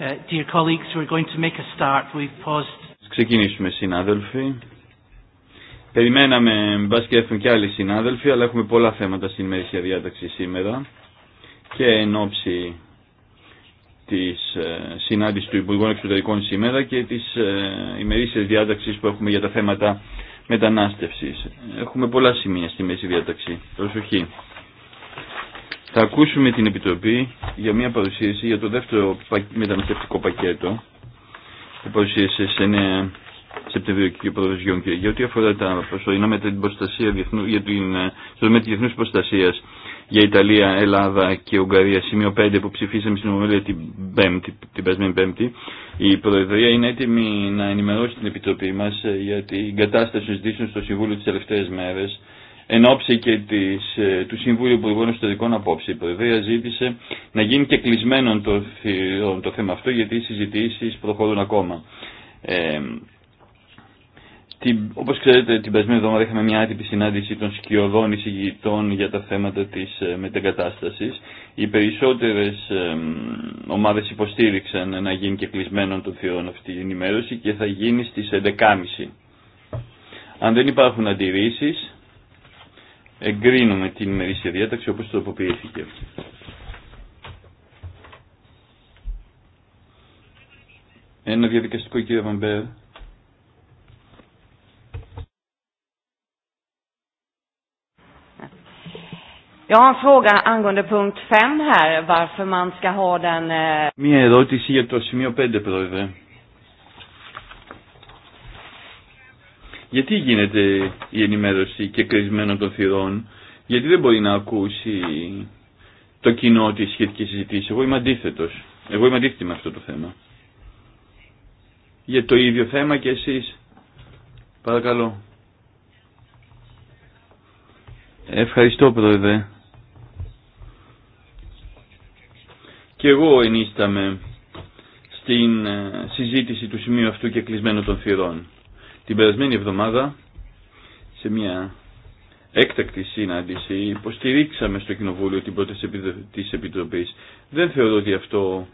Uh, dear colleagues, we're going to make a start. We've paused. Ξεκινήσουμε συνάδελφοι. Περιμέναμε μπας και έρθουν και άλλοι συνάδελφοι, αλλά έχουμε πολλά θέματα στην ημερήσια διάταξη σήμερα και εν ώψη της ε, συνάντησης του υπουργού Εξωτερικών σήμερα και της ε, ημερήσιας διάταξη που έχουμε για τα θέματα μετανάστευσης. Έχουμε πολλά σημεία στη μέση διάταξη. Προσοχή. Θα ακούσουμε την Επιτροπή για μια παρουσίαση για το δεύτερο μεταναστευτικό πακέτο που παρουσίασε σε 9 Σεπτεμβρίου και Πρόεδρος Γιώργη. για ό,τι αφορά τα προσωρινά με την προστασία διεθνού, για την, στο δομέα της διεθνούς προστασίας για Ιταλία, Ελλάδα και Ουγγαρία, σημείο 5 που ψηφίσαμε στην Ομιλία την, πέμπτη, την περασμένη Πέμπτη, η Προεδρία είναι έτοιμη να ενημερώσει την Επιτροπή μας για την κατάσταση των συζητήσεων στο Συμβούλιο τις τελευταίες μέρες εν ώψη και της, ε, του Συμβούλου Υπουργών Εσωτερικών απόψη. Η Προεδρία ζήτησε να γίνει και κλεισμένο το, το θέμα αυτό γιατί οι συζητήσεις προχωρούν ακόμα. Ε, την, όπως ξέρετε την περασμένη εβδομάδα είχαμε μια άτυπη συνάντηση των σκιωδών εισηγητών για τα θέματα της ε, μετεγκατάστασης. Οι περισσότερες ε, ομάδες υποστήριξαν να γίνει και κλεισμένο το θεών αυτή η ενημέρωση και θα γίνει στις 11.30. Αν δεν υπάρχουν αντιρρήσεις, εγκρίνουμε την ημερήσια διάταξη όπως τροποποιήθηκε. Ένα διαδικαστικό κύριε Βαμπέρ. Μία ερώτηση για το σημείο 5, Πρόεδρε. Γιατί γίνεται η ενημέρωση και κρισμένο των θυρών, γιατί δεν μπορεί να ακούσει το κοινό τη σχετική συζήτηση. Εγώ είμαι αντίθετο. Εγώ είμαι αντίθετη με αυτό το θέμα. Για το ίδιο θέμα και εσείς. Παρακαλώ. Ευχαριστώ πρόεδρε. Και εγώ ενίσταμαι στην ε, συζήτηση του σημείου αυτού και κλεισμένων των θυρών. Την περασμένη εβδομάδα σε μια έκτακτη συνάντηση υποστηρίξαμε στο Κοινοβούλιο την πρόταση της Επιτροπής. Δεν θεωρώ ότι αυτό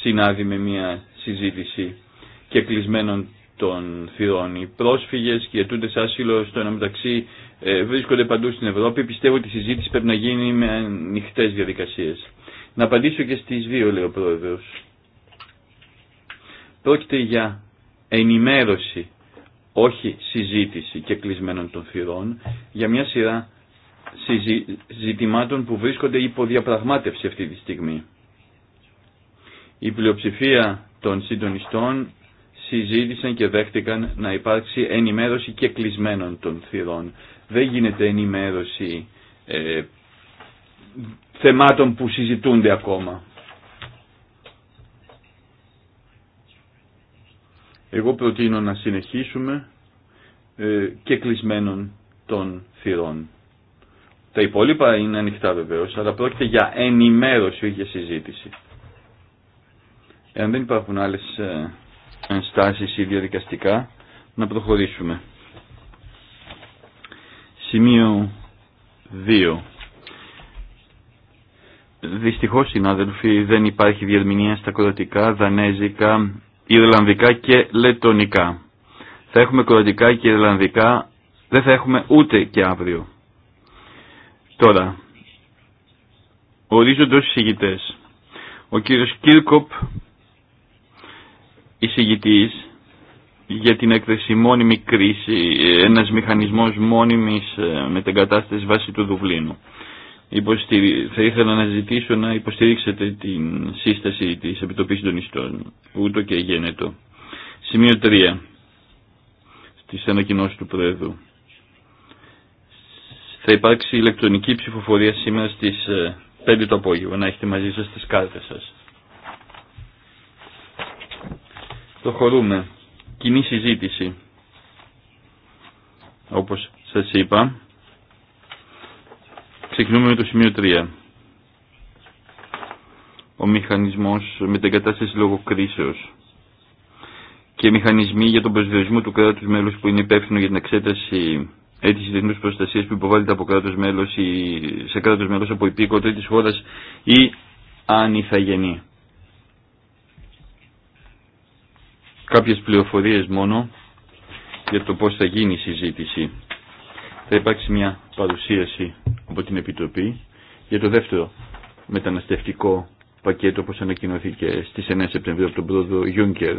συνάδει με μια συζήτηση και κλεισμένων των θυρών. Οι πρόσφυγες και οι άσυλο στο ένα μεταξύ ε, βρίσκονται παντού στην Ευρώπη. Πιστεύω ότι η συζήτηση πρέπει να γίνει με ανοιχτέ διαδικασίες. Να απαντήσω και στις δύο, λέει ο Πρόεδρος. Πρόκειται για ενημέρωση όχι συζήτηση και κλεισμένων των θυρών για μια σειρά ζητημάτων που βρίσκονται υπό διαπραγμάτευση αυτή τη στιγμή. Η πλειοψηφία των συντονιστών συζήτησαν και δέχτηκαν να υπάρξει ενημέρωση και κλεισμένων των θυρών. Δεν γίνεται ενημέρωση ε, θεμάτων που συζητούνται ακόμα. Εγώ προτείνω να συνεχίσουμε ε, και κλεισμένων των θυρών. Τα υπόλοιπα είναι ανοιχτά βεβαίως, αλλά πρόκειται για ενημέρωση, όχι για συζήτηση. Εάν δεν υπάρχουν άλλες ε, ενστάσεις ή διαδικαστικά, να προχωρήσουμε. Σημείο 2. Δυστυχώς, συνάδελφοι, δεν υπάρχει διερμηνία στα κροατικά, δανέζικα, Ιρλανδικά και Λετωνικά. Θα έχουμε Κροατικά και Ιρλανδικά, δεν θα έχουμε ούτε και αύριο. Τώρα, ως εισηγητές. Ο κύριος Κίρκοπ, εισηγητής για την έκθεση μόνιμη κρίση, ένας μηχανισμός μόνιμης ε, κατάσταση βάση του Δουβλίνου θα ήθελα να ζητήσω να υποστηρίξετε την σύσταση της των ιστών, ούτω και γένετο. Σημείο 3. Στις ανακοινώσεις του Πρόεδρου. Θα υπάρξει ηλεκτρονική ψηφοφορία σήμερα στις 5 ε, το απόγευμα, να έχετε μαζί σας τις κάρτες σας. Προχωρούμε. Κοινή συζήτηση. Όπως σας είπα, Ξεκινούμε με το σημείο 3. Ο μηχανισμός κατάσταση λόγω κρίσεως και μηχανισμοί για τον προσδιορισμό του κράτους μέλους που είναι υπεύθυνο για την εξέταση αίτηση διεθνούς προστασία που υποβάλλεται από κράτος μέλος ή σε κράτος μέλος από υπήκο τρίτης χώρας ή ηθαγενή. Κάποιες πληροφορίες μόνο για το πώς θα γίνει η συζήτηση θα υπάρξει μια παρουσίαση από την Επιτροπή για το δεύτερο μεταναστευτικό πακέτο όπως ανακοινωθήκε στις 9 Σεπτεμβρίου από τον πρόεδρο Γιούνκερ.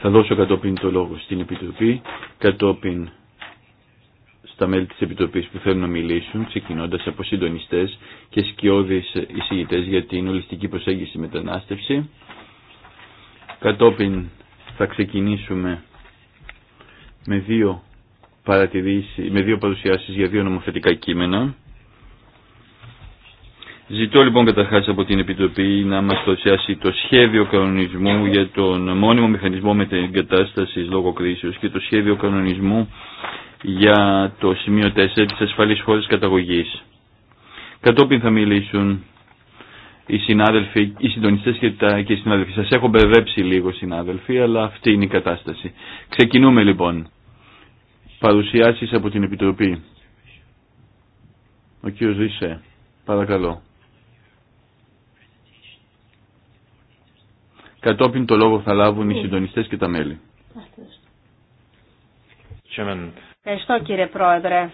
Θα δώσω κατόπιν το λόγο στην Επιτροπή, κατόπιν στα μέλη της Επιτροπής που θέλουν να μιλήσουν, ξεκινώντας από συντονιστές και σκιώδεις εισηγητές για την ολιστική προσέγγιση μετανάστευση. Κατόπιν θα ξεκινήσουμε με δύο παρατηρήσει, με δύο παρουσιάσεις για δύο νομοθετικά κείμενα. Ζητώ λοιπόν καταρχάς από την Επιτροπή να μα παρουσιάσει το σχέδιο κανονισμού για τον μόνιμο μηχανισμό με την κατάσταση λόγω κρίσεως και το σχέδιο κανονισμού για το σημείο 4 της ασφαλής χώρας καταγωγής. Κατόπιν θα μιλήσουν οι συνάδελφοι, οι συντονιστές και, τα, και οι συνάδελφοι. Σας έχω μπερδέψει λίγο συνάδελφοι, αλλά αυτή είναι η κατάσταση. Ξεκινούμε λοιπόν παρουσιάσεις από την Επιτροπή. Ο κύριος Ρίσε, παρακαλώ. Κατόπιν το λόγο θα λάβουν οι συντονιστές και τα μέλη. Ευχαριστώ κύριε Πρόεδρε.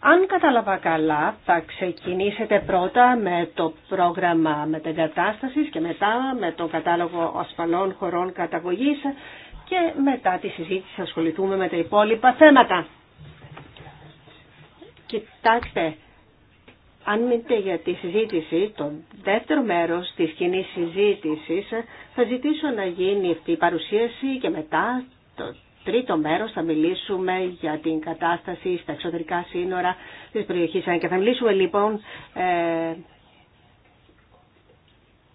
Αν κατάλαβα καλά, θα ξεκινήσετε πρώτα με το πρόγραμμα μετεγκατάστασης και μετά με το κατάλογο ασφαλών χωρών καταγωγής και μετά τη συζήτηση θα ασχοληθούμε με τα υπόλοιπα θέματα. Κοιτάξτε, αν μείνετε για τη συζήτηση, το δεύτερο μέρος της κοινή συζήτησης, θα ζητήσω να γίνει αυτή η παρουσίαση και μετά το τρίτο μέρος θα μιλήσουμε για την κατάσταση στα εξωτερικά σύνορα της περιοχής. Και θα μιλήσουμε λοιπόν, ε,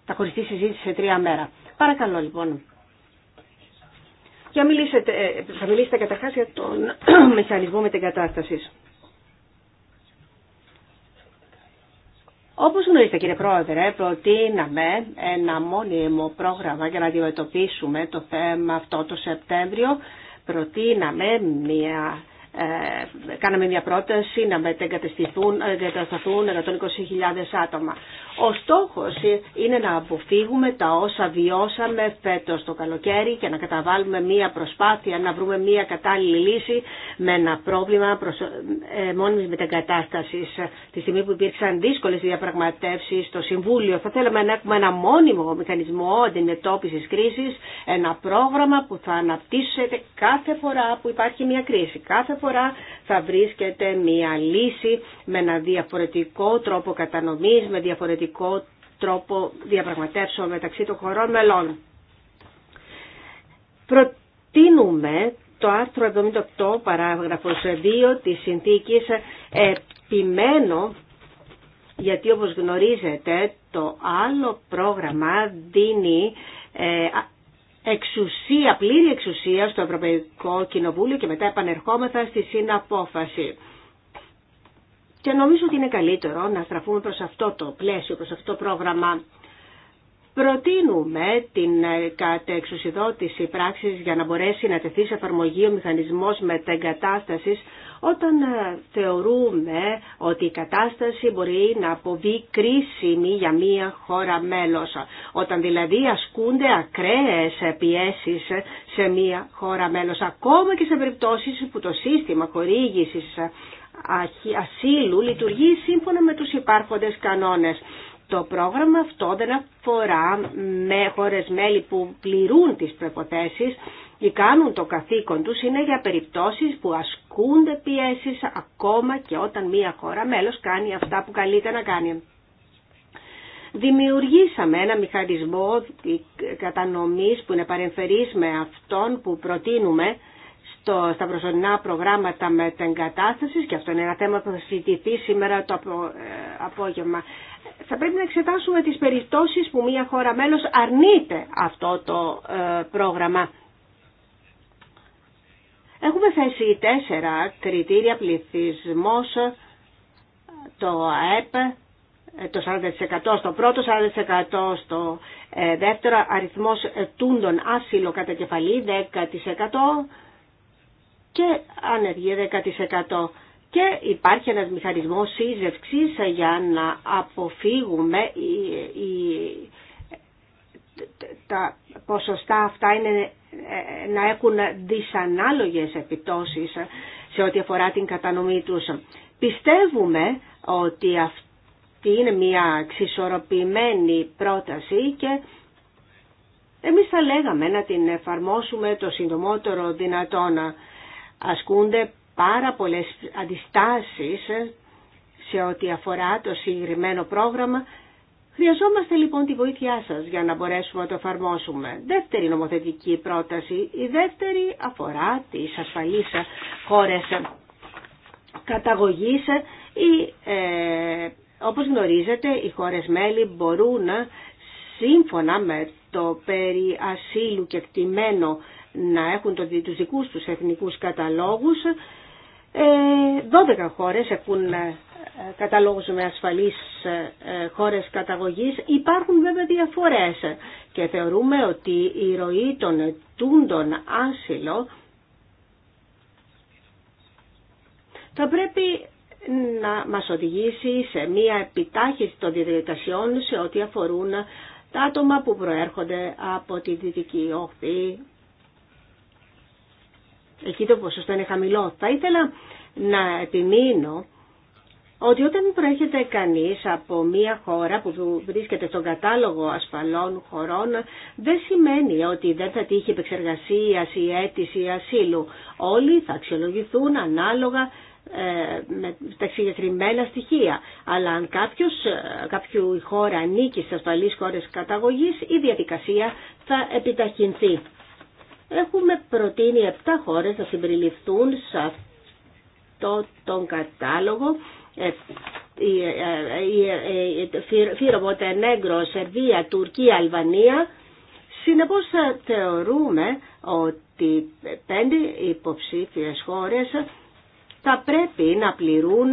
θα χωριστεί συζήτηση σε τρία μέρα. Παρακαλώ λοιπόν. Για μιλήσετε, ε, θα μιλήσετε καταρχά για τον μηχανισμό κατάσταση. Όπως γνωρίζετε κύριε Πρόεδρε, προτείναμε ένα μόνιμο πρόγραμμα για να αντιμετωπίσουμε το θέμα αυτό το Σεπτέμβριο. Προτείναμε μια ε, κάναμε μια πρόταση να μετεγκατασταθούν ε, 120.000 άτομα. Ο στόχος είναι να αποφύγουμε τα όσα βιώσαμε φέτος το καλοκαίρι και να καταβάλουμε μία προσπάθεια να βρούμε μία κατάλληλη λύση με ένα πρόβλημα προς, ε, μόνιμης μετεγκατάστασης. Τη στιγμή που υπήρξαν δύσκολες διαπραγματεύσεις στο Συμβούλιο θα θέλαμε να έχουμε ένα μόνιμο μηχανισμό αντιμετώπισης κρίσης, ένα πρόγραμμα που θα αναπτύσσεται κάθε φορά που υπάρχει μία κρίση. Κάθε φορά θα βρίσκεται μία λύση με ένα διαφορετικό τρόπο κατανομής, με διαφορετικό διαφορετικό τρόπο διαπραγματεύσεων μεταξύ των χωρών μελών. Προτείνουμε το άρθρο 78 παράγραφος 2 της συνθήκης επιμένω γιατί όπως γνωρίζετε το άλλο πρόγραμμα δίνει ε, εξουσία, πλήρη εξουσία στο Ευρωπαϊκό Κοινοβούλιο και μετά επανερχόμεθα στη συναπόφαση. Και νομίζω ότι είναι καλύτερο να στραφούμε προς αυτό το πλαίσιο, προς αυτό το πρόγραμμα. Προτείνουμε την ε, κατεξουσιδότηση πράξης για να μπορέσει να τεθεί σε εφαρμογή ο μηχανισμός μεταγκατάστασης όταν ε, θεωρούμε ότι η κατάσταση μπορεί να αποβεί κρίσιμη για μία χώρα μέλος. Όταν δηλαδή ασκούνται ακραίες πιέσεις σε μία χώρα μέλος, ακόμα και σε περιπτώσεις που το σύστημα χορήγησης ασύλου λειτουργεί σύμφωνα με τους υπάρχοντες κανόνες. Το πρόγραμμα αυτό δεν αφορά με χώρες μέλη που πληρούν τις προποθέσεις ή κάνουν το καθήκον τους, είναι για περιπτώσεις που ασκούνται πιέσεις ακόμα και όταν μία χώρα μέλος κάνει αυτά που καλείται να κάνει. Δημιουργήσαμε ένα μηχανισμό κατανομής που είναι παρεμφερής με αυτόν που προτείνουμε το, στα προσωρινά προγράμματα κατάσταση και αυτό είναι ένα θέμα που θα συζητηθεί σήμερα το ε, απόγευμα. Θα πρέπει να εξετάσουμε τις περιπτώσεις που μια χώρα μέλος αρνείται αυτό το ε, πρόγραμμα. Έχουμε θέσει τέσσερα κριτήρια πληθυσμός, το ΑΕΠ, ε, το 40% στο πρώτο, 40% στο δεύτερο, αριθμός τούντων άσυλο κατά κεφαλή 10%, και ανεργία 10%. Και υπάρχει ένας μηχανισμός σύζευξης για να αποφύγουμε τα ποσοστά αυτά είναι, να έχουν δυσανάλογες επιπτώσεις σε ό,τι αφορά την κατανομή τους. Πιστεύουμε ότι αυτή είναι μια εξισορροπημένη πρόταση και εμείς θα λέγαμε να την εφαρμόσουμε το συντομότερο δυνατόν ασκούνται πάρα πολλές αντιστάσεις σε ό,τι αφορά το συγκεκριμένο πρόγραμμα. Χρειαζόμαστε λοιπόν τη βοήθειά σας για να μπορέσουμε να το εφαρμόσουμε. Δεύτερη νομοθετική πρόταση. Η δεύτερη αφορά τις ασφαλείς χώρες καταγωγής ή ε, όπως γνωρίζετε οι χώρες μέλη μπορούν σύμφωνα με το περί ασύλου και κτημένο να έχουν τους δικούς τους εθνικούς καταλόγους. 12 ε, χώρες έχουν ε, καταλόγους με ασφαλείς ε, χώρες καταγωγής. Υπάρχουν βέβαια διαφορές και θεωρούμε ότι η ροή των τούντων άσυλο θα πρέπει να μας οδηγήσει σε μία επιτάχυση των διαδικασιών σε ό,τι αφορούν τα άτομα που προέρχονται από τη Δυτική Όχθη εκεί το ποσοστό είναι χαμηλό. Θα ήθελα να επιμείνω ότι όταν προέρχεται κανείς από μια χώρα που βρίσκεται στον κατάλογο ασφαλών χωρών, δεν σημαίνει ότι δεν θα τύχει επεξεργασία ή αίτηση ασύλου. Όλοι θα αξιολογηθούν ανάλογα ε, με τα συγκεκριμένα στοιχεία. Αλλά αν κάποιος, ε, κάποιου χώρα ανήκει στις ασφαλείς χώρες καταγωγής, η διαδικασία θα επιταχυνθεί. Έχουμε προτείνει 7 χώρες να συμπεριληφθούν σε αυτό τον κατάλογο. Ε, ε, ε, Φύρο, σε Σερβία, Τουρκία, Αλβανία. Συνεπώς θεωρούμε ότι πέντε υποψήφιες χώρες θα πρέπει να πληρούν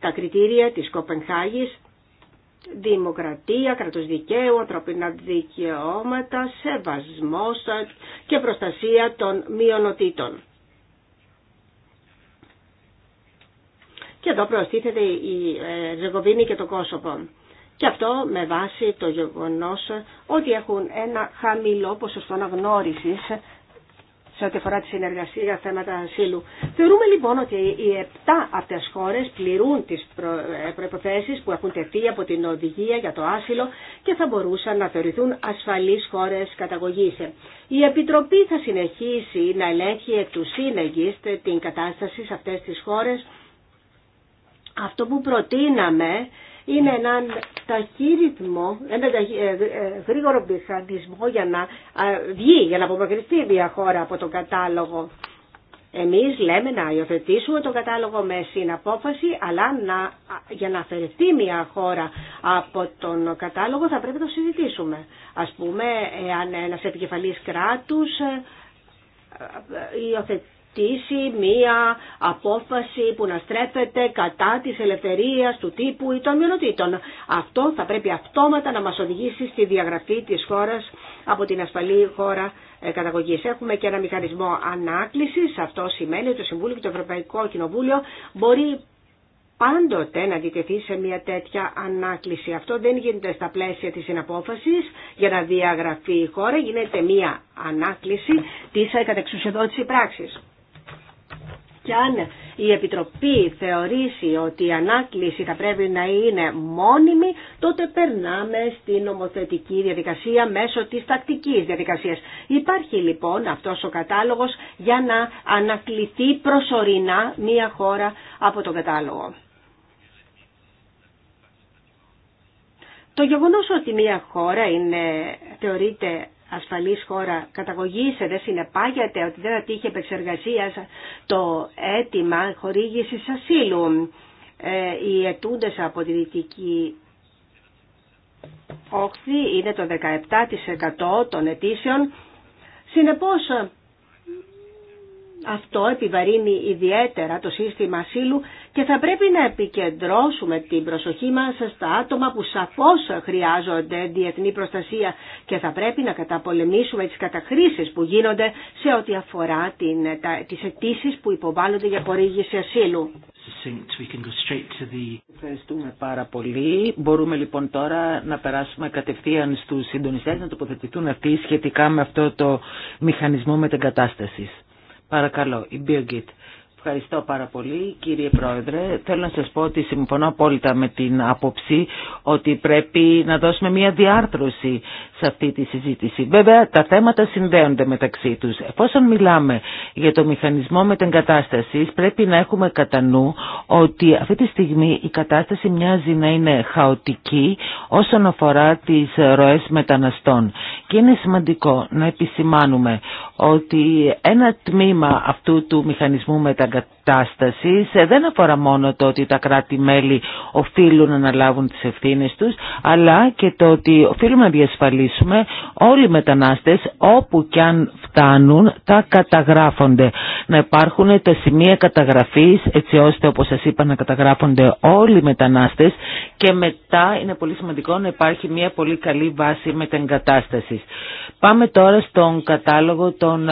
τα κριτήρια της Κοπενχάγης δημοκρατία, κράτος δικαίου, ανθρωπινά δικαιώματα, σεβασμός και προστασία των μειονοτήτων. Και εδώ προστίθεται η ε, Ζεγοβίνη και το Κόσοπο. Και αυτό με βάση το γεγονός ότι έχουν ένα χαμηλό ποσοστό αναγνώρισης σε ό,τι αφορά τη συνεργασία για θέματα ασύλου. Θεωρούμε λοιπόν ότι οι 7 αυτέ χώρε πληρούν τι προποθέσει ε, που έχουν τεθεί από την οδηγία για το άσυλο και θα μπορούσαν να θεωρηθούν ασφαλεί χώρε καταγωγή. Η Επιτροπή θα συνεχίσει να ελέγχει εκ του σύνεγγυ την κατάσταση σε αυτέ τι χώρε. Αυτό που προτείναμε είναι έναν ρυθμό, ένα ε, ε, γρήγορο μηχανισμό για να βγει, για να απομακρυνθεί μια χώρα από τον κατάλογο. Εμείς λέμε να υιοθετήσουμε τον κατάλογο με συναπόφαση, αλλά να, για να αφαιρεθεί μια χώρα από τον κατάλογο θα πρέπει να το συζητήσουμε. Ας πούμε, αν ένας επικεφαλής κράτους ε, υιοθετεί χτίσει μία απόφαση που να στρέφεται κατά της ελευθερίας του τύπου ή των μειονοτήτων. Αυτό θα πρέπει αυτόματα να μας οδηγήσει στη διαγραφή της χώρας από την ασφαλή χώρα ε, καταγωγής. Έχουμε και ένα μηχανισμό ανάκλησης. Αυτό σημαίνει ότι το Συμβούλιο και το Ευρωπαϊκό Κοινοβούλιο μπορεί πάντοτε να διτεθεί σε μια τέτοια ανάκληση. Αυτό δεν γίνεται στα πλαίσια της συναπόφασης για να διαγραφεί η χώρα, γίνεται μια ανάκληση της κατεξουσιοδότηση πράξης. Και αν η Επιτροπή θεωρήσει ότι η ανάκληση θα πρέπει να είναι μόνιμη, τότε περνάμε στην νομοθετική διαδικασία μέσω της τακτικής διαδικασίας. Υπάρχει λοιπόν αυτός ο κατάλογος για να ανακληθεί προσωρινά μία χώρα από τον κατάλογο. Το γεγονός ότι μια χώρα είναι, θεωρείται Ασφαλή χώρα καταγωγή, ε, δεν συνεπάγεται ότι δεν ατύχει επεξεργασία το αίτημα χορήγηση ασύλου. Ε, οι αιτούντε από τη Δυτική Όχθη είναι το 17% των αιτήσεων. Συνεπώ αυτό επιβαρύνει ιδιαίτερα το σύστημα ασύλου και θα πρέπει να επικεντρώσουμε την προσοχή μας στα άτομα που σαφώς χρειάζονται διεθνή προστασία και θα πρέπει να καταπολεμήσουμε τις καταχρήσεις που γίνονται σε ό,τι αφορά την, τις αιτήσει που υποβάλλονται για χορήγηση ασύλου. Ευχαριστούμε πάρα πολύ. Μπορούμε λοιπόν τώρα να περάσουμε κατευθείαν στους συντονιστές να τοποθετηθούν αυτοί σχετικά με αυτό το μηχανισμό μετεγκατάστασης. Παρακαλώ, η Birgit. Ευχαριστώ πάρα πολύ κύριε Πρόεδρε. Θέλω να σας πω ότι συμφωνώ απόλυτα με την άποψη ότι πρέπει να δώσουμε μια διάρθρωση σε αυτή τη συζήτηση. Βέβαια τα θέματα συνδέονται μεταξύ τους. Εφόσον μιλάμε για το μηχανισμό κατάσταση πρέπει να έχουμε κατά νου ότι αυτή τη στιγμή η κατάσταση μοιάζει να είναι χαοτική όσον αφορά τις ροές μεταναστών. Και είναι σημαντικό να επισημάνουμε ότι ένα τμήμα αυτού του μηχανισμού κατάστασης ε, δεν αφορά μόνο το ότι τα κράτη-μέλη οφείλουν να αναλάβουν τις ευθύνες τους, αλλά και το ότι οφείλουμε να διασφαλίσουμε όλοι οι μετανάστες όπου κι αν φτάνουν τα καταγράφονται. Να υπάρχουν τα σημεία καταγραφής έτσι ώστε όπως σας είπα να καταγράφονται όλοι οι μετανάστες και μετά είναι πολύ σημαντικό να υπάρχει μια πολύ καλή βάση μετεγκατάστασης. Πάμε τώρα στον κατάλογο των,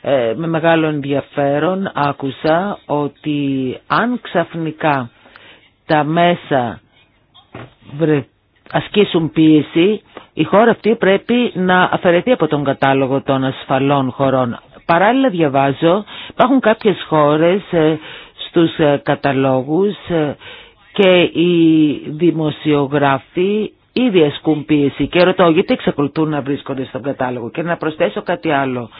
ε, με μεγάλο ενδιαφέρον άκουσα ότι αν ξαφνικά τα μέσα ασκήσουν πίεση, η χώρα αυτή πρέπει να αφαιρεθεί από τον κατάλογο των ασφαλών χωρών. Παράλληλα διαβάζω, υπάρχουν κάποιες χώρες ε, στους ε, καταλόγους ε, και οι δημοσιογράφοι ήδη ασκούν πίεση και ρωτώ γιατί εξακολουθούν να βρίσκονται στον κατάλογο και να προσθέσω κάτι άλλο.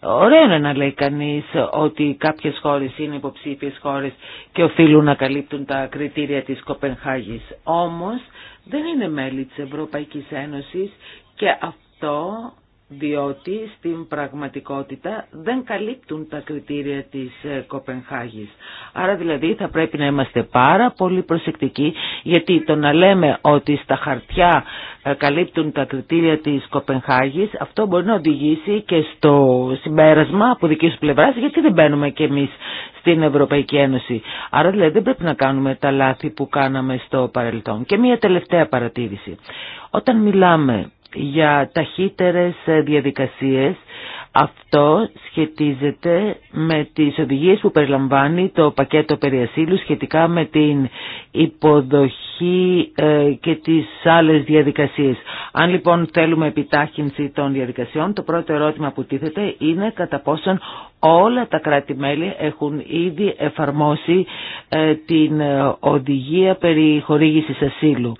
Ωραίο είναι να λέει κανείς ότι κάποιες χώρες είναι υποψήφιες χώρες και οφείλουν να καλύπτουν τα κριτήρια της Κοπενχάγης. Όμως δεν είναι μέλη της Ευρωπαϊκής Ένωσης και αυτό διότι στην πραγματικότητα δεν καλύπτουν τα κριτήρια της ε, Κοπενχάγης. Άρα δηλαδή θα πρέπει να είμαστε πάρα πολύ προσεκτικοί γιατί το να λέμε ότι στα χαρτιά ε, καλύπτουν τα κριτήρια της Κοπενχάγης αυτό μπορεί να οδηγήσει και στο συμπέρασμα από δική σου πλευράς γιατί δεν μπαίνουμε κι εμείς στην Ευρωπαϊκή Ένωση. Άρα δηλαδή δεν πρέπει να κάνουμε τα λάθη που κάναμε στο παρελθόν. Και μία τελευταία παρατήρηση. Όταν μιλάμε για ταχύτερες ε, διαδικασίες. Αυτό σχετίζεται με τις οδηγίες που περιλαμβάνει το πακέτο περιασύλου σχετικά με την υποδοχή ε, και τις άλλες διαδικασίες. Αν λοιπόν θέλουμε επιτάχυνση των διαδικασιών, το πρώτο ερώτημα που τίθεται είναι κατά πόσον Όλα τα κράτη-μέλη έχουν ήδη εφαρμόσει ε, την ε, οδηγία περί χορήγησης ασύλου.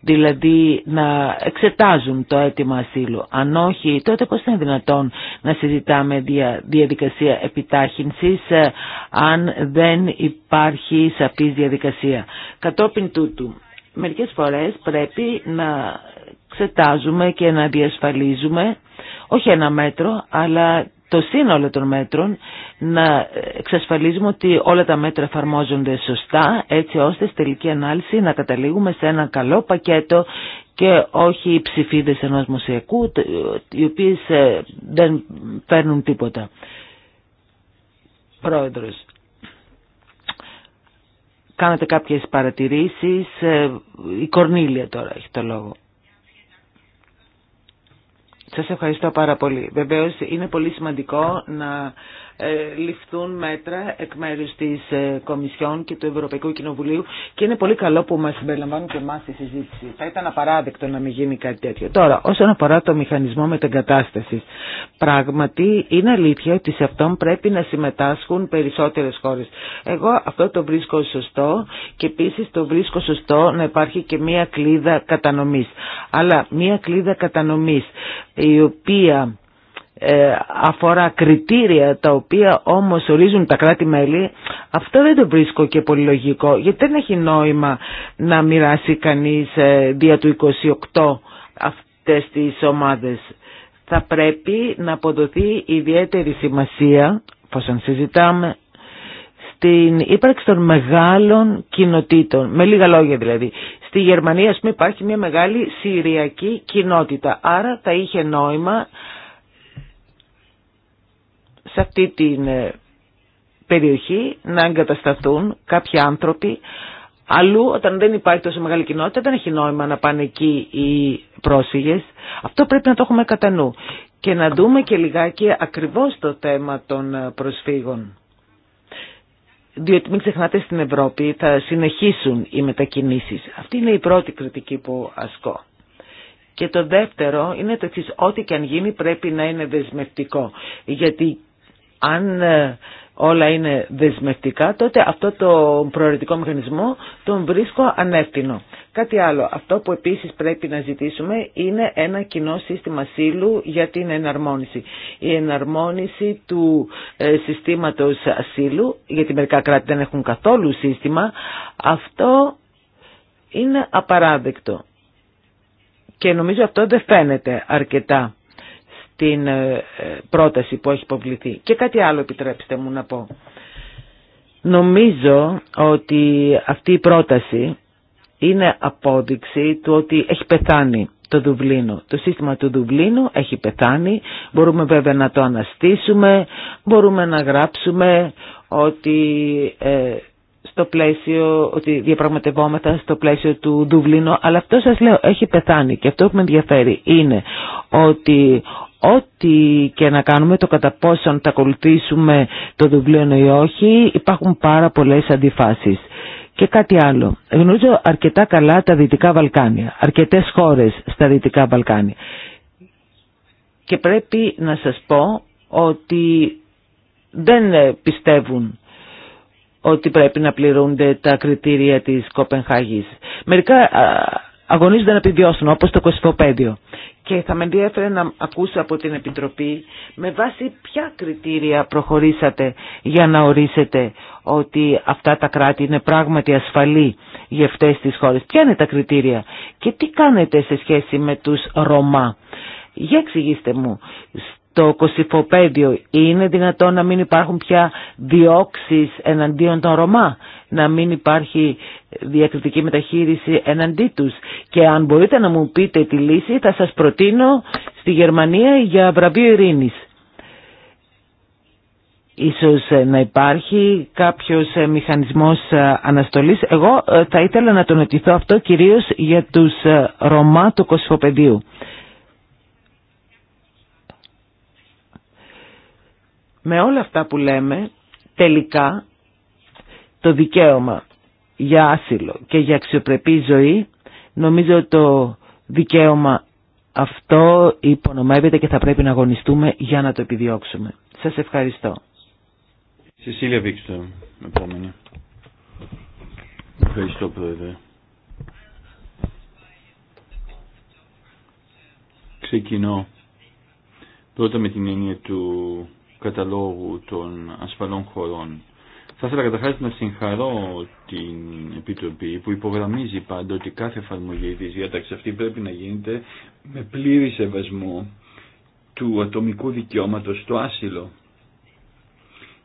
Δηλαδή να εξετάζουν το αίτημα ασύλου. Αν όχι, τότε πώς είναι δυνατόν να συζητάμε διαδικασία επιτάχυνσης ε, αν δεν υπάρχει σαφή διαδικασία. Κατόπιν τούτου, μερικές φορές πρέπει να εξετάζουμε και να διασφαλίζουμε όχι ένα μέτρο, αλλά το σύνολο των μέτρων να εξασφαλίζουμε ότι όλα τα μέτρα εφαρμόζονται σωστά έτσι ώστε στη τελική ανάλυση να καταλήγουμε σε ένα καλό πακέτο και όχι οι ψηφίδες ενός μουσιακού οι οποίες ε, δεν παίρνουν τίποτα. Πρόεδρος, κάνατε κάποιες παρατηρήσεις, ε, η Κορνίλια τώρα έχει το λόγο. Σας ευχαριστώ πάρα πολύ. Βεβαίως είναι πολύ σημαντικό να ε, ληφθούν μέτρα εκ μέρους της ε, Κομισιόν και του Ευρωπαϊκού Κοινοβουλίου και είναι πολύ καλό που μας συμπεριλαμβάνουν και εμάς στη συζήτηση. Θα ήταν απαράδεκτο να μην γίνει κάτι τέτοιο. Τώρα, όσον αφορά το μηχανισμό μετεγκατάστασης, πράγματι είναι αλήθεια ότι σε αυτόν πρέπει να συμμετάσχουν περισσότερες χώρες. Εγώ αυτό το βρίσκω σωστό και επίση το βρίσκω σωστό να υπάρχει και μία κλίδα κατανομής. Αλλά μία κλίδα κατανομής η οποία ε, αφορά κριτήρια τα οποία όμως ορίζουν τα κράτη-μέλη, αυτό δεν το βρίσκω και πολύ λογικό, γιατί δεν έχει νόημα να μοιράσει κανείς ε, δια του 28 αυτές τις ομάδες. Θα πρέπει να αποδοθεί ιδιαίτερη σημασία, όσον συζητάμε, στην ύπαρξη των μεγάλων κοινοτήτων, με λίγα λόγια δηλαδή. Στη Γερμανία, ας πούμε, υπάρχει μια μεγάλη συριακή κοινότητα, άρα θα είχε νόημα σε αυτή την ε, περιοχή να εγκατασταθούν κάποιοι άνθρωποι. Αλλού όταν δεν υπάρχει τόσο μεγάλη κοινότητα δεν έχει νόημα να πάνε εκεί οι πρόσφυγες. Αυτό πρέπει να το έχουμε κατά νου. Και να δούμε και λιγάκι ακριβώς το θέμα των ε, προσφύγων. Διότι μην ξεχνάτε στην Ευρώπη θα συνεχίσουν οι μετακινήσεις. Αυτή είναι η πρώτη κριτική που ασκώ. Και το δεύτερο είναι το Ό,τι και αν γίνει πρέπει να είναι δεσμευτικό. Γιατί αν ε, όλα είναι δεσμευτικά, τότε αυτό το προαιρετικό μηχανισμό τον βρίσκω ανεύθυνο. Κάτι άλλο, αυτό που επίσης πρέπει να ζητήσουμε είναι ένα κοινό σύστημα ασύλου για την εναρμόνιση. Η εναρμόνιση του ε, συστήματος ασύλου, γιατί μερικά κράτη δεν έχουν καθόλου σύστημα, αυτό είναι απαράδεκτο. Και νομίζω αυτό δεν φαίνεται αρκετά την ε, πρόταση που έχει υποβληθεί. Και κάτι άλλο επιτρέψτε μου να πω. Νομίζω ότι αυτή η πρόταση είναι απόδειξη του ότι έχει πεθάνει το Δουβλίνο. Το σύστημα του Δουβλίνου έχει πεθάνει. Μπορούμε βέβαια να το αναστήσουμε, μπορούμε να γράψουμε ότι ε, στο πλαίσιο, ότι διαπραγματευόμεθα στο πλαίσιο του Δουβλίνου, αλλά αυτό σας λέω έχει πεθάνει και αυτό που με ενδιαφέρει είναι ότι ό,τι και να κάνουμε, το κατά πόσον τα ακολουθήσουμε το βιβλίο ή όχι, υπάρχουν πάρα πολλές αντιφάσεις. Και κάτι άλλο. Γνωρίζω αρκετά καλά τα Δυτικά Βαλκάνια, αρκετές χώρες στα Δυτικά Βαλκάνια. Και πρέπει να σας πω ότι δεν ε, πιστεύουν ότι πρέπει να πληρούνται τα κριτήρια της Κοπενχάγης. Μερικά αγωνίζονται να επιβιώσουν, όπω το Κοσμοπέδιο και θα με ενδιαφέρει να ακούσω από την Επιτροπή με βάση ποια κριτήρια προχωρήσατε για να ορίσετε ότι αυτά τα κράτη είναι πράγματι ασφαλή για αυτές τις χώρες. Ποια είναι τα κριτήρια και τι κάνετε σε σχέση με τους Ρωμά. Για εξηγήστε μου, το Κωσυφοπέδιο. Είναι δυνατόν να μην υπάρχουν πια διώξεις εναντίον των Ρωμά, να μην υπάρχει διακριτική μεταχείριση εναντί τους. Και αν μπορείτε να μου πείτε τη λύση θα σας προτείνω στη Γερμανία για βραβείο ειρήνης. Ίσως ε, να υπάρχει κάποιος ε, μηχανισμός ε, αναστολής. Εγώ θα ήθελα να τον ετηθώ αυτό κυρίως για τους Ρωμά του Κωσυφοπεδίου. Με όλα αυτά που λέμε, τελικά το δικαίωμα για άσυλο και για αξιοπρεπή ζωή, νομίζω το δικαίωμα αυτό υπονομεύεται και θα πρέπει να αγωνιστούμε για να το επιδιώξουμε. Σας ευχαριστώ. Σεσίλια Βίξτο, επόμενη. Ευχαριστώ πρόεδρε. Ξεκινώ πρώτα με την έννοια του καταλόγου των ασφαλών χωρών. Θα ήθελα καταρχάς να συγχαρώ την Επιτροπή που υπογραμμίζει πάντα ότι κάθε εφαρμογή της διάταξης αυτή πρέπει να γίνεται με πλήρη σεβασμό του ατομικού δικαιώματος στο άσυλο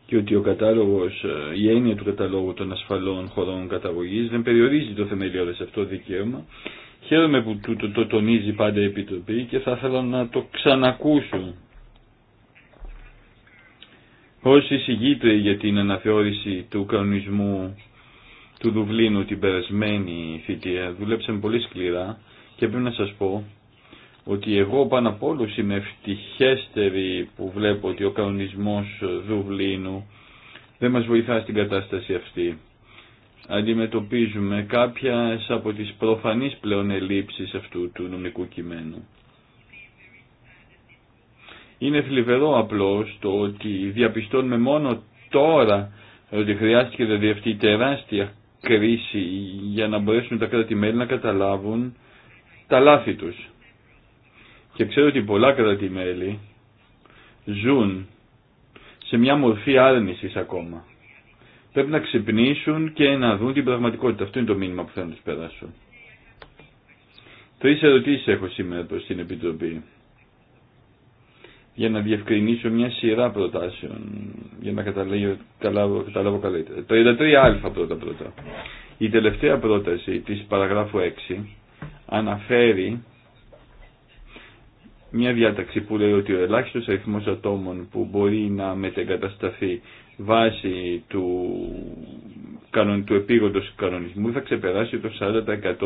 και ότι ο κατάλογος, η έννοια του καταλόγου των ασφαλών χωρών καταγωγής δεν περιορίζει το θεμελιώδες αυτό δικαίωμα. Χαίρομαι που το, το, το τονίζει πάντα η Επιτροπή και θα ήθελα να το ξανακούσω ως εισηγήτρια για την αναθεώρηση του κανονισμού του Δουβλίνου την περασμένη θητεία δουλέψαμε πολύ σκληρά και πρέπει να σας πω ότι εγώ πάνω απ' όλους είμαι ευτυχέστερη που βλέπω ότι ο κανονισμός Δουβλίνου δεν μας βοηθά στην κατάσταση αυτή. Αντιμετωπίζουμε κάποιες από τις προφανείς πλέον αυτού του νομικού κειμένου. Είναι θλιβερό απλώς το ότι διαπιστώνουμε μόνο τώρα ότι χρειάστηκε δηλαδή αυτή η τεράστια κρίση για να μπορέσουν τα κράτη-μέλη να καταλάβουν τα λάθη τους. Και ξέρω ότι πολλά κράτη-μέλη ζουν σε μια μορφή άρνησης ακόμα. Πρέπει να ξυπνήσουν και να δουν την πραγματικότητα. Αυτό είναι το μήνυμα που θέλω να τους περάσω. Τρεις ερωτήσεις έχω σήμερα προς την Επιτροπή για να διευκρινίσω μια σειρά προτάσεων, για να καταλάβω, καταλάβω, καταλάβω καλύτερα. 33α πρώτα πρώτα. Η τελευταία πρόταση της παραγράφου 6 αναφέρει μια διάταξη που λέει ότι ο ελάχιστος αριθμός ατόμων που μπορεί να μετεγκατασταθεί βάσει του, κανον, του επίγοντος κανονισμού θα ξεπεράσει το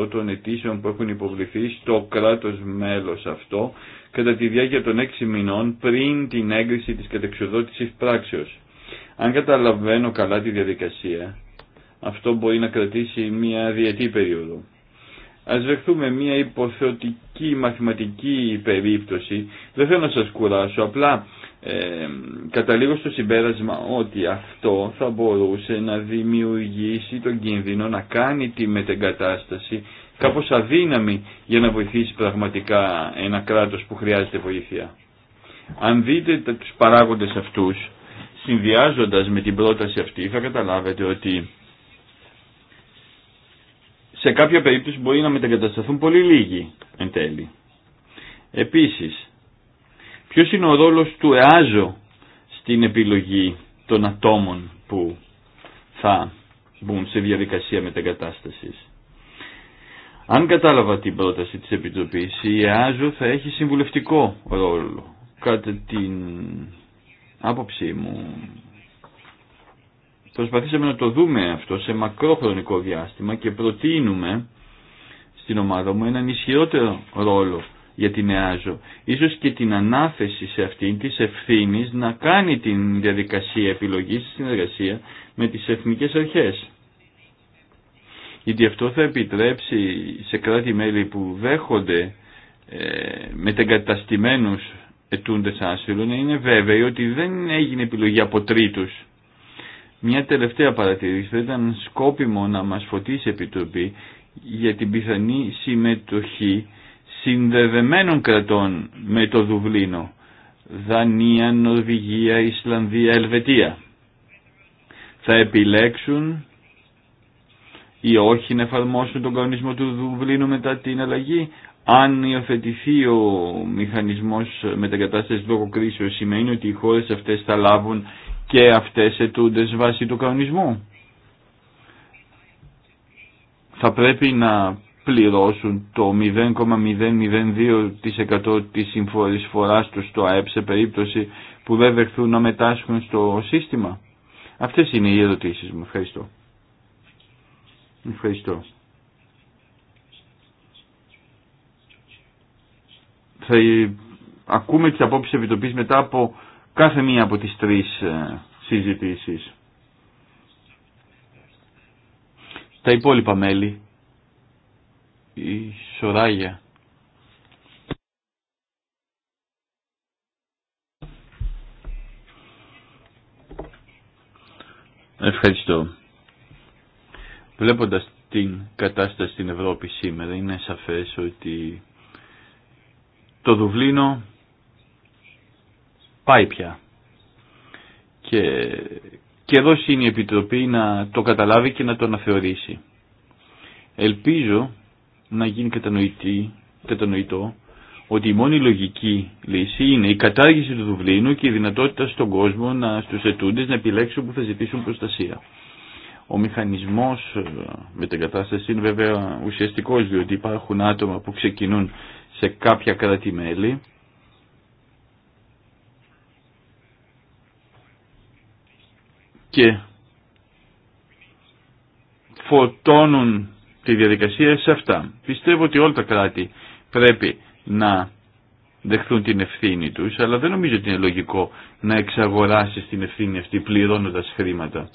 40% των αιτήσεων που έχουν υποβληθεί στο κράτος μέλος αυτό κατά τη διάρκεια των έξι μηνών πριν την έγκριση της κατεξοδότησης πράξεως. Αν καταλαβαίνω καλά τη διαδικασία, αυτό μπορεί να κρατήσει μια διετή περίοδο. Ας δεχθούμε μια υποθεωτική μαθηματική περίπτωση. Δεν θέλω να σας κουράσω, απλά ε, καταλήγω στο συμπέρασμα ότι αυτό θα μπορούσε να δημιουργήσει τον κίνδυνο να κάνει τη μετεγκατάσταση κάπως αδύναμη για να βοηθήσει πραγματικά ένα κράτος που χρειάζεται βοήθεια. Αν δείτε τους παράγοντες αυτούς, συνδυάζοντας με την πρόταση αυτή, θα καταλάβετε ότι σε κάποια περίπτωση μπορεί να μετακατασταθούν πολύ λίγοι εν τέλει. Επίσης, ποιος είναι ο ρόλος του ΕΑΖΟ στην επιλογή των ατόμων που θα μπουν σε διαδικασία μετακατάστασης. Αν κατάλαβα την πρόταση της Επιτροπής, η ΕΑΖΟ θα έχει συμβουλευτικό ρόλο. Κατά την άποψή μου, προσπαθήσαμε να το δούμε αυτό σε μακρό χρονικό διάστημα και προτείνουμε στην ομάδα μου έναν ισχυρότερο ρόλο για την ΕΑΖΟ. Ίσως και την ανάθεση σε αυτήν της ευθύνη να κάνει την διαδικασία επιλογής στην συνεργασία με τις εθνικές αρχές γιατί αυτό θα επιτρέψει σε κράτη-μέλη που δέχονται ε, μετεγκαταστημένους ετούντες άσυλου να είναι βέβαιοι ότι δεν έγινε επιλογή από τρίτους. Μια τελευταία παρατηρήση θα ήταν σκόπιμο να μας φωτίσει Επιτροπή για την πιθανή συμμετοχή συνδεδεμένων κρατών με το Δουβλίνο, Δανία, Νορβηγία, Ισλανδία, Ελβετία. Θα επιλέξουν ή όχι να εφαρμόσουν τον κανονισμό του Δουβλίνου μετά την αλλαγή. Αν υιοθετηθεί ο μηχανισμός μετακατάστασης λόγω κρίσεως σημαίνει ότι οι χώρες αυτές θα λάβουν και αυτές ετούντες βάσει του κανονισμού. Θα πρέπει να πληρώσουν το 0,002% της συμφοράς τους στο ΑΕΠ σε περίπτωση που δεν δεχθούν να μετάσχουν στο σύστημα. Αυτές είναι οι ερωτήσεις μου. Ευχαριστώ. Ευχαριστώ. Θα ε, ακούμε τις απόψεις επιτοπής μετά από κάθε μία από τις τρεις ε, συζητήσεις. Τα υπόλοιπα μέλη. Η Σοράγια. Ευχαριστώ. Βλέποντας την κατάσταση στην Ευρώπη σήμερα είναι σαφές ότι το Δουβλίνο πάει πια. Και εδώ είναι η Επιτροπή να το καταλάβει και να το αναθεωρήσει. Ελπίζω να γίνει κατανοητή, κατανοητό ότι η μόνη λογική λύση είναι η κατάργηση του Δουβλίνου και η δυνατότητα στον κόσμο, να, στους ετούντες, να επιλέξουν που θα ζητήσουν προστασία. Ο μηχανισμός ε, με την κατάσταση είναι βέβαια ουσιαστικός διότι υπάρχουν άτομα που ξεκινούν σε κάποια κράτη-μέλη και φωτώνουν τη διαδικασία σε αυτά. Πιστεύω ότι όλα τα κράτη πρέπει να δεχθούν την ευθύνη τους, αλλά δεν νομίζω ότι είναι λογικό να εξαγοράσεις την ευθύνη αυτή πληρώνοντας χρήματα.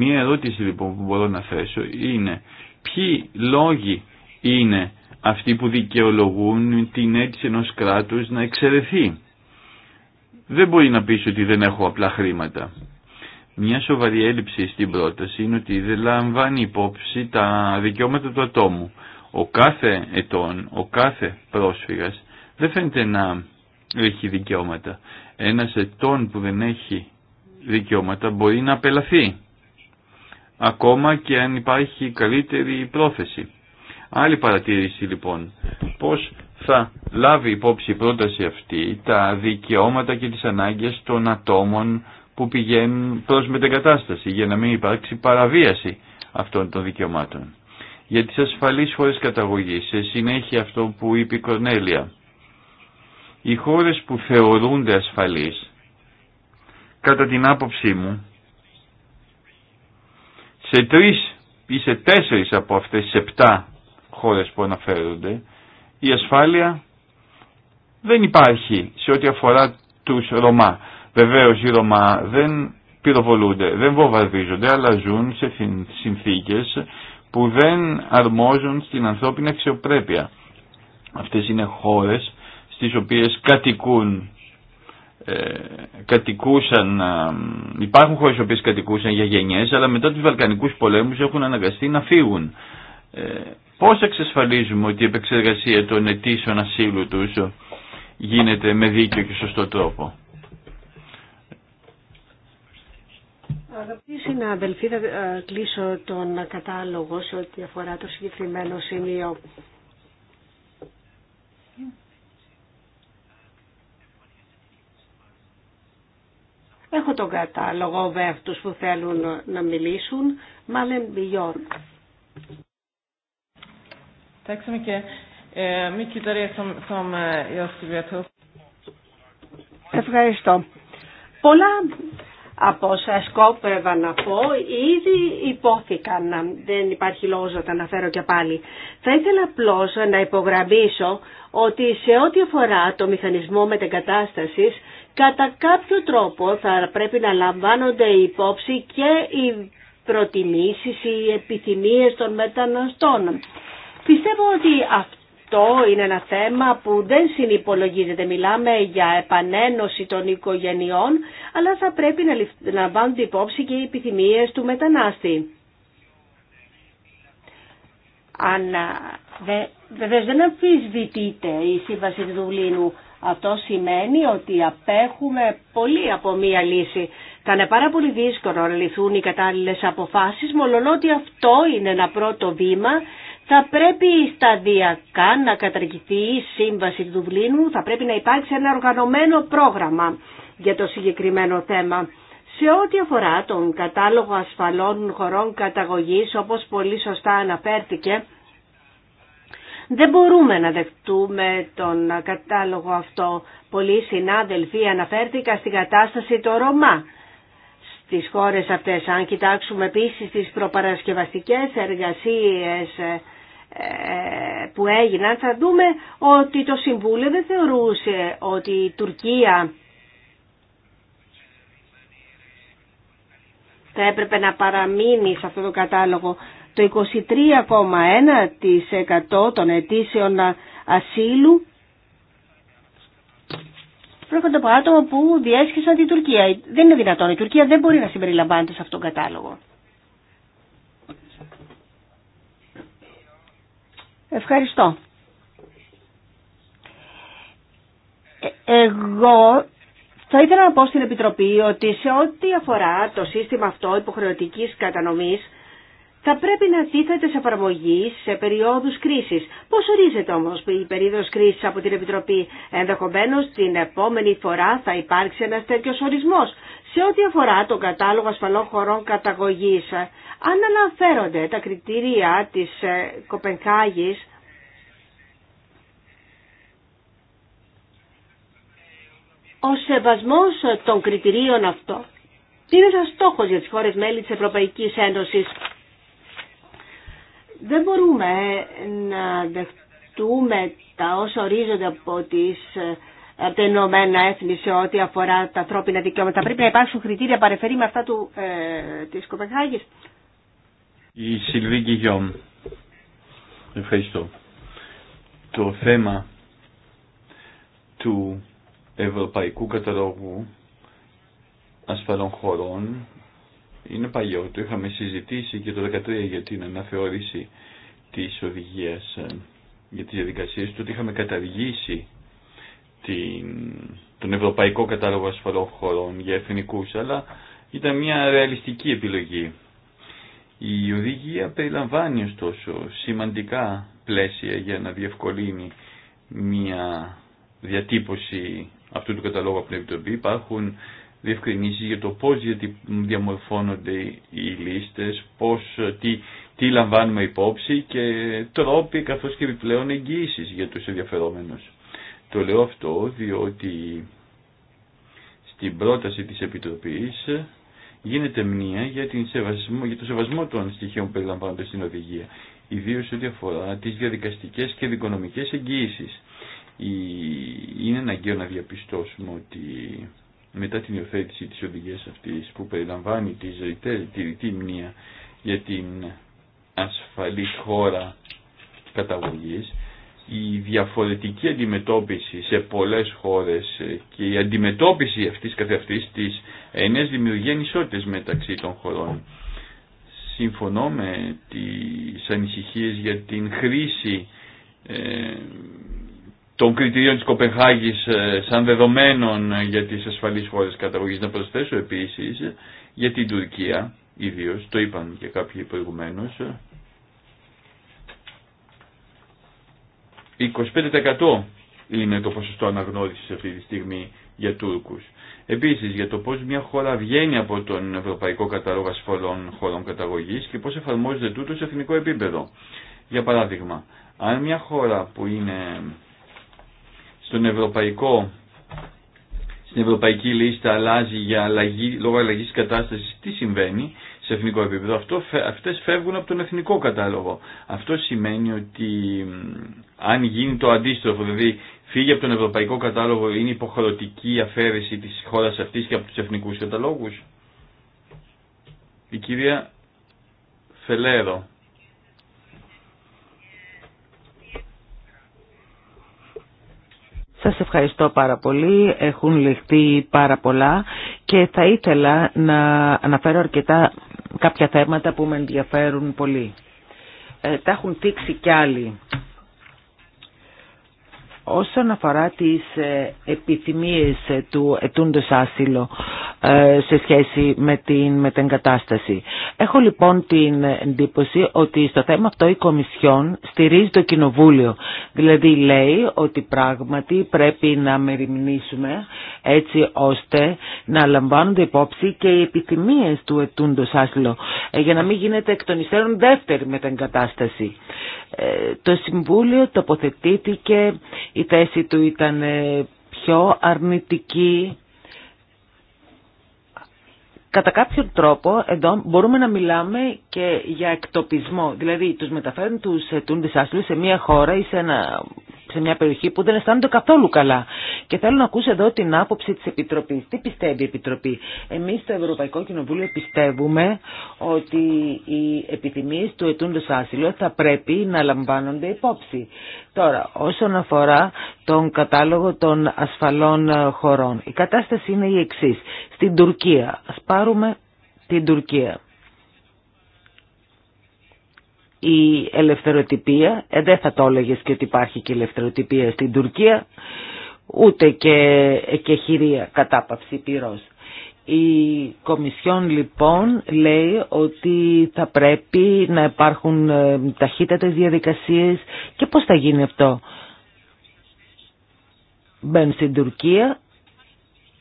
Μία ερώτηση λοιπόν που μπορώ να θέσω είναι ποιοι λόγοι είναι αυτοί που δικαιολογούν την αίτηση ενός κράτους να εξαιρεθεί. Δεν μπορεί να πεις ότι δεν έχω απλά χρήματα. Μια σοβαρή έλλειψη στην πρόταση είναι ότι δεν λαμβάνει υπόψη τα δικαιώματα του ατόμου. Ο κάθε ετών, ο κάθε πρόσφυγας δεν φαίνεται να έχει δικαιώματα. Ένας ετών που δεν έχει δικαιώματα μπορεί να απελαθεί ακόμα και αν υπάρχει καλύτερη πρόθεση. Άλλη παρατήρηση λοιπόν, πώς θα λάβει υπόψη η πρόταση αυτή τα δικαιώματα και τις ανάγκες των ατόμων που πηγαίνουν προς μετεγκατάσταση για να μην υπάρξει παραβίαση αυτών των δικαιωμάτων. Για τις ασφαλείς χώρες καταγωγής, σε συνέχεια αυτό που είπε η Κορνέλια, οι χώρες που θεωρούνται ασφαλείς, κατά την άποψή μου, σε τρεις ή σε τέσσερις από αυτές τις επτά χώρες που αναφέρονται η ασφάλεια δεν υπάρχει σε ό,τι αφορά τους Ρωμά. Βεβαίως οι Ρωμά δεν πυροβολούνται, δεν βομβαρδίζονται, βοβαρδιζονται αλλα ζουν σε συνθήκες που δεν αρμόζουν στην ανθρώπινη αξιοπρέπεια. Αυτές είναι χώρες στις οποίες κατοικούν ε, κατοικούσαν, ε, υπάρχουν χώρες που κατοικούσαν για γενιές, αλλά μετά τους Βαλκανικούς πολέμους έχουν αναγκαστεί να φύγουν. Ε, πώς εξασφαλίζουμε ότι η επεξεργασία των αιτήσεων ασύλου τους γίνεται με δίκαιο και σωστό τρόπο. Αγαπητοί συνάδελφοι, θα κλείσω τον κατάλογο σε ό,τι αφορά το συγκεκριμένο σημείο. Έχω τον κατάλογο με που θέλουν να μιλήσουν. μάλλον ε, μιλιών. Ε, Ευχαριστώ. Πολλά από όσα σκόπευα να πω ήδη υπόθηκαν, δεν υπάρχει λόγος να τα αναφέρω και πάλι. Θα ήθελα απλώ να υπογραμμίσω ότι σε ό,τι αφορά το μηχανισμό μετεγκατάστασης Κατά κάποιο τρόπο θα πρέπει να λαμβάνονται υπόψη και οι προτιμήσεις, οι επιθυμίες των μεταναστών. Πιστεύω ότι αυτό είναι ένα θέμα που δεν συνυπολογίζεται. Μιλάμε για επανένωση των οικογενειών, αλλά θα πρέπει να λαμβάνονται υπόψη και οι επιθυμίες του μετανάστη. Αν ε, Βεβαίω δεν αμφισβητείται η σύμβαση του Δουβλίνου, αυτό σημαίνει ότι απέχουμε πολύ από μία λύση. Θα είναι πάρα πολύ δύσκολο να λυθούν οι κατάλληλες αποφάσεις, ότι αυτό είναι ένα πρώτο βήμα. Θα πρέπει σταδιακά να καταργηθεί η σύμβαση του Δουβλίνου, θα πρέπει να υπάρξει ένα οργανωμένο πρόγραμμα για το συγκεκριμένο θέμα. Σε ό,τι αφορά τον κατάλογο ασφαλών χωρών καταγωγής, όπως πολύ σωστά αναφέρθηκε, δεν μπορούμε να δεχτούμε τον κατάλογο αυτό. Πολλοί συνάδελφοι αναφέρθηκαν στην κατάσταση το Ρωμά στις χώρες αυτές. Αν κοιτάξουμε επίσης τις προπαρασκευαστικές εργασίες ε, ε, που έγιναν, θα δούμε ότι το Συμβούλιο δεν θεωρούσε ότι η Τουρκία θα έπρεπε να παραμείνει σε αυτό το κατάλογο. Το 23,1% των αιτήσεων ασύλου πρόκειται από άτομα που διέσχισαν την Τουρκία. Δεν είναι δυνατόν. Η Τουρκία δεν μπορεί να συμπεριλαμβάνεται σε αυτόν τον κατάλογο. Ευχαριστώ. Ε, εγώ θα ήθελα να πω στην Επιτροπή ότι σε ό,τι αφορά το σύστημα αυτό υποχρεωτικής κατανομής θα πρέπει να τίθεται σε παραγωγή σε περιόδους κρίσης. Πώς ορίζεται όμως η περίοδος κρίσης από την Επιτροπή. Ενδεχομένως την επόμενη φορά θα υπάρξει ένας τέτοιος ορισμός. Σε ό,τι αφορά τον κατάλογο ασφαλών χωρών καταγωγής, αν αναφέρονται τα κριτήρια της ε, Κοπενχάγης, ο σεβασμός των κριτηρίων αυτό είναι ένα στόχος για τι χώρε μέλη τη Ευρωπαϊκή Ένωση. Δεν μπορούμε να δεχτούμε τα όσα ορίζονται από τις από Έθνη σε ό,τι αφορά τα ανθρώπινα δικαιώματα. Πρέπει να υπάρξουν κριτήρια παρεφερή με αυτά του, ε, της Κοπεχάγης. Η Σιλβί Γκυγιόμ. Ευχαριστώ. Το θέμα του Ευρωπαϊκού Καταλόγου Ασφαλών Χωρών είναι παλιό, το είχαμε συζητήσει και το 2013 για την αναθεώρηση της οδηγίας ε, για τις διαδικασίες του, ότι είχαμε καταργήσει την, τον Ευρωπαϊκό Κατάλογο Ασφαλών Χωρών για εθνικούς, αλλά ήταν μια ρεαλιστική επιλογή. Η οδηγία περιλαμβάνει ωστόσο σημαντικά πλαίσια για να διευκολύνει μια διατύπωση αυτού του καταλόγου από την Επιτροπή. Υπάρχουν διευκρινήσει για το πώς διαμορφώνονται οι λίστες, πώς, τι, τι λαμβάνουμε υπόψη και τρόποι καθώς και επιπλέον εγγύησει για τους ενδιαφερόμενους. Το λέω αυτό διότι στην πρόταση της Επιτροπής γίνεται μνήα για, σεβασμό, για το σεβασμό των στοιχείων που περιλαμβάνονται στην οδηγία, ιδίω ό,τι αφορά τις διαδικαστικές και δικονομικές εγγύησεις. Είναι αναγκαίο να διαπιστώσουμε ότι μετά την υιοθέτηση της οδηγίας αυτής που περιλαμβάνει τη ρητή μνήμα για την ασφαλή χώρα καταγωγής, η διαφορετική αντιμετώπιση σε πολλές χώρες και η αντιμετώπιση αυτής καθεαυτής αυτής της ενές δημιουργία ανισότητες μεταξύ των χωρών. Συμφωνώ με τις ανησυχίες για την χρήση ε, των κριτηρίων της Κοπενχάγης ε, σαν δεδομένων για τις ασφαλείς χώρες καταγωγής. Να προσθέσω επίσης για την Τουρκία, ιδίως, το είπαν και κάποιοι προηγουμένως, 25% είναι το ποσοστό αναγνώρισης αυτή τη στιγμή για Τούρκους. Επίσης για το πώς μια χώρα βγαίνει από τον Ευρωπαϊκό Κατάλογο Ασφαλών Χωρών Καταγωγής και πώς εφαρμόζεται τούτο σε εθνικό επίπεδο. Για παράδειγμα, αν μια χώρα που είναι στον ευρωπαϊκό, στην ευρωπαϊκή λίστα αλλάζει για αλλαγή, λόγω αλλαγή κατάσταση, τι συμβαίνει σε εθνικό επίπεδο. Αυτό, αυτές φεύγουν από τον εθνικό κατάλογο. Αυτό σημαίνει ότι αν γίνει το αντίστροφο, δηλαδή φύγει από τον ευρωπαϊκό κατάλογο, είναι υποχρεωτική η αφαίρεση της χώρας αυτής και από τους εθνικούς καταλόγους. Η κυρία Φελέρο. Σας ευχαριστώ πάρα πολύ. Έχουν λεχθεί πάρα πολλά και θα ήθελα να αναφέρω αρκετά κάποια θέματα που με ενδιαφέρουν πολύ. Ε, τα έχουν δείξει κι άλλοι. Όσον αφορά τις ε, επιθυμίες ε, του ετούντος άσυλο, ε, σε σχέση με την κατάσταση. Έχω λοιπόν την εντύπωση ότι στο θέμα αυτό η Κομισιόν στηρίζει το Κοινοβούλιο. Δηλαδή λέει ότι πράγματι πρέπει να μεριμνήσουμε έτσι ώστε να λαμβάνονται υπόψη και οι επιθυμίες του ετούντος άσυλο ε, για να μην γίνεται εκ των υστέρων δεύτερη μετεγκατάσταση. Ε, το Συμβούλιο τοποθετήθηκε, η θέση του ήταν πιο αρνητική κατά κάποιον τρόπο εδώ μπορούμε να μιλάμε και για εκτοπισμό. Δηλαδή τους μεταφέρουν τους ετούντες άσυλου σε μια χώρα ή σε ένα σε μια περιοχή που δεν αισθάνονται καθόλου καλά. Και θέλω να ακούσω εδώ την άποψη της Επιτροπής. Τι πιστεύει η Επιτροπή. Εμείς στο Ευρωπαϊκό Κοινοβούλιο πιστεύουμε ότι οι επιθυμίες του ετούντος άσυλο θα πρέπει να λαμβάνονται υπόψη. Τώρα, όσον αφορά τον κατάλογο των ασφαλών ε, χωρών, η κατάσταση είναι η εξής. Στην Τουρκία, ας πάρουμε την Τουρκία η ελευθεροτυπία, ε, δεν θα το έλεγε και ότι υπάρχει και ελευθεροτυπία στην Τουρκία, ούτε και, ε, και χειρία κατάπαυση πυρός. Η Κομισιόν λοιπόν λέει ότι θα πρέπει να υπάρχουν ε, ταχύτατες διαδικασίες και πώς θα γίνει αυτό. Μπαίνουν στην Τουρκία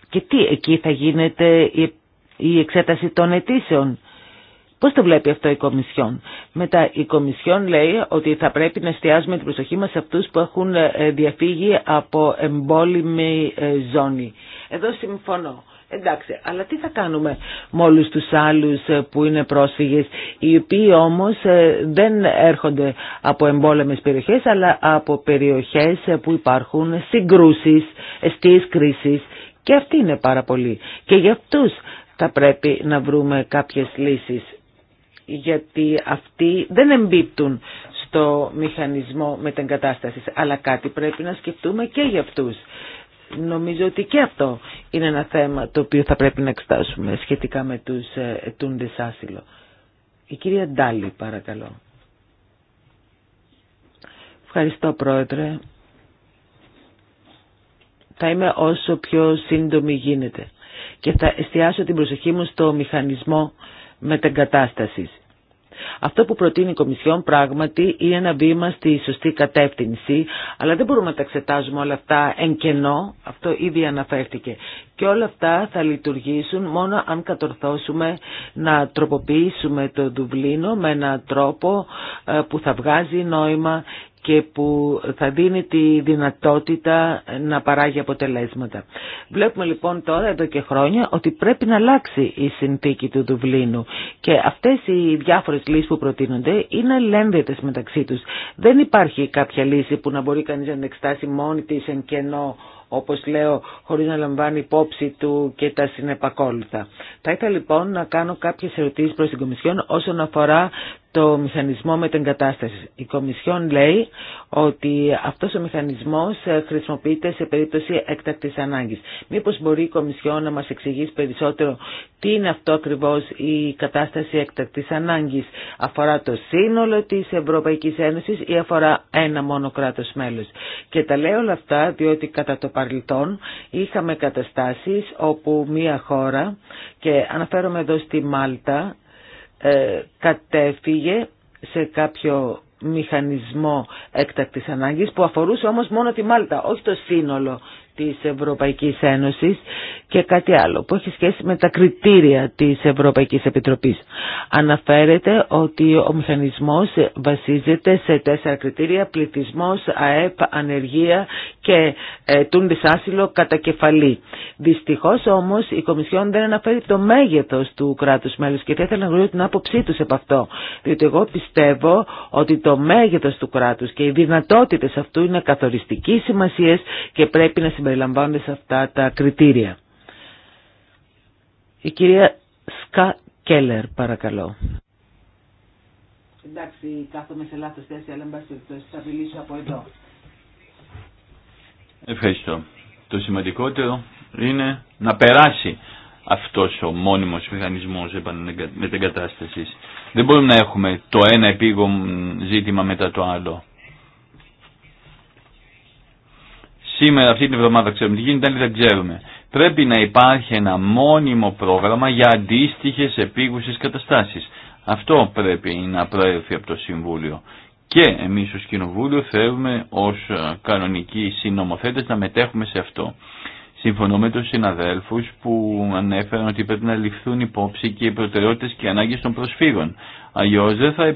και τι εκεί θα γίνεται η εξέταση των αιτήσεων. Πώς το βλέπει αυτό η Κομισιόν. Μετά η Κομισιόν λέει ότι θα πρέπει να εστιάζουμε την προσοχή μας σε αυτούς που έχουν ε, διαφύγει από εμπόλυμη ε, ζώνη. Εδώ συμφωνώ. Εντάξει, αλλά τι θα κάνουμε με όλου του άλλου ε, που είναι πρόσφυγες, οι οποίοι όμως δεν έρχονται από εμπόλεμες περιοχές, αλλά από περιοχές που υπάρχουν συγκρούσεις, εστίες κρίσεις και αυτοί είναι πάρα πολλοί. Και για αυτούς θα πρέπει να βρούμε κάποιες λύσεις γιατί αυτοί δεν εμπίπτουν στο μηχανισμό μετεγκατάστασης, αλλά κάτι πρέπει να σκεφτούμε και για αυτούς. Νομίζω ότι και αυτό είναι ένα θέμα το οποίο θα πρέπει να εξτάσουμε σχετικά με τους ε, ετούντες άσυλο. Η κυρία Ντάλη, παρακαλώ. Ευχαριστώ, Πρόεδρε. Θα είμαι όσο πιο σύντομη γίνεται και θα εστιάσω την προσοχή μου στο μηχανισμό μετεγκατάστασης. Αυτό που προτείνει η Κομισιόν πράγματι είναι ένα βήμα στη σωστή κατεύθυνση, αλλά δεν μπορούμε να τα εξετάζουμε όλα αυτά εν κενό, αυτό ήδη αναφέρθηκε. Και όλα αυτά θα λειτουργήσουν μόνο αν κατορθώσουμε να τροποποιήσουμε το Δουβλίνο με έναν τρόπο ε, που θα βγάζει νόημα και που θα δίνει τη δυνατότητα να παράγει αποτελέσματα. Βλέπουμε λοιπόν τώρα εδώ και χρόνια ότι πρέπει να αλλάξει η συνθήκη του Δουβλίνου και αυτές οι διάφορες λύσεις που προτείνονται είναι ελένδετες μεταξύ τους. Δεν υπάρχει κάποια λύση που να μπορεί κανείς να εξτάσει μόνη της εν κενό όπως λέω, χωρίς να λαμβάνει υπόψη του και τα συνεπακόλουθα. Θα ήθελα λοιπόν να κάνω κάποιες ερωτήσεις προς την Κομισιόν όσον αφορά το μηχανισμό με την κατάσταση. Η Κομισιόν λέει ότι αυτός ο μηχανισμός ε, χρησιμοποιείται σε περίπτωση έκτακτης ανάγκης. Μήπως μπορεί η Κομισιόν να μας εξηγήσει περισσότερο τι είναι αυτό ακριβώς η κατάσταση έκτακτης ανάγκης. Αφορά το σύνολο της Ευρωπαϊκής Ένωσης ή αφορά ένα μόνο κράτος μέλος. Και τα λέω όλα αυτά διότι κατά το παρελθόν είχαμε καταστάσεις όπου μία χώρα και αναφέρομαι εδώ στη Μάλτα ε, κατέφυγε σε κάποιο μηχανισμό έκτακτης ανάγκης που αφορούσε όμως μόνο τη Μάλτα, όχι το σύνολο της Ευρωπαϊκής Ένωσης και κάτι άλλο που έχει σχέση με τα κριτήρια της Ευρωπαϊκής Επιτροπής. Αναφέρεται ότι ο μηχανισμός βασίζεται σε τέσσερα κριτήρια πληθυσμός, ΑΕΠ, ανεργία και ε, άσυλο κατά κεφαλή. Δυστυχώς όμως η Κομισιόν δεν αναφέρει το μέγεθος του κράτους μέλους και θα ήθελα να γνωρίζω την άποψή τους από αυτό. Διότι εγώ πιστεύω ότι το μέγεθος του κράτους και οι δυνατότητες αυτού είναι καθοριστική σημασία και πρέπει να συμπεριλαμβάνονται σε αυτά τα κριτήρια. Η κυρία Σκα Κέλλερ, παρακαλώ. Εντάξει, κάθομαι σε λάθος θέση, αλλά μπας θα μιλήσω από εδώ. Ευχαριστώ. Το σημαντικότερο είναι να περάσει αυτός ο μόνιμος μηχανισμός μετεγκατάστασης. Δεν μπορούμε να έχουμε το ένα επίγον ζήτημα μετά το άλλο. σήμερα αυτή την εβδομάδα ξέρουμε τι γίνεται, αλλά δεν ξέρουμε. Πρέπει να υπάρχει ένα μόνιμο πρόγραμμα για αντίστοιχε επίγουσες καταστάσει. Αυτό πρέπει να προέλθει από το Συμβούλιο. Και εμεί, ω Κοινοβούλιο θέλουμε ω κανονικοί συνομοθέτε να μετέχουμε σε αυτό. Συμφωνώ με του συναδέλφου που ανέφεραν ότι πρέπει να ληφθούν υπόψη και οι προτεραιότητε και οι ανάγκε των προσφύγων. Αλλιώ δεν θα,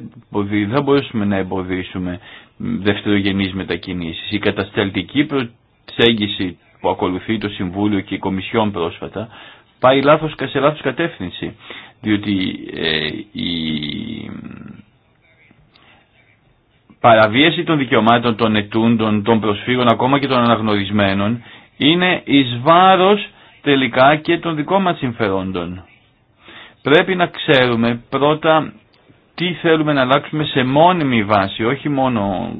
θα μπορέσουμε να εμποδίσουμε δευτερογενεί μετακινήσει. Η κατασταλτική εξέγγιση που ακολουθεί το Συμβούλιο και η Κομισιόν πρόσφατα πάει λάθος, σε λάθος κατεύθυνση. Διότι ε, η παραβίαση των δικαιωμάτων των ετούντων, των προσφύγων, ακόμα και των αναγνωρισμένων, είναι εις βάρος τελικά και των δικών μας συμφερόντων. Πρέπει να ξέρουμε πρώτα τι θέλουμε να αλλάξουμε σε μόνιμη βάση, όχι μόνο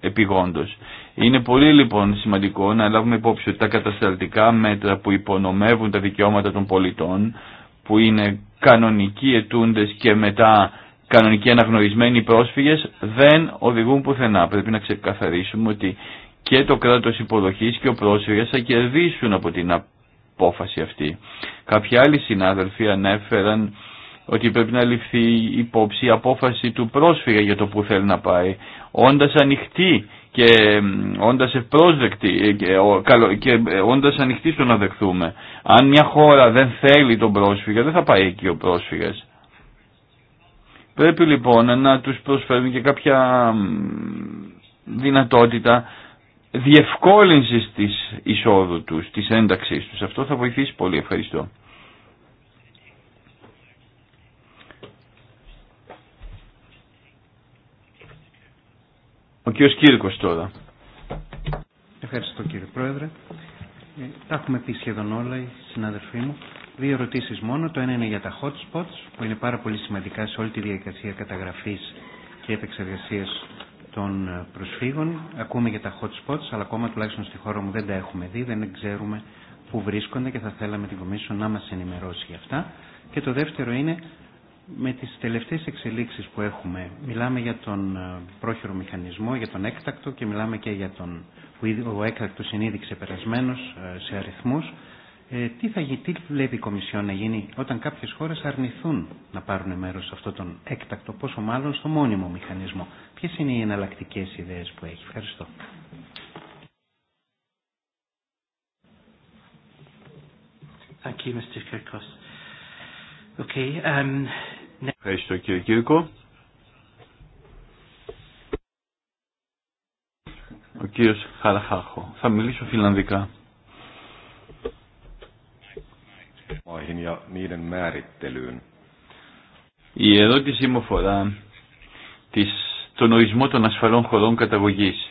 επιγόντως. Είναι πολύ λοιπόν σημαντικό να λάβουμε υπόψη ότι τα κατασταλτικά μέτρα που υπονομεύουν τα δικαιώματα των πολιτών, που είναι κανονικοί ετούντες και μετά κανονικοί αναγνωρισμένοι πρόσφυγες, δεν οδηγούν πουθενά. Πρέπει να ξεκαθαρίσουμε ότι και το κράτος υποδοχής και ο πρόσφυγας θα κερδίσουν από την απόφαση αυτή. Κάποιοι άλλοι συνάδελφοι ανέφεραν ότι πρέπει να ληφθεί υπόψη η απόφαση του πρόσφυγα για το που θέλει να πάει, όντας ανοιχτή και όντας ευπρόσδεκτοι ε, και ε, όντας ανοιχτή στο να δεχθούμε. Αν μια χώρα δεν θέλει τον πρόσφυγα δεν θα πάει εκεί ο πρόσφυγας. Πρέπει λοιπόν να τους προσφέρουν και κάποια δυνατότητα διευκόλυνσης της εισόδου τους, της ένταξής τους. Αυτό θα βοηθήσει πολύ. Ευχαριστώ. Ο κύριος τώρα. Ευχαριστώ κύριε Πρόεδρε. Ε, τα έχουμε πει σχεδόν όλα οι συναδελφοί μου. Δύο ερωτήσει μόνο. Το ένα είναι για τα hot spots που είναι πάρα πολύ σημαντικά σε όλη τη διαδικασία καταγραφή και επεξεργασία των ε, προσφύγων. Ακούμε για τα hot spots, αλλά ακόμα τουλάχιστον στη χώρα μου δεν τα έχουμε δει, δεν ξέρουμε πού βρίσκονται και θα θέλαμε την Κομίσιο να μα ενημερώσει για αυτά. Και το δεύτερο είναι με τις τελευταίες εξελίξεις που έχουμε, μιλάμε για τον ε, πρόχειρο μηχανισμό, για τον έκτακτο και μιλάμε και για τον που ο έκτακτος είναι ήδη ξεπερασμένος ε, σε αριθμούς. Ε, τι θα τι βλέπει η Κομισιόν να γίνει όταν κάποιες χώρες αρνηθούν να πάρουν μέρος σε αυτόν τον έκτακτο, πόσο μάλλον στο μόνιμο μηχανισμό. Ποιες είναι οι εναλλακτικέ ιδέες που έχει. Ευχαριστώ. Thank you, Mr. Okay, um, ναι. Ευχαριστώ κύριε Κύρκο. Ο κύριος Χαραχάχο. Θα μιλήσω φιλανδικά. Η ερώτησή μου αφορά τον ορισμό των ασφαλών χωρών καταγωγής.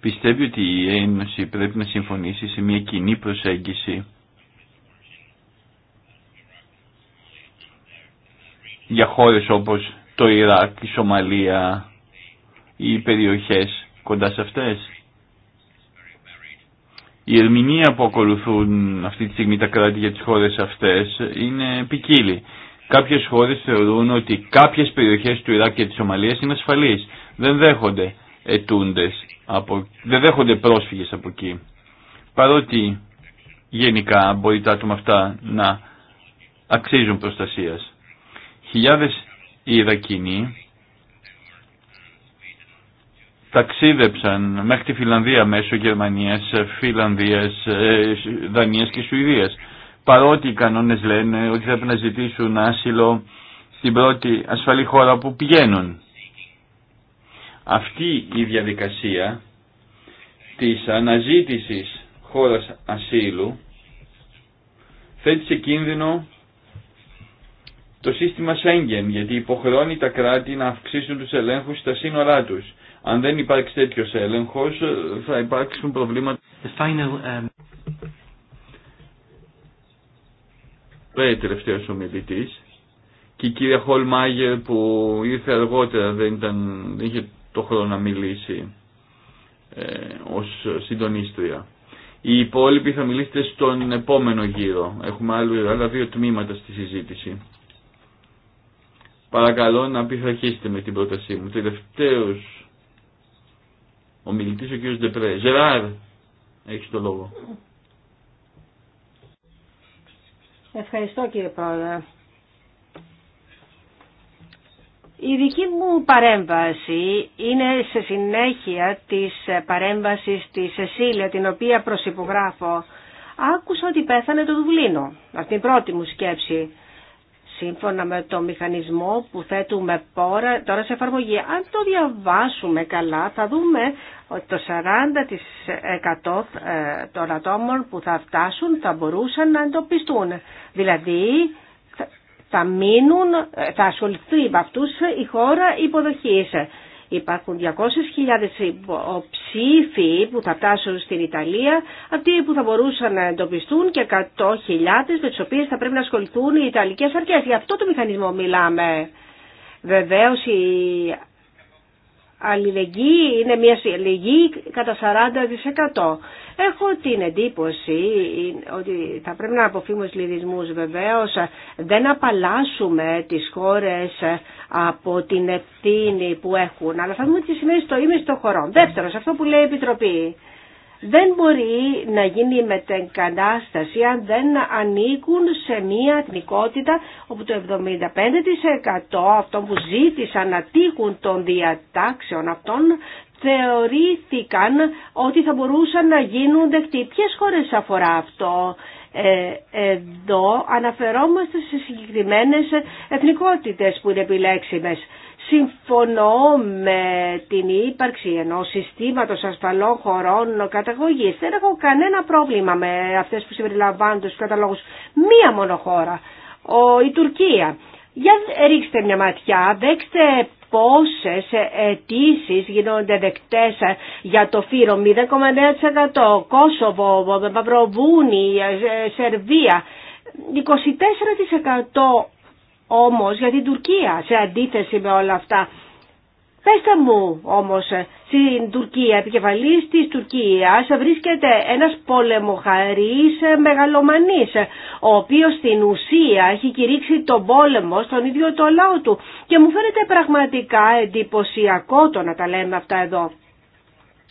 Πιστεύει ότι η Ένωση πρέπει να συμφωνήσει σε μια κοινή προσέγγιση για χώρες όπως το Ιράκ, η Σομαλία ή οι περιοχές κοντά σε αυτές. Η ερμηνεία που ακολουθούν αυτή τη στιγμή τα κράτη για τις χώρες αυτές είναι ποικίλη. Κάποιες χώρες θεωρούν ότι κάποιες περιοχές του Ιράκ και της Σομαλίας είναι ασφαλείς. Δεν δέχονται ετούντες, από, δεν δέχονται πρόσφυγες από εκεί. Παρότι γενικά μπορεί τα άτομα αυτά να αξίζουν προστασίας. Χιλιάδες Ιρακινοί ταξίδεψαν μέχρι τη Φιλανδία μέσω Γερμανίας, Φιλανδίας, ε, Δανίας και Σουηδίας. Παρότι οι κανόνες λένε ότι θα πρέπει να ζητήσουν άσυλο στην πρώτη ασφαλή χώρα που πηγαίνουν. Αυτή η διαδικασία της αναζήτησης χώρας ασύλου θέτει σε κίνδυνο το σύστημα Σέγγεν, γιατί υποχρεώνει τα κράτη να αυξήσουν τους ελέγχους στα σύνορά τους. Αν δεν υπάρξει τέτοιος έλεγχος, θα υπάρξουν προβλήματα. The final, um... Ε, τελευταίος ομιλητής και η κυρία Χολμάγερ που ήρθε αργότερα δεν, είχε το χρόνο να μιλήσει ε, ως συντονίστρια. Οι υπόλοιποι θα μιλήσετε στον επόμενο γύρο. Έχουμε άλλα δύο τμήματα στη συζήτηση. Παρακαλώ να πειθαρχήσετε με την πρότασή μου. Τελευταίος ο μιλητής ο κύριος Ντεπρέ. Ζεράρ, έχει το λόγο. Ευχαριστώ κύριε Πρόεδρε. Η δική μου παρέμβαση είναι σε συνέχεια της παρέμβασης της Σεσίλια, την οποία προσυπογράφω. Άκουσα ότι πέθανε το Δουβλίνο, αυτή η πρώτη μου σκέψη σύμφωνα με το μηχανισμό που θέτουμε τώρα σε εφαρμογή. Αν το διαβάσουμε καλά θα δούμε ότι το 40% ε, των ατόμων που θα φτάσουν θα μπορούσαν να εντοπιστούν. Δηλαδή θα, μείνουν, ε, θα ασχοληθεί με αυτούς η χώρα υποδοχής. Υπάρχουν 200.000 ψήφοι που θα φτάσουν στην Ιταλία, αυτοί που θα μπορούσαν να εντοπιστούν και 100.000 με τις οποίες θα πρέπει να ασχοληθούν οι Ιταλικές αρχές. Για αυτό το μηχανισμό μιλάμε. Βεβαίως η αλληλεγγύη, είναι μια αλληλεγγύη κατά 40%. Έχω την εντύπωση ότι θα πρέπει να αποφύγουμε σλιδισμούς βεβαίως, δεν απαλλάσσουμε τις χώρες ε, από την ευθύνη που έχουν, αλλά θα δούμε τι σημαίνει στο ίμιση των χωρών. Δεύτερος, αυτό που λέει η Επιτροπή, δεν μπορεί να γίνει μετεγκατάσταση αν δεν ανήκουν σε μια εθνικότητα όπου το 75% αυτών που ζήτησαν να τύχουν των διατάξεων αυτών θεωρήθηκαν ότι θα μπορούσαν να γίνουν δεκτοί. Ποιες χώρες αφορά αυτό. Ε, εδώ αναφερόμαστε σε συγκεκριμένες εθνικότητες που είναι επιλέξιμες συμφωνώ με την ύπαρξη ενός συστήματος ασφαλών χωρών καταγωγής. Δεν έχω κανένα πρόβλημα με αυτές που συμπεριλαμβάνουν στους καταλόγους. Μία μόνο χώρα, η Τουρκία. Για ρίξτε μια ματιά, δέξτε πόσες αιτήσει γίνονται δεκτές για το φύρο 0,9%, Κόσοβο, Παυροβούνη, Σερβία. 24% όμως για την Τουρκία σε αντίθεση με όλα αυτά. Πέστε μου όμως, στην Τουρκία, επικεφαλής της Τουρκίας, βρίσκεται ένας πολεμοχαρής μεγαλομανής, ο οποίος στην ουσία έχει κηρύξει τον πόλεμο στον ίδιο το λαό του. Και μου φαίνεται πραγματικά εντυπωσιακό το να τα λέμε αυτά εδώ.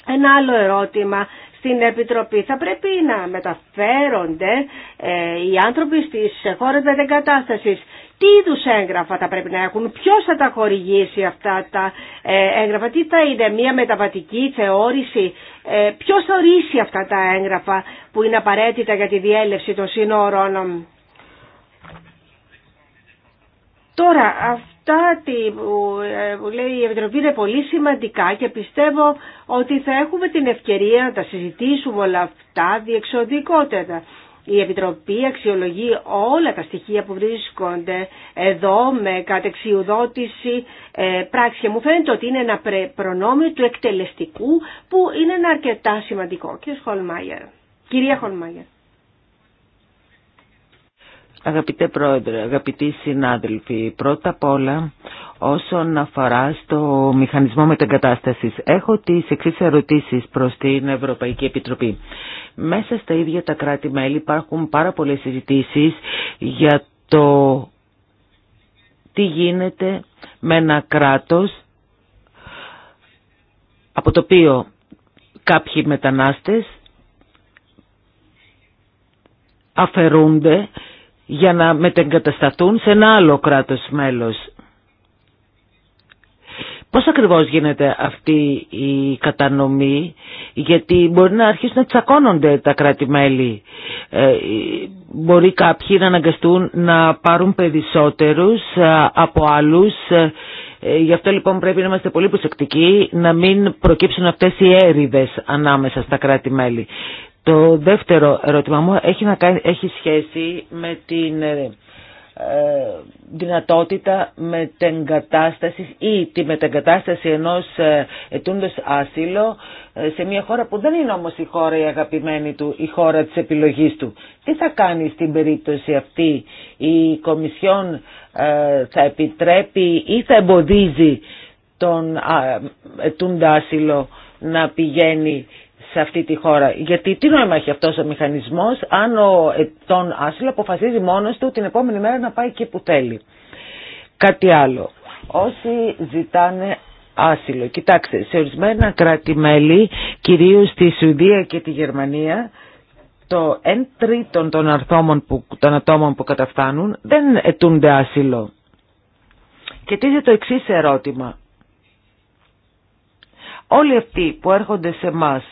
Ένα άλλο ερώτημα στην Επιτροπή. Θα πρέπει να μεταφέρονται ε, οι άνθρωποι στις χώρες μετεγκατάστασης τι είδου έγγραφα θα πρέπει να έχουν, ποιο θα τα χορηγήσει αυτά τα ε, έγγραφα, τι θα είναι μια μεταβατική θεώρηση, ε, ποιο θα ορίσει αυτά τα έγγραφα που είναι απαραίτητα για τη διέλευση των σύνορων. Τώρα, αυτά ε, που λέει η Επιτροπή είναι πολύ σημαντικά και πιστεύω ότι θα έχουμε την ευκαιρία να τα συζητήσουμε όλα αυτά διεξοδικότερα. Η Επιτροπή αξιολογεί όλα τα στοιχεία που βρίσκονται εδώ με κατεξιουδότηση ε, πράξη. Και μου φαίνεται ότι είναι ένα προνόμιο του εκτελεστικού που είναι ένα αρκετά σημαντικό. Κύριε Χολμάγερ. Κυρία Χολμάγερ. Αγαπητέ Πρόεδρε, αγαπητοί συνάδελφοι, πρώτα απ' όλα όσον αφορά στο μηχανισμό μετεγκατάστασης, έχω τις εξής ερωτήσεις προς την Ευρωπαϊκή Επιτροπή. Μέσα στα ίδια τα κράτη-μέλη υπάρχουν πάρα πολλές συζητήσει για το τι γίνεται με ένα κράτος από το οποίο κάποιοι μετανάστες αφαιρούνται για να μετεγκατασταθούν σε ένα άλλο κράτος μέλος. Πώς ακριβώς γίνεται αυτή η κατανομή, γιατί μπορεί να αρχίσουν να τσακώνονται τα κράτη-μέλη. Ε, μπορεί κάποιοι να αναγκαστούν να πάρουν περισσότερους ε, από άλλους. Ε, γι' αυτό λοιπόν πρέπει να είμαστε πολύ προσεκτικοί να μην προκύψουν αυτές οι έρηδες ανάμεσα στα κράτη-μέλη. Το δεύτερο ερώτημα μου έχει, να κάνει, έχει σχέση με την ε, δυνατότητα κατάσταση ή τη μετεγκατάσταση ενός ε, ετούντος άσυλο ε, σε μια χώρα που δεν είναι όμως η χώρα η αγαπημένη του, η χώρα της επιλογής του. Τι θα κάνει στην περίπτωση αυτή η Κομισιόν ε, θα επιτρέπει ή θα εμποδίζει τον ετούντο άσυλο να πηγαίνει σε αυτή τη χώρα. Γιατί τι νόημα έχει αυτός ο μηχανισμός αν ο τον άσυλο αποφασίζει μόνος του την επόμενη μέρα να πάει και που θέλει. Κάτι άλλο. Όσοι ζητάνε άσυλο. Κοιτάξτε, σε ορισμένα κράτη-μέλη, κυρίως στη Σουηδία και τη Γερμανία, το 1 τρίτο των, αρθόμων που, των ατόμων που καταφτάνουν δεν ετούνται άσυλο. Και τίθεται το εξή ερώτημα. Όλοι αυτοί που έρχονται σε μας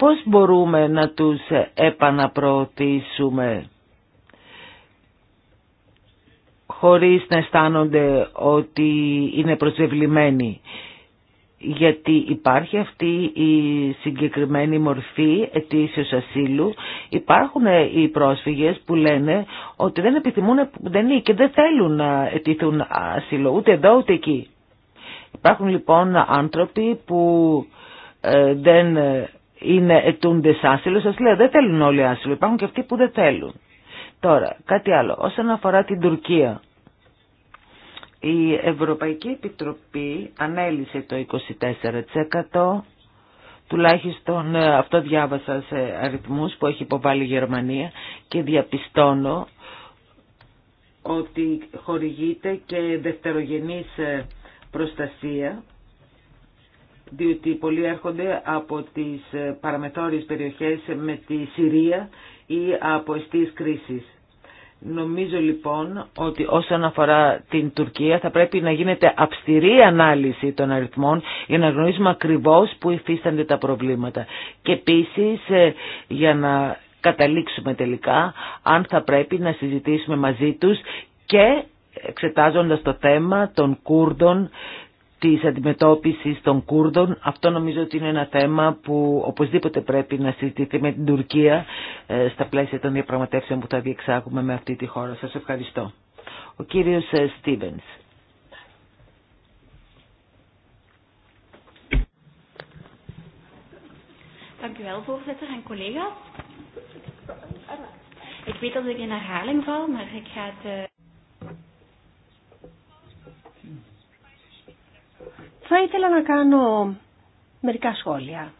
Πώς μπορούμε να τους επαναπροωθήσουμε χωρίς να αισθάνονται ότι είναι προσβεβλημένοι. Γιατί υπάρχει αυτή η συγκεκριμένη μορφή αιτήσεως ασύλου. Υπάρχουν οι πρόσφυγες που λένε ότι δεν επιθυμούν δεν και δεν θέλουν να αιτηθούν ασύλο ούτε εδώ ούτε εκεί. Υπάρχουν λοιπόν άνθρωποι που ε, δεν είναι ετούντες άσυλο, σας λέω δεν θέλουν όλοι άσυλο, υπάρχουν και αυτοί που δεν θέλουν. Τώρα, κάτι άλλο, όσον αφορά την Τουρκία, η Ευρωπαϊκή Επιτροπή ανέλησε το 24% τουλάχιστον ε, αυτό διάβασα σε αριθμούς που έχει υποβάλει η Γερμανία και διαπιστώνω ότι χορηγείται και δευτερογενής ε, προστασία διότι πολλοί έρχονται από τις ε, παραμεθόριες περιοχές με τη Συρία ή από εστίες κρίσεις. Νομίζω λοιπόν ότι όσον αφορά την Τουρκία θα πρέπει να γίνεται αυστηρή ανάλυση των αριθμών για να γνωρίζουμε ακριβώς που υφίστανται τα προβλήματα. Και επίσης ε, για να καταλήξουμε τελικά αν θα πρέπει να συζητήσουμε μαζί τους και εξετάζοντας το θέμα των Κούρδων της αντιμετώπισης των Κούρδων. Αυτό νομίζω ότι είναι ένα θέμα που οπωσδήποτε πρέπει να συζητηθεί με την Τουρκία ε, στα πλαίσια των διαπραγματεύσεων που θα διεξάγουμε με αυτή τη χώρα. Σας ευχαριστώ. Ο κύριος ε, Στίβενς. Ik Θα ήθελα να κάνω μερικά σχόλια.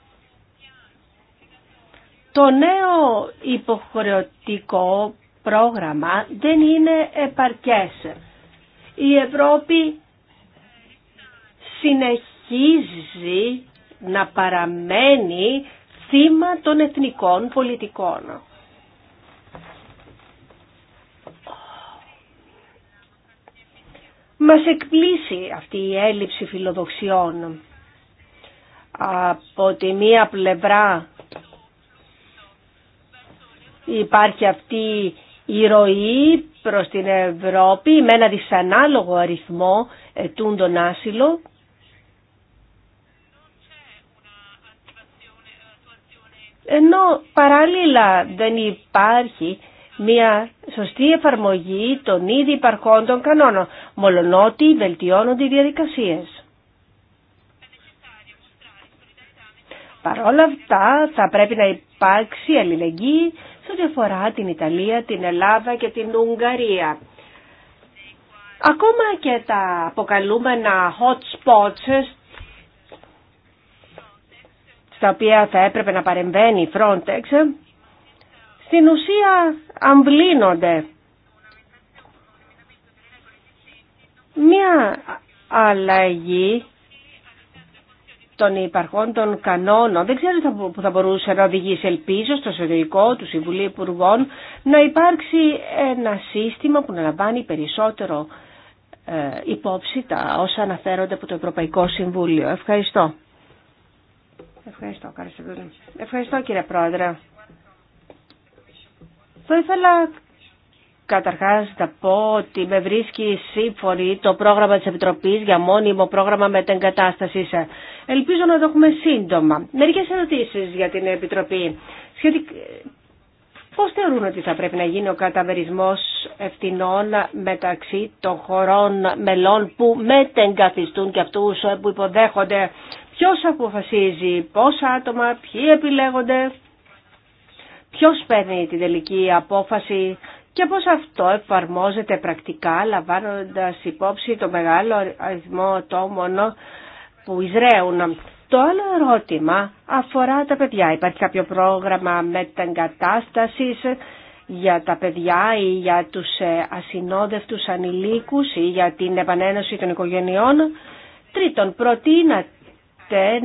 Το νέο υποχρεωτικό πρόγραμμα δεν είναι επαρκές. Η Ευρώπη συνεχίζει να παραμένει θύμα των εθνικών πολιτικών. μας εκπλήσει αυτή η έλλειψη φιλοδοξιών. Από τη μία πλευρά υπάρχει αυτή η ροή προς την Ευρώπη με ένα δυσανάλογο αριθμό ετούντων άσυλο ενώ παράλληλα δεν υπάρχει μια σωστή εφαρμογή των ήδη υπαρχόντων κανόνων, μολονότι βελτιώνονται οι διαδικασίες. Παρόλα αυτά θα πρέπει να υπάρξει αλληλεγγύη σε ό,τι αφορά την Ιταλία, την Ελλάδα και την Ουγγαρία. Ακόμα και τα αποκαλούμενα hot spots στα οποία θα έπρεπε να παρεμβαίνει η Frontex στην ουσία αμβλύνονται. Μία αλλαγή των υπαρχών των κανόνων. Δεν ξέρω που θα μπορούσε να οδηγήσει ελπίζω στο εσωτερικό του Συμβουλίου Υπουργών να υπάρξει ένα σύστημα που να λαμβάνει περισσότερο ε, υπόψη τα όσα αναφέρονται από το Ευρωπαϊκό Συμβούλιο. Ευχαριστώ. Ευχαριστώ, Ευχαριστώ κύριε Πρόεδρε. Θα ήθελα καταρχάς να πω ότι με βρίσκει σύμφωνη το πρόγραμμα της Επιτροπής για μόνιμο πρόγραμμα μετεγκατάστασης. Ελπίζω να το έχουμε σύντομα. Μερικές ερωτήσεις για την Επιτροπή. Σχετικ... Πώς θεωρούν ότι θα πρέπει να γίνει ο καταμερισμός ευθυνών μεταξύ των χωρών μελών που μετεγκαθιστούν και αυτούς που υποδέχονται. Ποιος αποφασίζει, πόσα άτομα, ποιοι επιλέγονται, ποιος παίρνει την τελική απόφαση και πώς αυτό εφαρμόζεται πρακτικά λαμβάνοντας υπόψη το μεγάλο αριθμό ατόμων που εισραίουν. Το άλλο ερώτημα αφορά τα παιδιά. Υπάρχει κάποιο πρόγραμμα μεταγκατάστασης για τα παιδιά ή για τους ε, ασυνόδευτους ανηλίκους ή για την επανένωση των οικογενειών. Τρίτον, προτείνατε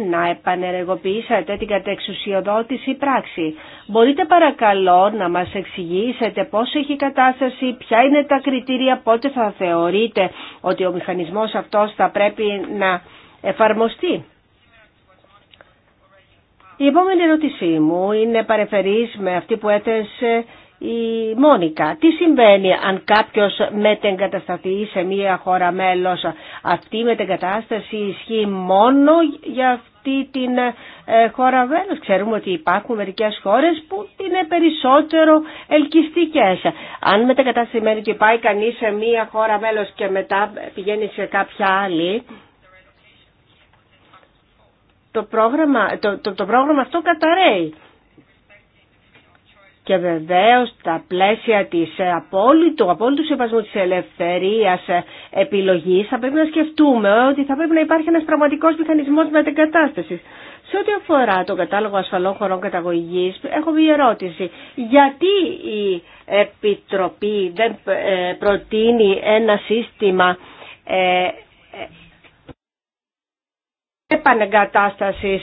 να επανεργοποιήσετε την κατεξουσιοδότηση πράξη. Μπορείτε παρακαλώ να μας εξηγήσετε πώς έχει η κατάσταση, ποια είναι τα κριτήρια, πότε θα θεωρείτε ότι ο μηχανισμός αυτός θα πρέπει να εφαρμοστεί. Η επόμενη ερώτησή μου είναι παρεφερής με αυτή που έθεσε η Μόνικα. Τι συμβαίνει αν κάποιος μετεγκατασταθεί σε μία χώρα μέλος. Αυτή η μετεγκατάσταση ισχύει μόνο για αυτή την ε, χώρα μέλος. Ξέρουμε ότι υπάρχουν μερικές χώρες που είναι περισσότερο ελκυστικές. Αν μετεγκατασταθεί σημαίνει ότι πάει κανείς σε μία χώρα μέλος και μετά πηγαίνει σε κάποια άλλη... Το πρόγραμμα, το, το, το πρόγραμμα αυτό καταραίει και βεβαίως τα πλαίσια της ε, απόλυτου, απόλυτου σεβασμού της ελευθερίας ε, επιλογής θα πρέπει να σκεφτούμε ότι θα πρέπει να υπάρχει ένας πραγματικός μηχανισμός μετεγκατάστασης. Σε ό,τι αφορά τον κατάλογο ασφαλών χωρών καταγωγής, έχω μια ερώτηση. Γιατί η Επιτροπή δεν ε, προτείνει ένα σύστημα επανεγκατάστασης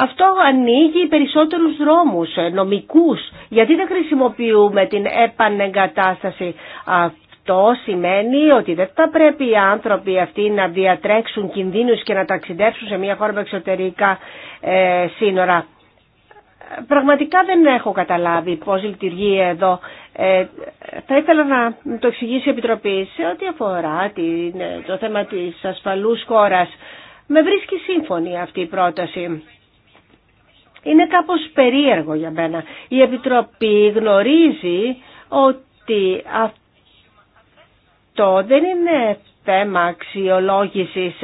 αυτό ανοίγει περισσότερους δρόμους ε, νομικούς, γιατί δεν χρησιμοποιούμε την επανεγκατάσταση αυτό σημαίνει ότι δεν θα πρέπει οι άνθρωποι αυτοί να διατρέξουν κινδύνους και να ταξιδεύσουν σε μια χώρα με εξωτερικά ε, σύνορα. Πραγματικά δεν έχω καταλάβει πώς λειτουργεί εδώ. Ε, θα ήθελα να το εξηγήσει η Επιτροπή σε ό,τι αφορά το θέμα της ασφαλούς χώρας. Με βρίσκει σύμφωνη αυτή η πρόταση είναι κάπως περίεργο για μένα. Η Επιτροπή γνωρίζει ότι αυτό δεν είναι θέμα αξιολόγησης.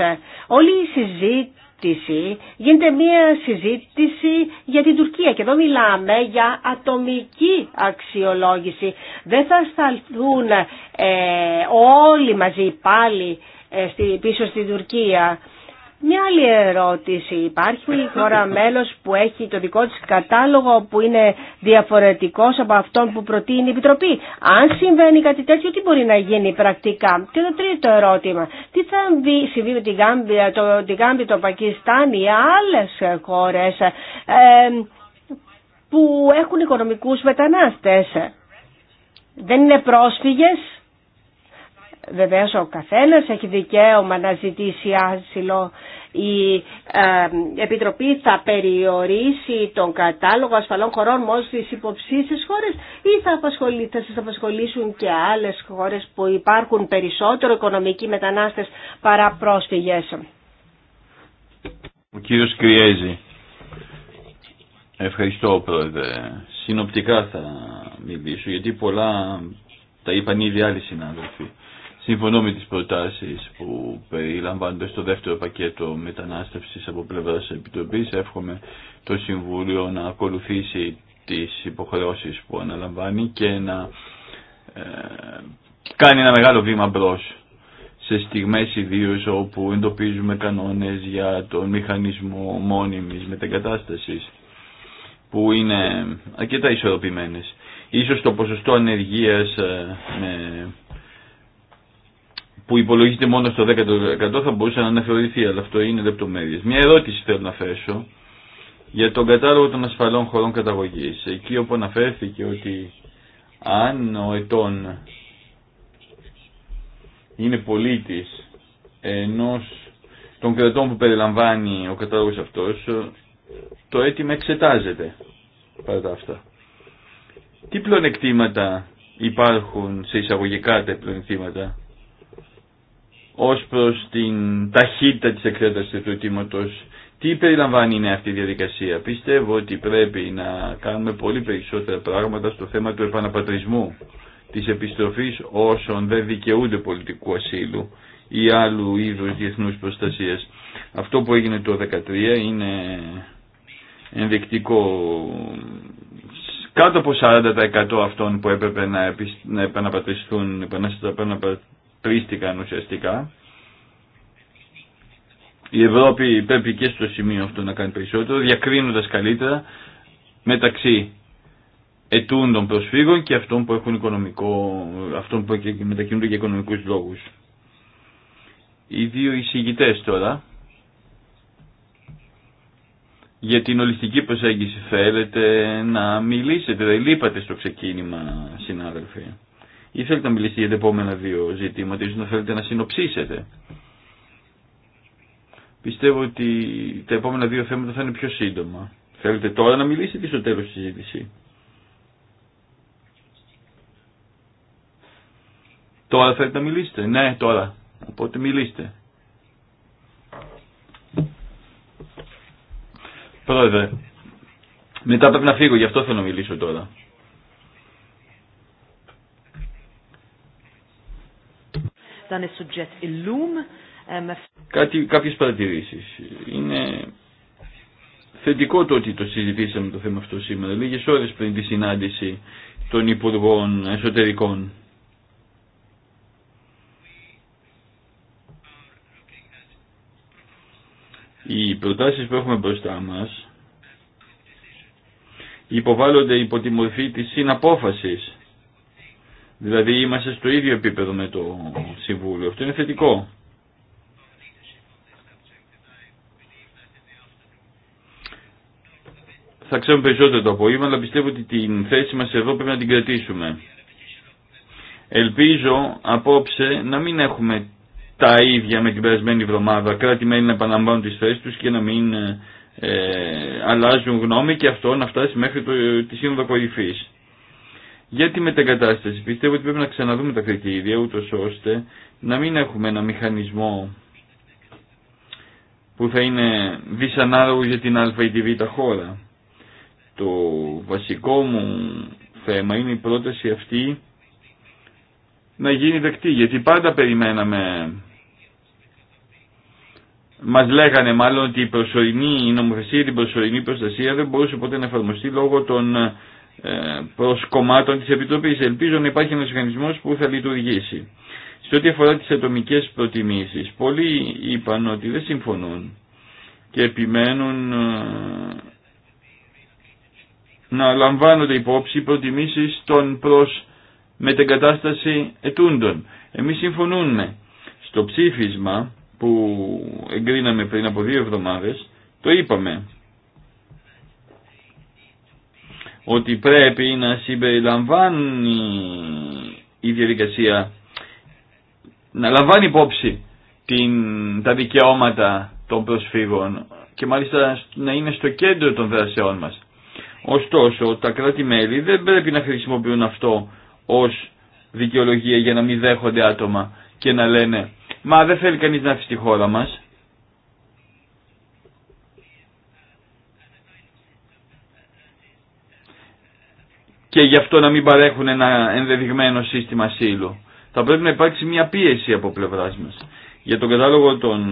Όλη η συζήτηση γίνεται μια συζήτηση για την Τουρκία και εδώ μιλάμε για ατομική αξιολόγηση. Δεν θα σταλθούν ε, όλοι μαζί πάλι ε, στη, πίσω στην Τουρκία. Μια άλλη ερώτηση. Υπάρχει χώρα μέλος που έχει το δικό της κατάλογο που είναι διαφορετικός από αυτόν που προτείνει η Επιτροπή. Αν συμβαίνει κάτι τέτοιο, τι μπορεί να γίνει πρακτικά. Και το τρίτο ερώτημα. Τι θα συμβεί με την Γάμπια, το, την το Πακιστάν ή άλλες χώρες που έχουν οικονομικούς μετανάστες. Δεν είναι πρόσφυγες Βεβαίως ο καθένας έχει δικαίωμα να ζητήσει άσυλο. Η Επιτροπή θα περιορίσει τον κατάλογο ασφαλών χωρών μόνο στις υποψήσεις χώρες ή θα, απασχολεί, θα σας απασχολήσουν και άλλες χώρες που υπάρχουν περισσότερο οικονομικοί μετανάστες παρά πρόσφυγες. Ο κύριος Κριέζη. Ευχαριστώ πρόεδρε. Συνοπτικά θα μιλήσω γιατί πολλά τα είπαν ήδη άλλοι συνάδελφοι. Συμφωνώ με τις προτάσεις που περιλαμβάνονται στο δεύτερο πακέτο μετανάστευσης από πλευράς Επιτροπής. Εύχομαι το Συμβούλιο να ακολουθήσει τις υποχρεώσεις που αναλαμβάνει και να ε, κάνει ένα μεγάλο βήμα μπρος σε στιγμές ιδίως όπου εντοπίζουμε κανόνες για τον μηχανισμό μόνιμης μετεγκατάστασης που είναι αρκετά ισορροπημένες. Ίσως το ποσοστό ανεργίας ε, με που υπολογίζεται μόνο στο 10% θα μπορούσε να αναθεωρηθεί, αλλά αυτό είναι λεπτομέρειε. Μια ερώτηση θέλω να θέσω για τον κατάλογο των ασφαλών χωρών καταγωγή. Εκεί όπου αναφέρθηκε ότι αν ο ετών είναι πολίτη ενό των κρατών που περιλαμβάνει ο κατάλογος αυτό, το αίτημα εξετάζεται παρά τα αυτά. Τι πλονεκτήματα υπάρχουν σε εισαγωγικά τα πλονεκτήματα ως προς την ταχύτητα της εξέτασης του αιτήματος. Τι περιλαμβάνει είναι αυτή η διαδικασία. Πιστεύω ότι πρέπει να κάνουμε πολύ περισσότερα πράγματα στο θέμα του επαναπατρισμού, της επιστροφής όσων δεν δικαιούνται πολιτικού ασύλου ή άλλου είδους διεθνούς προστασίας. Αυτό που έγινε το 2013 είναι ενδεικτικό κάτω από 40% αυτών που έπρεπε να επαναπατριστούν, πρίστηκαν ουσιαστικά. Η Ευρώπη πρέπει και στο σημείο αυτό να κάνει περισσότερο, διακρίνοντας καλύτερα μεταξύ ετούντων των προσφύγων και αυτών που έχουν οικονομικό, αυτών που μετακινούνται για οικονομικούς λόγους. Οι δύο εισηγητές τώρα, για την ολιστική προσέγγιση θέλετε να μιλήσετε, δεν λείπατε στο ξεκίνημα συνάδελφοι. Ή θέλετε να μιλήσετε για τα επόμενα δύο ζητήματα, ίσως να θέλετε να συνοψίσετε. Πιστεύω ότι τα επόμενα δύο θέματα θα είναι πιο σύντομα. Θέλετε τώρα να μιλήσετε στο τέλος της συζήτηση. Τώρα θέλετε να μιλήσετε. Ναι, τώρα. Οπότε μιλήστε. Πρόεδρε, μετά πρέπει να φύγω, γι' αυτό θέλω να μιλήσω τώρα. Κάποιε παρατηρήσει. κάποιες παρατηρήσεις. Είναι θετικό το ότι το συζητήσαμε το θέμα αυτό σήμερα, λίγες ώρες πριν τη συνάντηση των Υπουργών Εσωτερικών. Οι προτάσεις που έχουμε μπροστά μας υποβάλλονται υπό τη μορφή της συναπόφασης Δηλαδή είμαστε στο ίδιο επίπεδο με το Συμβούλιο. Αυτό είναι θετικό. Θα ξέρουμε περισσότερο το απόγευμα, αλλά πιστεύω ότι την θέση μας εδώ πρέπει να την κρατήσουμε. Ελπίζω απόψε να μην έχουμε τα ίδια με την περασμένη εβδομάδα. Κράτη-μέλη να επαναλαμβάνουν τις θέσεις τους και να μην ε, ε, αλλάζουν γνώμη και αυτό να φτάσει μέχρι ε, τη σύνοδο κορυφής. Για τη μετεγκατάσταση πιστεύω ότι πρέπει να ξαναδούμε τα κριτήρια ούτως ώστε να μην έχουμε ένα μηχανισμό που θα είναι δυσανάλογο για την α ή τη β χώρα. Το βασικό μου θέμα είναι η πρόταση αυτή να γίνει δεκτή, γιατί πάντα περιμέναμε, μας λέγανε μάλλον ότι η προσωρινή η νομοθεσία την προσωρινή προστασία δεν μπορούσε ποτέ να εφαρμοστεί λόγω των ε, προς κομμάτων της Επιτροπής. Ελπίζω να υπάρχει ένας οργανισμός που θα λειτουργήσει. Σε ό,τι αφορά τις ατομικές προτιμήσεις, πολλοί είπαν ότι δεν συμφωνούν και επιμένουν ε, να λαμβάνονται υπόψη προτιμήσεις των προς μετεγκατάσταση ετούντων. Εμείς συμφωνούμε. Στο ψήφισμα που εγκρίναμε πριν από δύο εβδομάδες, το είπαμε. ότι πρέπει να συμπεριλαμβάνει η διαδικασία, να λαμβάνει υπόψη την, τα δικαιώματα των προσφύγων και μάλιστα να είναι στο κέντρο των δρασεών μας. Ωστόσο, τα κράτη-μέλη δεν πρέπει να χρησιμοποιούν αυτό ως δικαιολογία για να μην δέχονται άτομα και να λένε «Μα δεν θέλει κανείς να έρθει στη χώρα μας, και γι' αυτό να μην παρέχουν ένα ενδεδειγμένο σύστημα ασύλου. Θα πρέπει να υπάρξει μια πίεση από πλευρά μα για τον κατάλογο των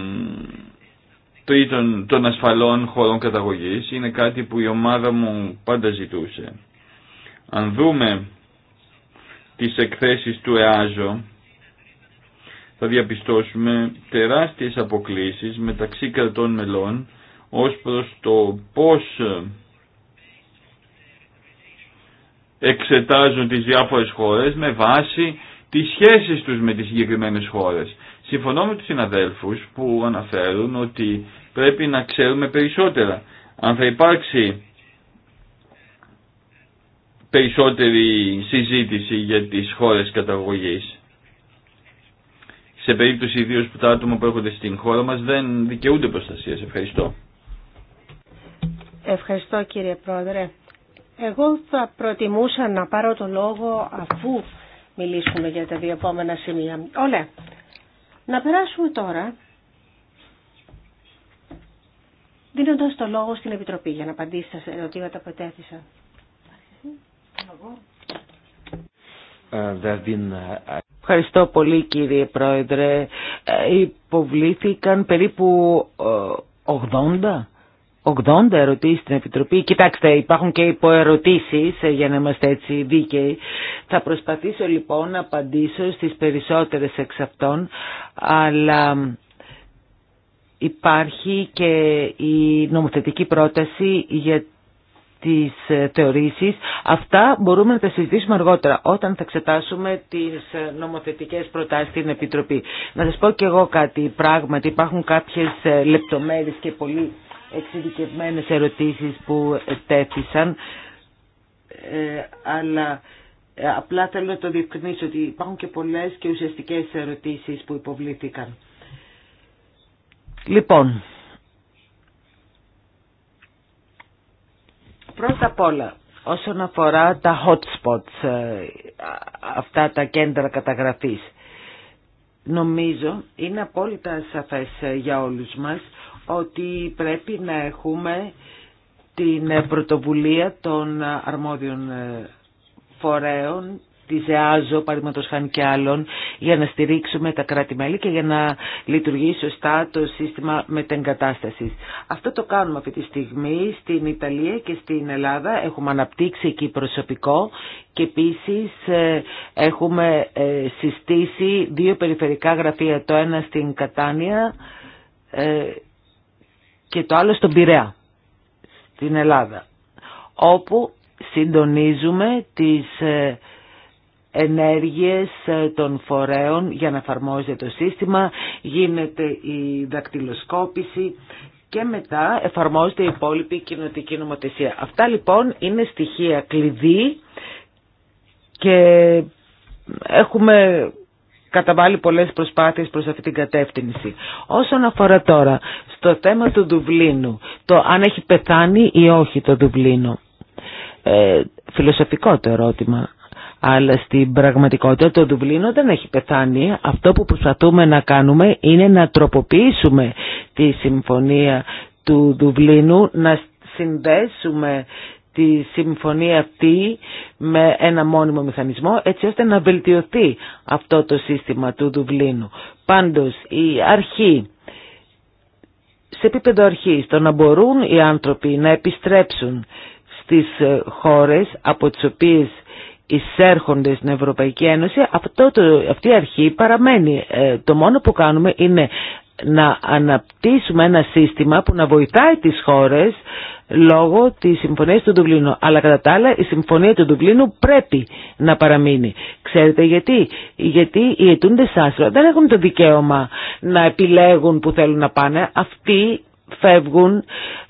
τρίτων των ασφαλών χωρών καταγωγή είναι κάτι που η ομάδα μου πάντα ζητούσε. Αν δούμε τις εκθέσεις του ΕΑΖΟ θα διαπιστώσουμε τεράστιες αποκλήσει μεταξύ κρατών μελών ως προς το πώς εξετάζουν τις διάφορες χώρες με βάση τις σχέσεις τους με τις συγκεκριμένες χώρες. Συμφωνώ με τους συναδέλφους που αναφέρουν ότι πρέπει να ξέρουμε περισσότερα. Αν θα υπάρξει περισσότερη συζήτηση για τις χώρες καταγωγής, σε περίπτωση ιδίω που τα άτομα που έρχονται στην χώρα μας δεν δικαιούνται προστασία. Ευχαριστώ. Ευχαριστώ κύριε Πρόεδρε. Εγώ θα προτιμούσα να πάρω το λόγο αφού μιλήσουμε για τα δύο επόμενα σημεία. Όλα. Να περάσουμε τώρα δίνοντα το λόγο στην Επιτροπή για να απαντήσει στα ερωτήματα που ετέθησαν. Ε, ε, Ευχαριστώ πολύ κύριε Πρόεδρε. Ε, υποβλήθηκαν περίπου 80 80 ερωτήσεις στην Επιτροπή. Κοιτάξτε, υπάρχουν και υποερωτήσεις ε, για να είμαστε έτσι δίκαιοι. Θα προσπαθήσω λοιπόν να απαντήσω στις περισσότερες εξ αυτών, αλλά υπάρχει και η νομοθετική πρόταση για τις ε, θεωρήσεις. Αυτά μπορούμε να τα συζητήσουμε αργότερα όταν θα εξετάσουμε τις ε, νομοθετικές προτάσεις στην Επιτροπή. Να σας πω και εγώ κάτι. Πράγματι υπάρχουν κάποιες λεπτομέρειες και πολύ εξειδικευμένες ερωτήσεις που τέθησαν, ε, αλλά ε, απλά θέλω να το διευκρινίσω ότι υπάρχουν και πολλές και ουσιαστικές ερωτήσεις που υποβλήθηκαν. Λοιπόν, πρώτα απ' όλα, όσον αφορά τα hot spots, ε, αυτά τα κέντρα καταγραφής, νομίζω είναι απόλυτα σαφές για όλους μας ότι πρέπει να έχουμε την πρωτοβουλία των αρμόδιων ε, φορέων τη ΕΑΖΟ, παραδείγματος χάνει και άλλων, για να στηρίξουμε τα κράτη-μέλη και για να λειτουργήσει σωστά το σύστημα μετεγκατάσταση. Αυτό το κάνουμε αυτή τη στιγμή στην Ιταλία και στην Ελλάδα. Έχουμε αναπτύξει εκεί προσωπικό και επίση ε, έχουμε ε, συστήσει δύο περιφερικά γραφεία, το ένα στην Κατάνια και το άλλο στον Πειραιά, στην Ελλάδα, όπου συντονίζουμε τις ε, ενέργειες ε, των φορέων για να εφαρμόζεται το σύστημα, γίνεται η δακτυλοσκόπηση και μετά εφαρμόζεται η υπόλοιπη κοινωτική νομοθεσία. Αυτά λοιπόν είναι στοιχεία κλειδί και έχουμε καταβάλει πολλές προσπάθειες προς αυτή την κατεύθυνση. Όσον αφορά τώρα στο θέμα του Δουβλίνου, το αν έχει πεθάνει ή όχι το Δουβλίνο, ε, φιλοσοφικό το ερώτημα, αλλά στην πραγματικότητα το Δουβλίνο δεν έχει πεθάνει. Αυτό που προσπαθούμε να κάνουμε είναι να τροποποιήσουμε τη συμφωνία του Δουβλίνου, να συνδέσουμε τη συμφωνία αυτή με ένα μόνιμο μηχανισμό έτσι ώστε να βελτιωθεί αυτό το σύστημα του Δουβλίνου. Πάντως η αρχή, σε επίπεδο αρχής, το να μπορούν οι άνθρωποι να επιστρέψουν στις ε, χώρες από τις οποίες εισέρχονται στην Ευρωπαϊκή Ένωση, αυτή η αρχή παραμένει. Ε, το μόνο που κάνουμε είναι να αναπτύσσουμε ένα σύστημα που να βοηθάει τις χώρες λόγω της συμφωνίας του Ντουβλίνου. Αλλά κατά τα άλλα η συμφωνία του Ντουβλίνου πρέπει να παραμείνει. Ξέρετε γιατί. Γιατί οι αιτούντες άσυλο δεν έχουν το δικαίωμα να επιλέγουν που θέλουν να πάνε. Αυτοί φεύγουν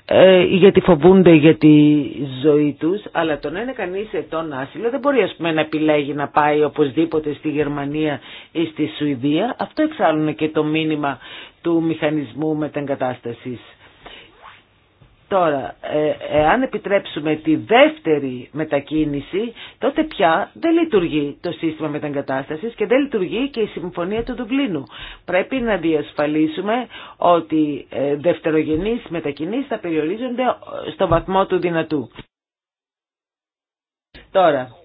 ε, γιατί φοβούνται για τη ζωή τους αλλά το να είναι κανείς ετών άσυλο δεν μπορεί να επιλέγει να πάει οπωσδήποτε στη Γερμανία ή στη Σουηδία αυτό εξάλλουν και το μήνυμα του μηχανισμού μετεγκατάστασης Τώρα, ε, εάν επιτρέψουμε τη δεύτερη μετακίνηση, τότε πια δεν λειτουργεί το σύστημα μεταγκατάστασης και δεν λειτουργεί και η Συμφωνία του Δουβλίνου. Πρέπει να διασφαλίσουμε ότι ε, δευτερογενείς μετακινήσεις θα περιορίζονται ε, στο βαθμό του δυνατού. Τώρα,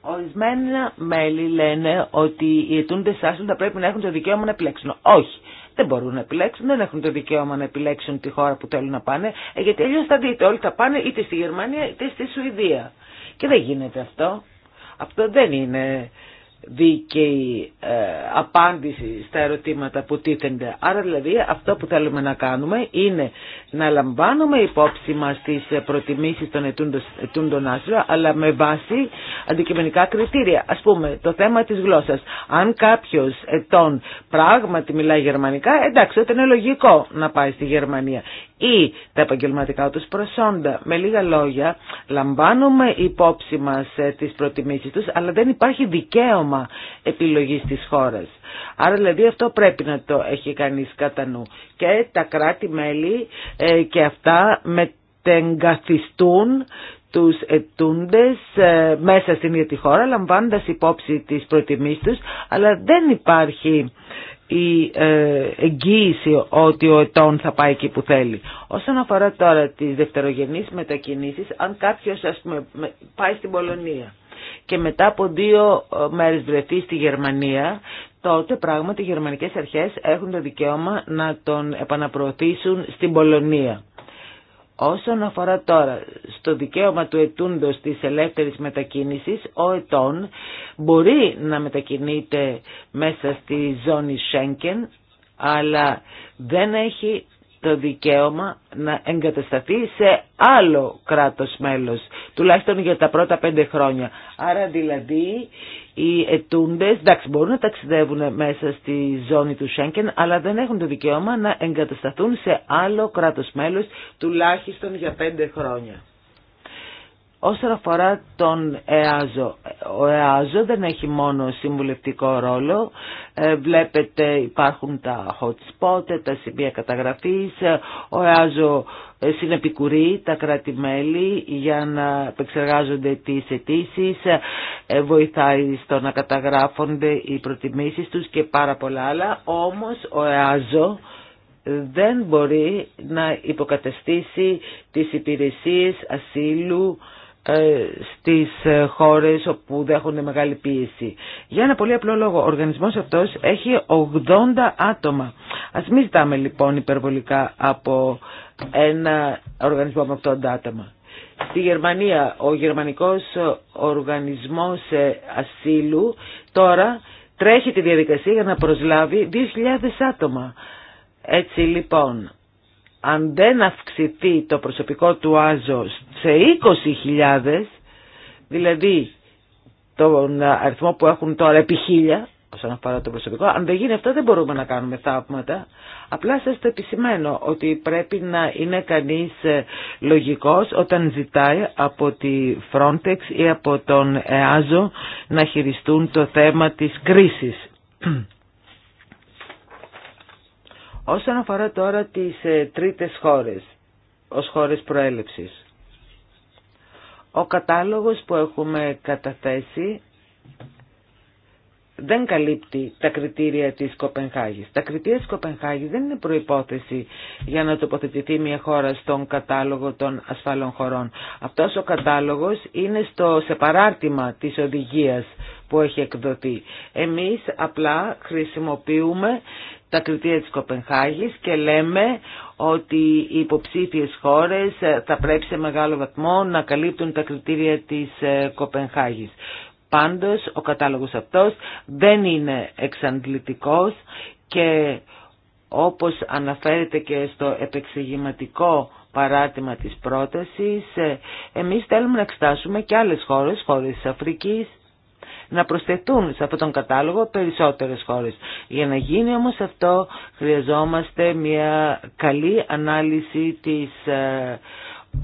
ορισμένα μέλη λένε ότι οι αιτούντες άσυλο θα πρέπει να έχουν το δικαίωμα να επιλέξουν. Όχι δεν μπορούν να επιλέξουν, δεν έχουν το δικαίωμα να επιλέξουν τη χώρα που θέλουν να πάνε, ε, γιατί αλλιώ θα δείτε όλοι θα πάνε είτε στη Γερμανία είτε στη Σουηδία. Και δεν γίνεται αυτό. Αυτό δεν είναι δίκαιη ε, απάντηση στα ερωτήματα που τίθενται. Άρα δηλαδή αυτό που θέλουμε να κάνουμε είναι να λαμβάνουμε υπόψη μας τις προτιμήσεις των ετούντων άσυλων αλλά με βάση αντικειμενικά κριτήρια. Ας πούμε το θέμα της γλώσσας. Αν κάποιος ετών πράγματι μιλάει γερμανικά εντάξει οτι είναι λογικό να πάει στη Γερμανία ή τα επαγγελματικά τους προσόντα. Με λίγα λόγια, λαμβάνουμε υπόψη μας ε, τις προτιμήσεις τους, αλλά δεν υπάρχει δικαίωμα επιλογής της χώρας. Άρα δηλαδή αυτό πρέπει να το έχει κανείς κατά νου. Και τα κράτη-μέλη ε, και αυτά μετεγκαθιστούν τους ετούντες ε, μέσα στην ίδια τη χώρα λαμβάνοντας υπόψη τις προτιμήσεις τους αλλά δεν υπάρχει η ε, εγγύηση ότι ο ετών θα πάει εκεί που θέλει. Όσον αφορά τώρα τις δευτερογενείς μετακινήσεις, αν κάποιος ας πούμε, πάει στην Πολωνία και μετά από δύο ε, μέρες βρεθεί στη Γερμανία, τότε πράγματι οι γερμανικές αρχές έχουν το δικαίωμα να τον επαναπροωθήσουν στην Πολωνία. Όσον αφορά τώρα στο δικαίωμα του ετούντος της ελεύθερης μετακίνησης, ο ετών μπορεί να μετακινείται μέσα στη ζώνη Σέγκεν, αλλά δεν έχει το δικαίωμα να εγκατασταθεί σε άλλο κράτος μέλος, τουλάχιστον για τα πρώτα πέντε χρόνια. Άρα δηλαδή οι ετούντες, εντάξει μπορούν να ταξιδεύουν μέσα στη ζώνη του Σέγκεν αλλά δεν έχουν το δικαίωμα να εγκατασταθούν σε άλλο κράτος μέλος, τουλάχιστον για πέντε χρόνια. Όσον αφορά τον ΕΑΖΟ, ο ΕΑΖΟ δεν έχει μόνο συμβουλευτικό ρόλο, ε, βλέπετε υπάρχουν τα hot spot, τα σημεία καταγραφής, ο ΕΑΖΟ ε, συνεπικουρεί τα κράτη-μέλη για να επεξεργάζονται τις αιτήσει, ε, βοηθάει στο να καταγράφονται οι προτιμήσεις τους και πάρα πολλά άλλα, όμως ο ΕΑΖΟ δεν μπορεί να υποκαταστήσει τις υπηρεσίες ασύλου, ε, στις ε, χώρες όπου δέχονται μεγάλη πίεση. Για ένα πολύ απλό λόγο, ο οργανισμός αυτός έχει 80 άτομα. Ας μην ζητάμε λοιπόν υπερβολικά από ένα οργανισμό με 80 άτομα. Στη Γερμανία, ο γερμανικός οργανισμός ε, ασύλου τώρα τρέχει τη διαδικασία για να προσλάβει 2.000 άτομα. Έτσι λοιπόν, αν δεν αυξηθεί το προσωπικό του Άζο σε 20.000, δηλαδή τον αριθμό που έχουν τώρα επί χίλια, όσον αφορά το προσωπικό, αν δεν γίνει αυτό δεν μπορούμε να κάνουμε θαύματα. Απλά σας το επισημαίνω ότι πρέπει να είναι κανείς ε, λογικός όταν ζητάει από τη Frontex ή από τον ΕΑΖΟ να χειριστούν το θέμα της κρίσης. Όσον αφορά τώρα τις ε, τρίτες χώρες ως χώρες προέλευσης, ο κατάλογος που έχουμε καταθέσει δεν καλύπτει τα κριτήρια της Κοπενχάγης. Τα κριτήρια της Κοπενχάγης δεν είναι προϋπόθεση για να τοποθετηθεί μια χώρα στον κατάλογο των ασφαλών χωρών. Αυτός ο κατάλογος είναι στο, σε παράρτημα της οδηγίας που έχει εκδοθεί. Εμείς απλά χρησιμοποιούμε τα κριτήρια της Κοπενχάγης και λέμε ότι οι υποψήφιες χώρες θα πρέπει σε μεγάλο βαθμό να καλύπτουν τα κριτήρια της ε, Κοπενχάγης. Πάντως ο κατάλογος αυτός δεν είναι εξαντλητικός και όπως αναφέρεται και στο επεξηγηματικό παράτημα της πρότασης, ε, εμείς θέλουμε να εξετάσουμε και άλλες χώρες, χώρες της Αφρικής, να προσθετούν σε αυτόν τον κατάλογο περισσότερες χώρες. Για να γίνει όμως αυτό χρειαζόμαστε μια καλή ανάλυση της ε,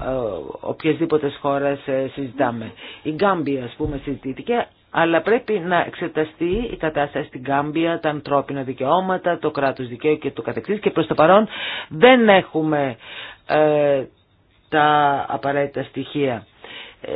ε, οποιασδήποτε χώρας ε, συζητάμε. Η Γκάμπια ας πούμε συζητήθηκε αλλά πρέπει να εξεταστεί η κατάσταση στην Γκάμπια, τα ανθρώπινα δικαιώματα, το κράτος δικαίου και το καθεξής και προς το παρόν δεν έχουμε τα απαραίτητα στοιχεία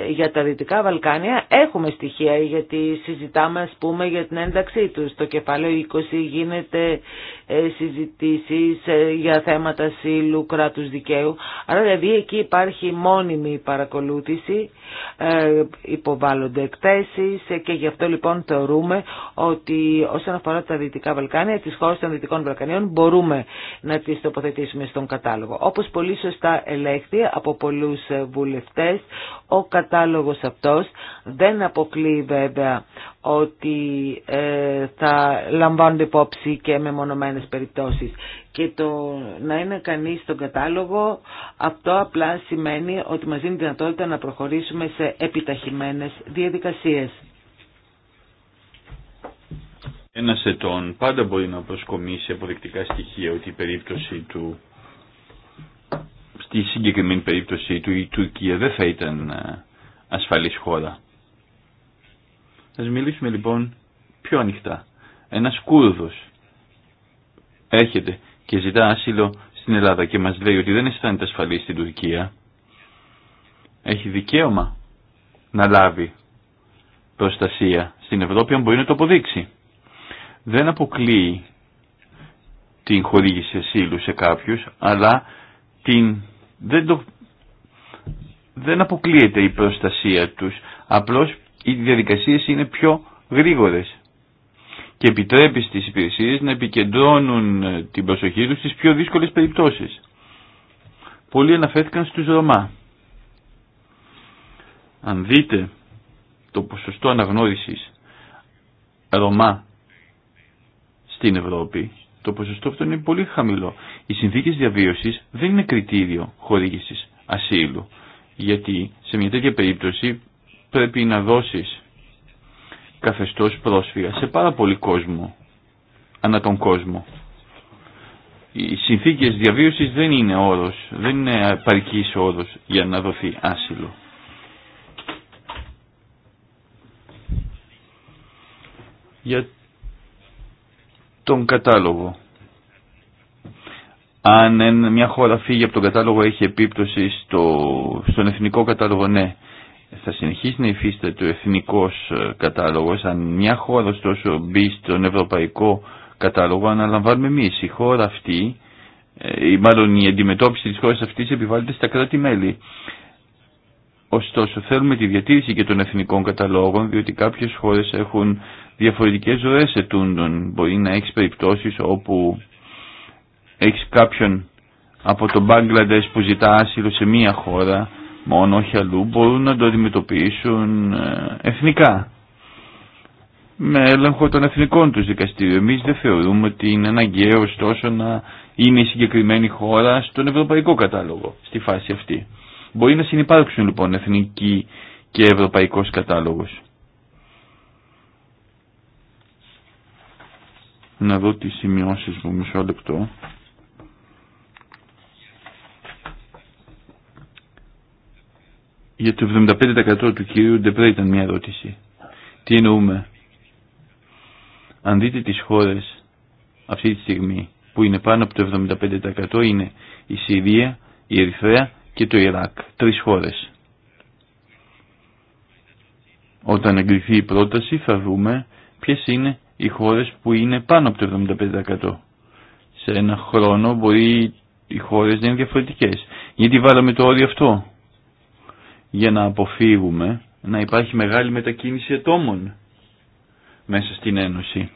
για τα Δυτικά Βαλκάνια έχουμε στοιχεία γιατί συζητάμε ας πούμε για την ένταξή τους. Το κεφάλαιο 20 γίνεται ε, συζητήσεις ε, για θέματα σύλλου κράτους δικαίου. Άρα δηλαδή εκεί υπάρχει μόνιμη παρακολούθηση, ε, υποβάλλονται εκθέσεις και γι' αυτό λοιπόν θεωρούμε ότι όσον αφορά τα Δυτικά Βαλκάνια, τις χώρες των Δυτικών Βαλκανίων μπορούμε να τις τοποθετήσουμε στον κατάλογο. Όπως πολύ σωστά ελέγχθη από πολλούς βουλευτές, ο κατάλογος αυτός δεν αποκλεί βέβαια ότι ε, θα λαμβάνονται υπόψη και με μονομένες περιπτώσεις. Και το να είναι κανείς στον κατάλογο αυτό απλά σημαίνει ότι μας δίνει δυνατότητα να προχωρήσουμε σε επιταχυμένες διαδικασίες. Ένα ετών πάντα μπορεί να προσκομίσει αποδεικτικά στοιχεία ότι η περίπτωση του, στη συγκεκριμένη περίπτωση του η Τουρκία δεν θα ήταν ε, ασφαλής χώρα. Ας μιλήσουμε λοιπόν πιο ανοιχτά. Ένας Κούρδος έρχεται και ζητά άσυλο στην Ελλάδα και μας λέει ότι δεν αισθάνεται ασφαλής στην Τουρκία, έχει δικαίωμα να λάβει προστασία στην Ευρώπη αν μπορεί να το αποδείξει. Δεν αποκλείει την χορήγηση ασύλου σε κάποιους, αλλά την, δεν το δεν αποκλείεται η προστασία τους, απλώς οι διαδικασίες είναι πιο γρήγορες και επιτρέπει στις υπηρεσίες να επικεντρώνουν ε, την προσοχή τους στις πιο δύσκολες περιπτώσεις. Πολλοί αναφέρθηκαν στους Ρωμά. Αν δείτε το ποσοστό αναγνώρισης Ρωμά στην Ευρώπη, το ποσοστό αυτό είναι πολύ χαμηλό. Οι συνθήκες διαβίωσης δεν είναι κριτήριο χορήγησης ασύλου γιατί σε μια τέτοια περίπτωση πρέπει να δώσεις καθεστώς πρόσφυγα σε πάρα πολύ κόσμο, ανά τον κόσμο. Οι συνθήκες διαβίωσης δεν είναι όρος, δεν είναι παρικής όρος για να δοθεί άσυλο. Για τον κατάλογο αν μια χώρα φύγει από τον κατάλογο έχει επίπτωση στο, στον εθνικό κατάλογο, ναι. Θα συνεχίσει να υφίσταται ο εθνικός ε, κατάλογος, αν μια χώρα ωστόσο μπει στον ευρωπαϊκό κατάλογο, αναλαμβάνουμε εμείς. Η χώρα αυτή, ή ε, μάλλον η αντιμετώπιση της χώρας αυτής επιβάλλεται στα κράτη-μέλη. Ωστόσο, θέλουμε τη διατήρηση και των εθνικών καταλόγων, διότι κάποιες χώρες έχουν διαφορετικές ζωές ετούντων. Μπορεί να έχει περιπτώσεις όπου έχεις κάποιον από τον Μπάγκλαντες που ζητά άσυλο σε μία χώρα μόνο, όχι αλλού, μπορούν να το αντιμετωπίσουν ε, εθνικά. Με έλεγχο των εθνικών τους δικαστήριων. Εμείς δεν θεωρούμε ότι είναι αναγκαίο ωστόσο να είναι η συγκεκριμένη χώρα στον ευρωπαϊκό κατάλογο στη φάση αυτή. Μπορεί να συνεπάρξουν λοιπόν εθνική και ευρωπαϊκός κατάλογος. Να δω τι σημειώσεις μου μισό λεπτό. Για το 75% του κυρίου Ντεπρέ ήταν μια ερώτηση. Τι εννοούμε. Αν δείτε τις χώρες αυτή τη στιγμή που είναι πάνω από το 75% είναι η Συρία, η Ερυθρέα και το Ιράκ. Τρεις χώρες. Όταν εγκριθεί η πρόταση θα δούμε ποιες είναι οι χώρες που είναι πάνω από το 75%. Σε ένα χρόνο μπορεί οι χώρες να είναι διαφορετικές. Γιατί βάλαμε το όριο αυτό για να αποφύγουμε να υπάρχει μεγάλη μετακίνηση ατόμων μέσα στην Ένωση.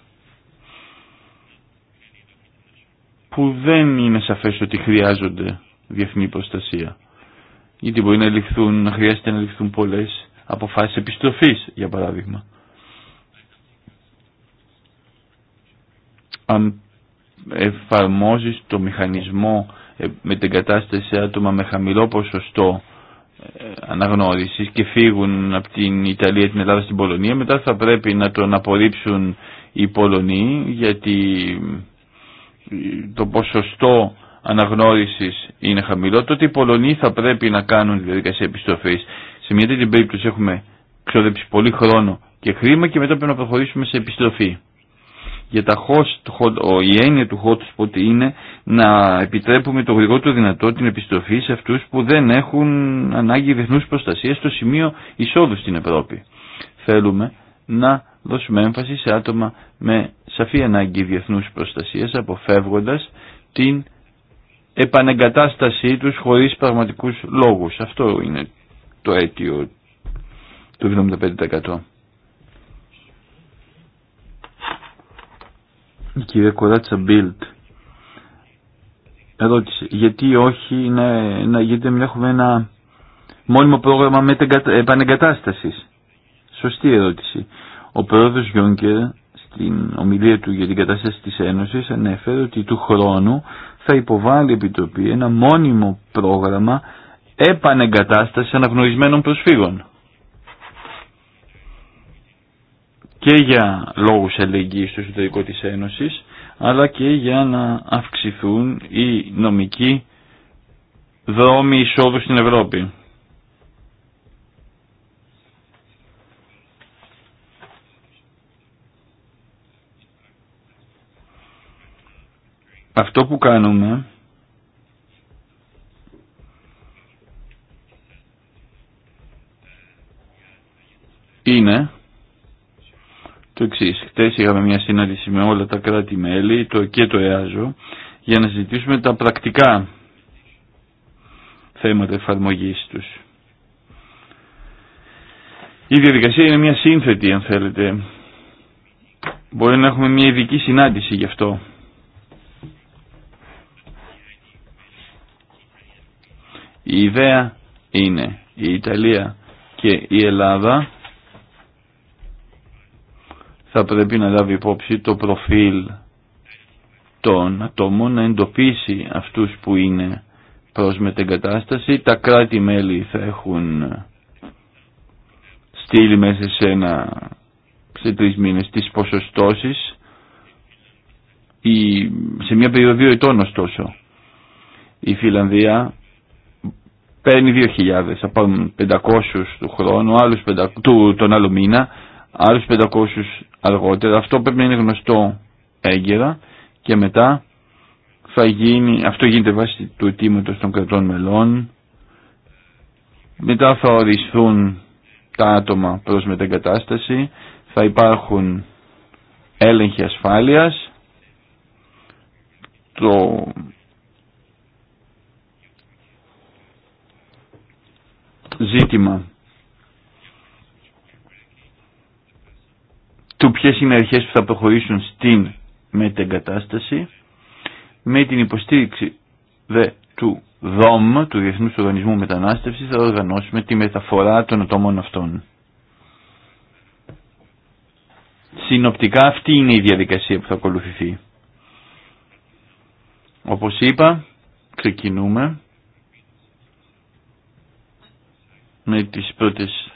Που δεν είναι σαφές ότι χρειάζονται διεθνή προστασία. Γιατί μπορεί να, να χρειάζεται να ληφθούν πολλές αποφάσεις επιστροφής, για παράδειγμα. Αν εφαρμόζεις το μηχανισμό ε, με την κατάσταση άτομα με χαμηλό ποσοστό ε, αναγνώρισης και φύγουν από την Ιταλία, την Ελλάδα στην Πολωνία μετά θα πρέπει να τον απορρίψουν οι Πολωνοί γιατί ε, το ποσοστό αναγνώρισης είναι χαμηλό τότε οι Πολωνοί θα πρέπει να κάνουν τη διαδικασία επιστροφής σε μια τέτοια περίπτωση έχουμε ξοδέψει πολύ χρόνο και χρήμα και μετά πρέπει να προχωρήσουμε σε επιστροφή για τα host, η έννοια του hot είναι να επιτρέπουμε το γρηγότερο δυνατό την επιστροφή σε αυτούς που δεν έχουν ανάγκη διεθνούς προστασίας στο σημείο εισόδου στην Ευρώπη. Θέλουμε να δώσουμε έμφαση σε άτομα με σαφή ανάγκη διεθνούς προστασίας αποφεύγοντας την επανεγκατάστασή τους χωρίς πραγματικούς λόγους. Αυτό είναι το αίτιο του 75%. Η κυρία Κοράτσα Μπίλτ ερώτηση γιατί όχι να, να, γιατί να έχουμε ένα μόνιμο πρόγραμμα επανεγκατάσταση. Σωστή ερώτηση. Ο πρόεδρος Γιόνκερ στην ομιλία του για την κατάσταση της Ένωσης ανέφερε ότι του χρόνου θα υποβάλει η Επιτροπή ένα μόνιμο πρόγραμμα επανεγκατάστασης αναγνωρισμένων προσφύγων. και για λόγους ελεγγύης στο εσωτερικό της Ένωσης, αλλά και για να αυξηθούν οι νομικοί δρόμοι εισόδου στην Ευρώπη. Αυτό που κάνουμε είναι το εξή. Χθε είχαμε μια συνάντηση με όλα τα κράτη-μέλη το και το ΕΑΖΟ για να συζητήσουμε τα πρακτικά θέματα εφαρμογή τους. Η διαδικασία είναι μια σύνθετη αν θέλετε. Μπορεί να έχουμε μια ειδική συνάντηση γι' αυτό. Η ιδέα είναι η Ιταλία και η Ελλάδα θα πρέπει να λάβει υπόψη το προφίλ των ατόμων, να εντοπίσει αυτούς που είναι προς μετεγκατάσταση. Τα κράτη-μέλη θα έχουν στείλει μέσα σε ένα, σε τρεις μήνες τις ποσοστώσεις ή σε μια περίοδο δύο ετών ωστόσο. Η Φιλανδία παίρνει 2.000, θα πάρουν 500 του χρόνου, άλλους 500, του, τον άλλο μήνα, άλλους 500 αργότερα. Αυτό πρέπει να είναι γνωστό έγκαιρα και μετά θα γίνει, αυτό γίνεται βάσει του αιτήματος των κρατών μελών. Μετά θα οριστούν τα άτομα προς μετεγκατάσταση, θα υπάρχουν έλεγχοι ασφάλειας, το ζήτημα του ποιες είναι αρχές που θα προχωρήσουν στην μετεγκατάσταση με την υποστήριξη δε, του ΔΟΜ, του Διεθνούς Οργανισμού Μετανάστευσης, θα οργανώσουμε τη μεταφορά των ατόμων αυτών. Συνοπτικά αυτή είναι η διαδικασία που θα ακολουθηθεί. Όπως είπα, ξεκινούμε με τις πρώτες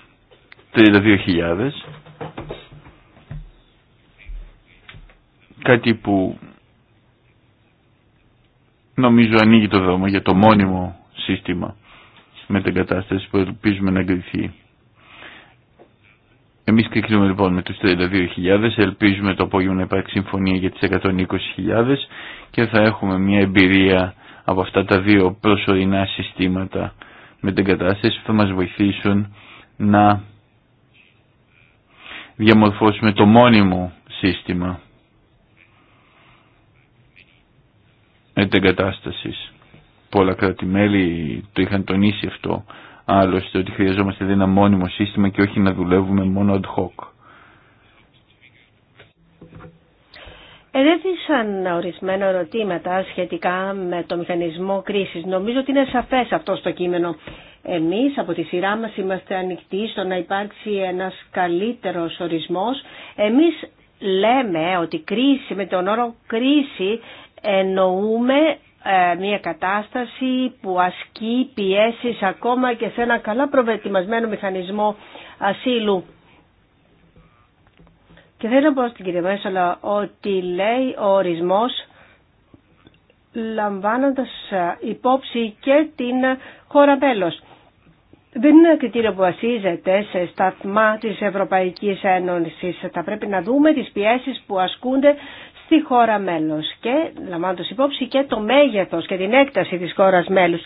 32.000 κάτι που νομίζω ανοίγει το δρόμο για το μόνιμο σύστημα με την κατάσταση που ελπίζουμε να εγκριθεί. Εμείς κρυκλούμε λοιπόν με τους 32.000, ελπίζουμε το απόγευμα να υπάρξει συμφωνία για τις 120.000 και θα έχουμε μια εμπειρία από αυτά τα δύο προσωρινά συστήματα με την κατάσταση που θα μας βοηθήσουν να διαμορφώσουμε το μόνιμο σύστημα εντεγκαταστασης πολλα Πολλά κράτη-μέλη το είχαν τονίσει αυτό άλλωστε ότι χρειαζόμαστε ένα μόνιμο σύστημα και όχι να δουλεύουμε μόνο ad hoc. Ερέθησαν ορισμένα ερωτήματα σχετικά με το μηχανισμό κρίσης. Νομίζω ότι είναι σαφές αυτό στο κείμενο. Εμείς από τη σειρά μας είμαστε ανοιχτοί στο να υπάρξει ένας καλύτερος ορισμός. Εμείς λέμε ότι κρίση με τον όρο κρίση εννοούμε ε, μια κατάσταση που ασκεί πιέσεις ακόμα και σε ένα καλά προετοιμασμένο μηχανισμό ασύλου. Και θέλω να πω στην κυρία Μέσολα ότι λέει ο ορισμός λαμβάνοντας ε, υπόψη και την χώρα μέλος. Δεν είναι ένα κριτήριο που βασίζεται σε σταθμά της Ευρωπαϊκής Ένωσης. Θα πρέπει να δούμε τις πιέσεις που ασκούνται χώρα μέλος και λαμβάνοντας υπόψη και το μέγεθος και την έκταση της χώρας μέλους.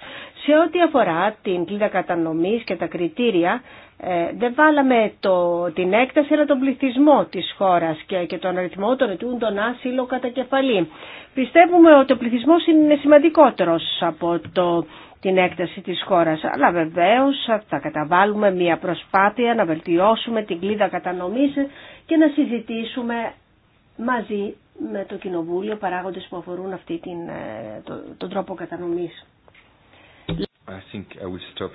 Σε ό,τι αφορά την κλίδα κατανομής και τα κριτήρια, ε, δεν βάλαμε το, την έκταση αλλά τον πληθυσμό της χώρας και, και τον αριθμό των ετούντων άσυλο κατά κεφαλή. Πιστεύουμε ότι ο πληθυσμός είναι σημαντικότερος από το, την έκταση της χώρας. Αλλά βεβαίως θα καταβάλουμε μια προσπάθεια να βελτιώσουμε την κλίδα κατανομής και να συζητήσουμε μαζί με το Κοινοβούλιο παράγοντες που αφορούν αυτή την, ε, το, τον τρόπο κατανομής. I think I will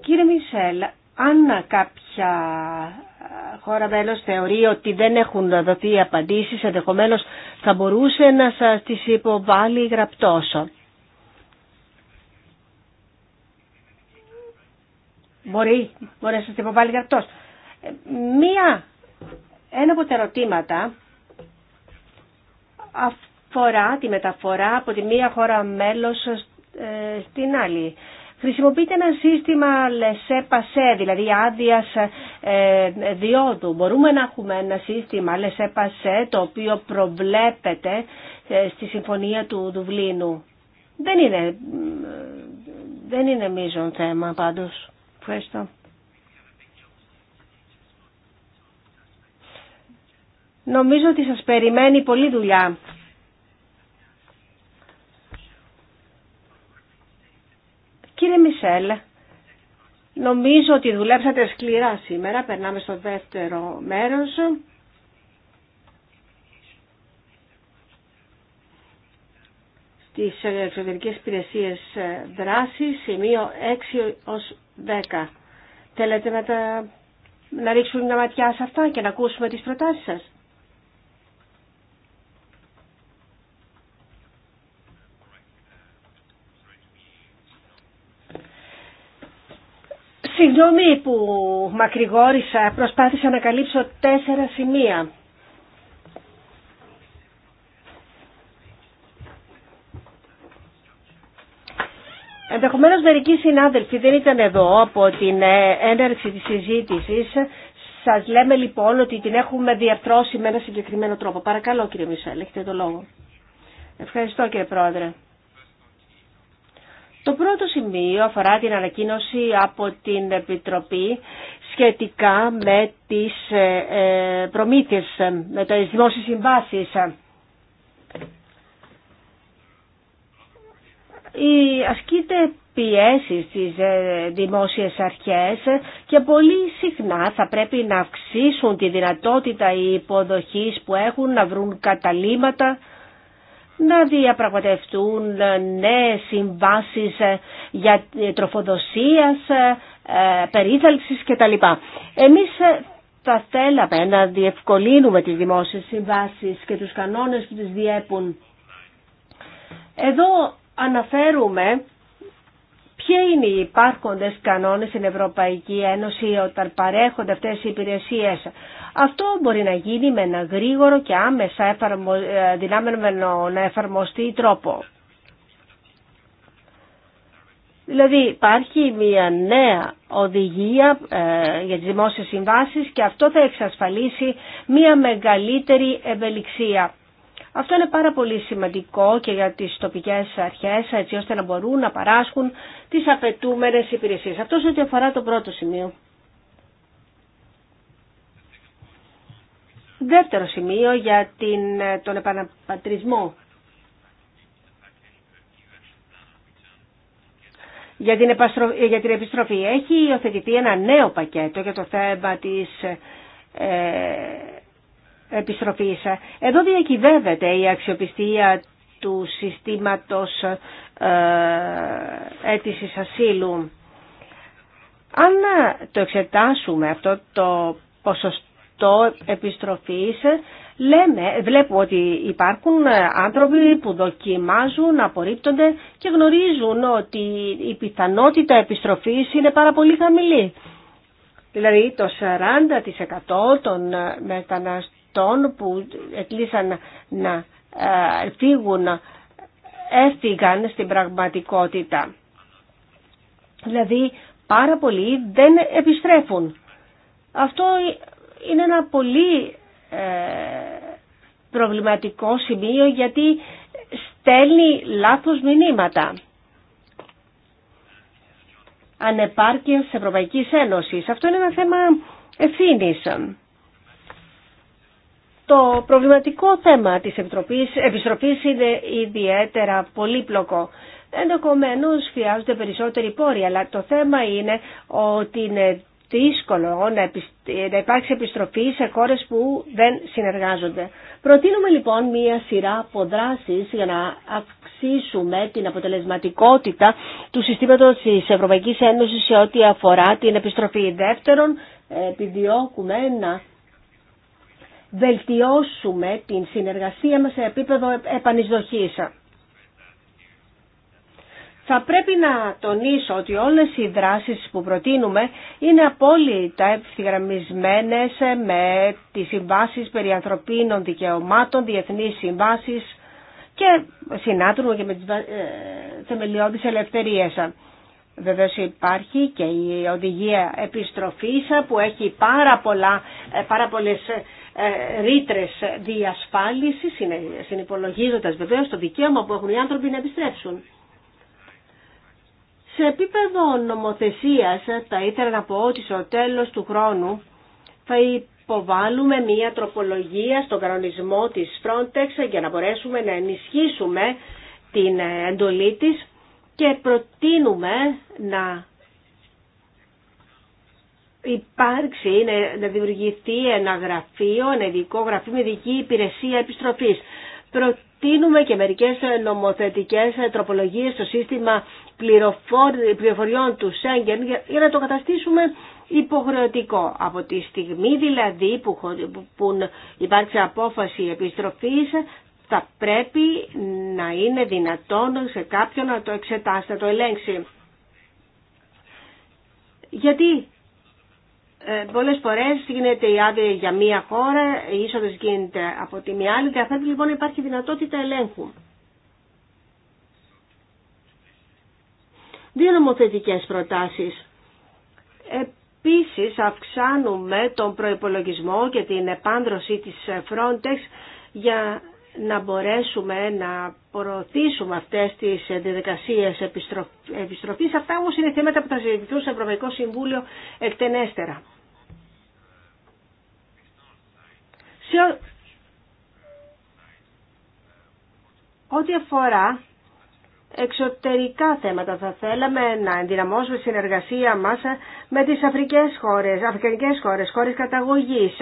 Κύριε Μισελ, αν κάποια χώρα μέλο θεωρεί ότι δεν έχουν δοθεί απαντήσεις, ενδεχομένω θα μπορούσε να σας τις υποβάλει γραπτό. Μπορεί, μπορεί να σας υποβάλει γραπτός. Ε, μία, ένα από τα ερωτήματα αφορά τη μεταφορά από τη μία χώρα μέλος ε, στην άλλη. Χρησιμοποιείται ένα σύστημα λεσέ-πασέ, δηλαδή άδεια ε, διόδου. Μπορούμε να έχουμε ένα σύστημα λεσέ-πασέ το οποίο προβλέπεται στη Συμφωνία του Δουβλίνου. Δεν είναι, δεν είναι μείζον θέμα πάντως. Ευχαριστώ. Νομίζω ότι σας περιμένει πολλή δουλειά. Κύριε Μισελ, νομίζω ότι δουλέψατε σκληρά σήμερα. Περνάμε στο δεύτερο μέρος. της Εξωτερικής Υπηρεσίας δράση, σημείο 6 ως 10. Θέλετε να, τα... να μια ματιά σε αυτά και να ακούσουμε τις προτάσεις σας. Συγγνώμη που μακρηγόρησα, προσπάθησα να καλύψω τέσσερα σημεία. Ενδεχομένω, μερικοί συνάδελφοι δεν ήταν εδώ από την ε, έναρξη της συζήτηση. Σας λέμε λοιπόν ότι την έχουμε διαρθρώσει με ένα συγκεκριμένο τρόπο. Παρακαλώ κύριε Μισελ, έχετε το λόγο. Ευχαριστώ κύριε Πρόεδρε. Το πρώτο σημείο αφορά την ανακοίνωση από την Επιτροπή σχετικά με τις ε, ε, προμήθειες, με τις δημόσιες συμβάσεις. η, ασκείται πιέσεις στις ε, δημόσιες αρχές και πολύ συχνά θα πρέπει να αυξήσουν τη δυνατότητα οι υποδοχής που έχουν να βρουν καταλήματα να διαπραγματευτούν ε, νέες συμβάσεις ε, για τροφοδοσίας, περίθαλψης κτλ. Εμείς θα θέλαμε να διευκολύνουμε τις δημόσιες συμβάσεις και τους κανόνες που τις διέπουν. Εδώ αναφέρουμε Ποιοι είναι οι υπάρχοντες κανόνες στην Ευρωπαϊκή Ένωση όταν παρέχονται αυτές οι υπηρεσίες. Αυτό μπορεί να γίνει με ένα γρήγορο και άμεσα δυνάμενο να εφαρμοστεί τρόπο. Δηλαδή υπάρχει μια νέα οδηγία ε, για τις δημόσιες συμβάσεις και αυτό θα εξασφαλίσει μια μεγαλύτερη ευελιξία. Αυτό είναι πάρα πολύ σημαντικό και για τις τοπικές αρχές έτσι ώστε να μπορούν να παράσχουν τις απαιτούμενες υπηρεσίες. Αυτό ό,τι αφορά το πρώτο σημείο. Δεύτερο σημείο για την, τον επαναπατρισμό. Για την, για την επιστροφή έχει υιοθετηθεί ένα νέο πακέτο για το θέμα της ε, επιστροφής. Εδώ διακυβεύεται η αξιοπιστία του συστήματος ε, αίτησης ασύλου. Αν το εξετάσουμε αυτό το ποσοστό επιστροφής, λέμε, βλέπω ότι υπάρχουν άνθρωποι που δοκιμάζουν, απορρίπτονται και γνωρίζουν ότι η πιθανότητα επιστροφής είναι πάρα πολύ χαμηλή. Δηλαδή το 40% των μεταναστών αυτών που εκλείσαν να φύγουν έφυγαν στην πραγματικότητα. Δηλαδή πάρα πολλοί δεν επιστρέφουν. Αυτό είναι ένα πολύ ε, προβληματικό σημείο γιατί στέλνει λάθος μηνύματα. Ανεπάρκειας Ευρωπαϊκής Ένωσης. Αυτό είναι ένα θέμα ευθύνης. Το προβληματικό θέμα της Επιτροπής, επιστροφής είναι ιδιαίτερα πολύπλοκο. Ενδεχομένω χρειάζονται περισσότεροι πόροι, αλλά το θέμα είναι ότι είναι δύσκολο να υπάρξει επιστροφή σε χώρε που δεν συνεργάζονται. Προτείνουμε λοιπόν μία σειρά από για να αυξήσουμε την αποτελεσματικότητα του συστήματος της Ευρωπαϊκή Ένωση σε ό,τι αφορά την επιστροφή. Δεύτερον, επιδιώκουμε να βελτιώσουμε την συνεργασία μας σε επίπεδο επανεισδοχής. Θα πρέπει να τονίσω ότι όλες οι δράσεις που προτείνουμε είναι απόλυτα ευθυγραμμισμένες με τις συμβάσεις περί ανθρωπίνων δικαιωμάτων, διεθνείς συμβάσεις και συνάδρουμε και με τις ε, θεμελιώδεις ελευθερίες. Βεβαίως υπάρχει και η οδηγία επιστροφής που έχει πάρα, πολλά, ε, πάρα ε, ε, ρήτρε διασφάλιση, συνυπολογίζοντα βεβαίω το δικαίωμα που έχουν οι άνθρωποι να επιστρέψουν. Σε επίπεδο νομοθεσίας θα ήθελα να πω ότι στο τέλος του χρόνου θα υποβάλουμε μία τροπολογία στον κανονισμό της Frontex για να μπορέσουμε να ενισχύσουμε την εντολή της και προτείνουμε να υπάρξει, να δημιουργηθεί ένα γραφείο, ένα ειδικό γραφείο με ειδική υπηρεσία επιστροφής. Προτείνουμε και μερικές νομοθετικές τροπολογίες στο σύστημα πληροφοριών του Σέγγεν για να το καταστήσουμε υποχρεωτικό. Από τη στιγμή δηλαδή που υπάρξει απόφαση επιστροφής θα πρέπει να είναι δυνατόν σε κάποιον να το εξετάσει, να το ελέγξει. Γιατί ε, Πολλέ φορέ γίνεται η άδεια για μία χώρα, η είσοδο γίνεται από τη μία άλλη και λοιπόν υπάρχει δυνατότητα ελέγχου. Δύο νομοθετικέ προτάσεις. Επίσης αυξάνουμε τον προπολογισμό και την επάντρωση της Frontex για να μπορέσουμε να προωθήσουμε αυτές τις διαδικασίες επιστροφής. Αυτά όμως είναι θέματα που θα συζητηθούν στο Ευρωπαϊκό Συμβούλιο εκτενέστερα. ό,τι αφορά εξωτερικά θέματα. Θα θέλαμε να ενδυναμώσουμε συνεργασία μας με τις αφρικές χώρες, αφρικανικές χώρες, χώρες καταγωγής,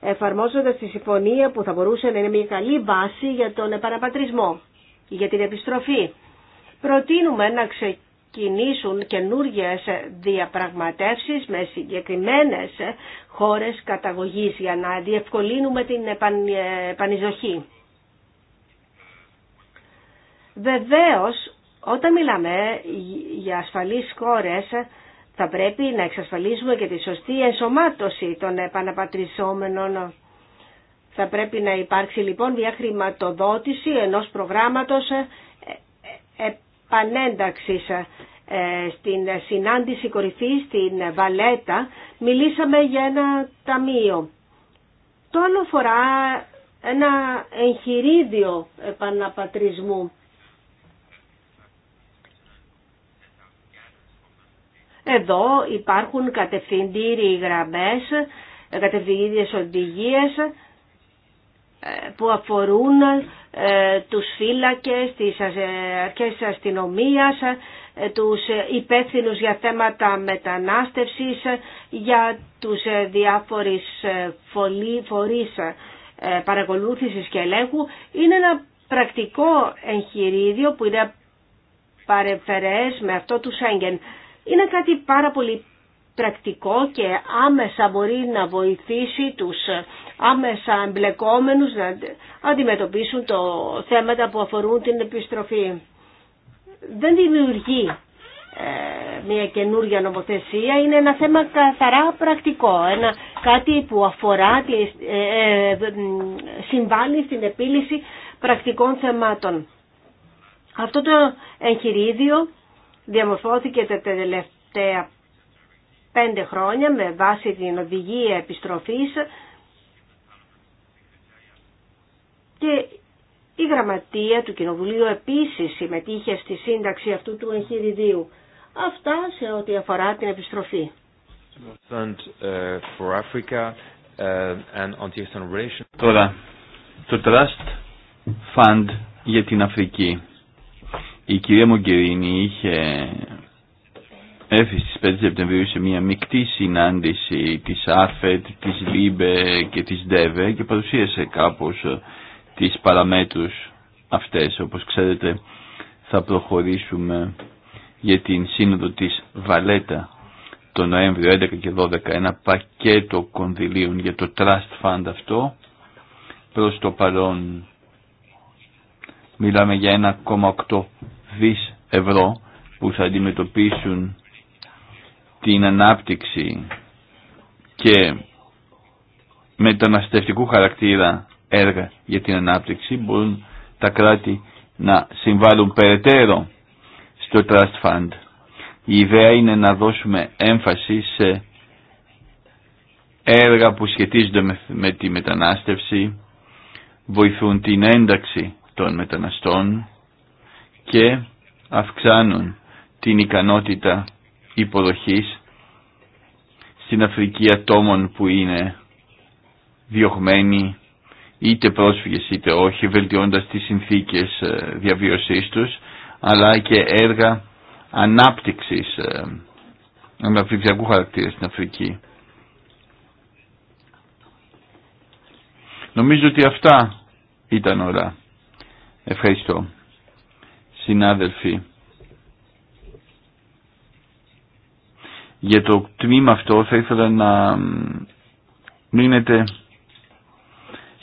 εφαρμόζοντας τη συμφωνία που θα μπορούσε να είναι μια καλή βάση για τον επαναπατρισμό, για την επιστροφή. Προτείνουμε να ξεκινήσουν καινούργιες διαπραγματεύσεις με συγκεκριμένες χώρες καταγωγής για να διευκολύνουμε την επανεισοχή. Βεβαίως, όταν μιλάμε για ασφαλείς χώρες, θα πρέπει να εξασφαλίσουμε και τη σωστή ενσωμάτωση των επαναπατρισσόμενων. Θα πρέπει να υπάρξει λοιπόν μια χρηματοδότηση ενός προγράμματος ε, ε, επανένταξης. Ε, στην συνάντηση κορυφή, στην Βαλέτα μιλήσαμε για ένα ταμείο. Το άλλο φορά ένα εγχειρίδιο επαναπατρισμού. Εδώ υπάρχουν κατευθυντήριοι γραμμές, κατευθυντήριες οδηγίες ε, που αφορούν ε, τους φύλακες, τις ε, αρχές της αστυνομίας, τους υπεύθυνου για θέματα μετανάστευσης, για τους διάφορες φορείς παρακολούθησης και ελέγχου. Είναι ένα πρακτικό εγχειρίδιο που είναι παρεμφερές με αυτό του Σέγγεν είναι κάτι πάρα πολύ πρακτικό και άμεσα μπορεί να βοηθήσει τους άμεσα εμπλεκόμενους να αντιμετωπίσουν το θέματα που αφορούν την επιστροφή. Δεν δημιουργεί ε, μια καινούργια νομοθεσία είναι ένα θέμα καθαρά πρακτικό ένα κάτι που αφορά ε, ε, συμβάλλει στην επίλυση πρακτικών θεμάτων αυτό το εγχειρίδιο διαμορφώθηκε τα τελευταία πέντε χρόνια με βάση την οδηγία επιστροφής και η γραμματεία του Κοινοβουλίου επίσης συμμετείχε στη σύνταξη αυτού του εγχειριδίου. Αυτά σε ό,τι αφορά την επιστροφή. Ε, ε, Τώρα, το Trust Fund για την Αφρική η κυρία Μογκερίνη είχε έφυγε στις 5 Σεπτεμβρίου σε μια μεικτή συνάντηση της ΑΦΕΤ, της ΛΥΜΠΕ και της ΔΕΒΕ και παρουσίασε κάπως ε, τις παραμέτρους αυτές. Όπως ξέρετε θα προχωρήσουμε για την σύνοδο της Βαλέτα το Νοέμβριο 11 και 12 ένα πακέτο κονδυλίων για το Trust Fund αυτό προς το παρόν μιλάμε για 1,8 δις ευρώ που θα αντιμετωπίσουν την ανάπτυξη και μεταναστευτικού χαρακτήρα έργα για την ανάπτυξη μπορούν τα κράτη να συμβάλλουν περαιτέρω στο Trust Fund. Η ιδέα είναι να δώσουμε έμφαση σε έργα που σχετίζονται με τη μετανάστευση, βοηθούν την ένταξη των μεταναστών, και αυξάνουν την ικανότητα υποδοχής στην Αφρική ατόμων που είναι διωγμένοι είτε πρόσφυγες είτε όχι βελτιώντας τις συνθήκες ε, διαβίωσής τους αλλά και έργα ανάπτυξης ε, αναπτυξιακού χαρακτήρα στην Αφρική. Νομίζω ότι αυτά ήταν όλα. Ευχαριστώ συνάδελφοι, για το τμήμα αυτό θα ήθελα να μείνετε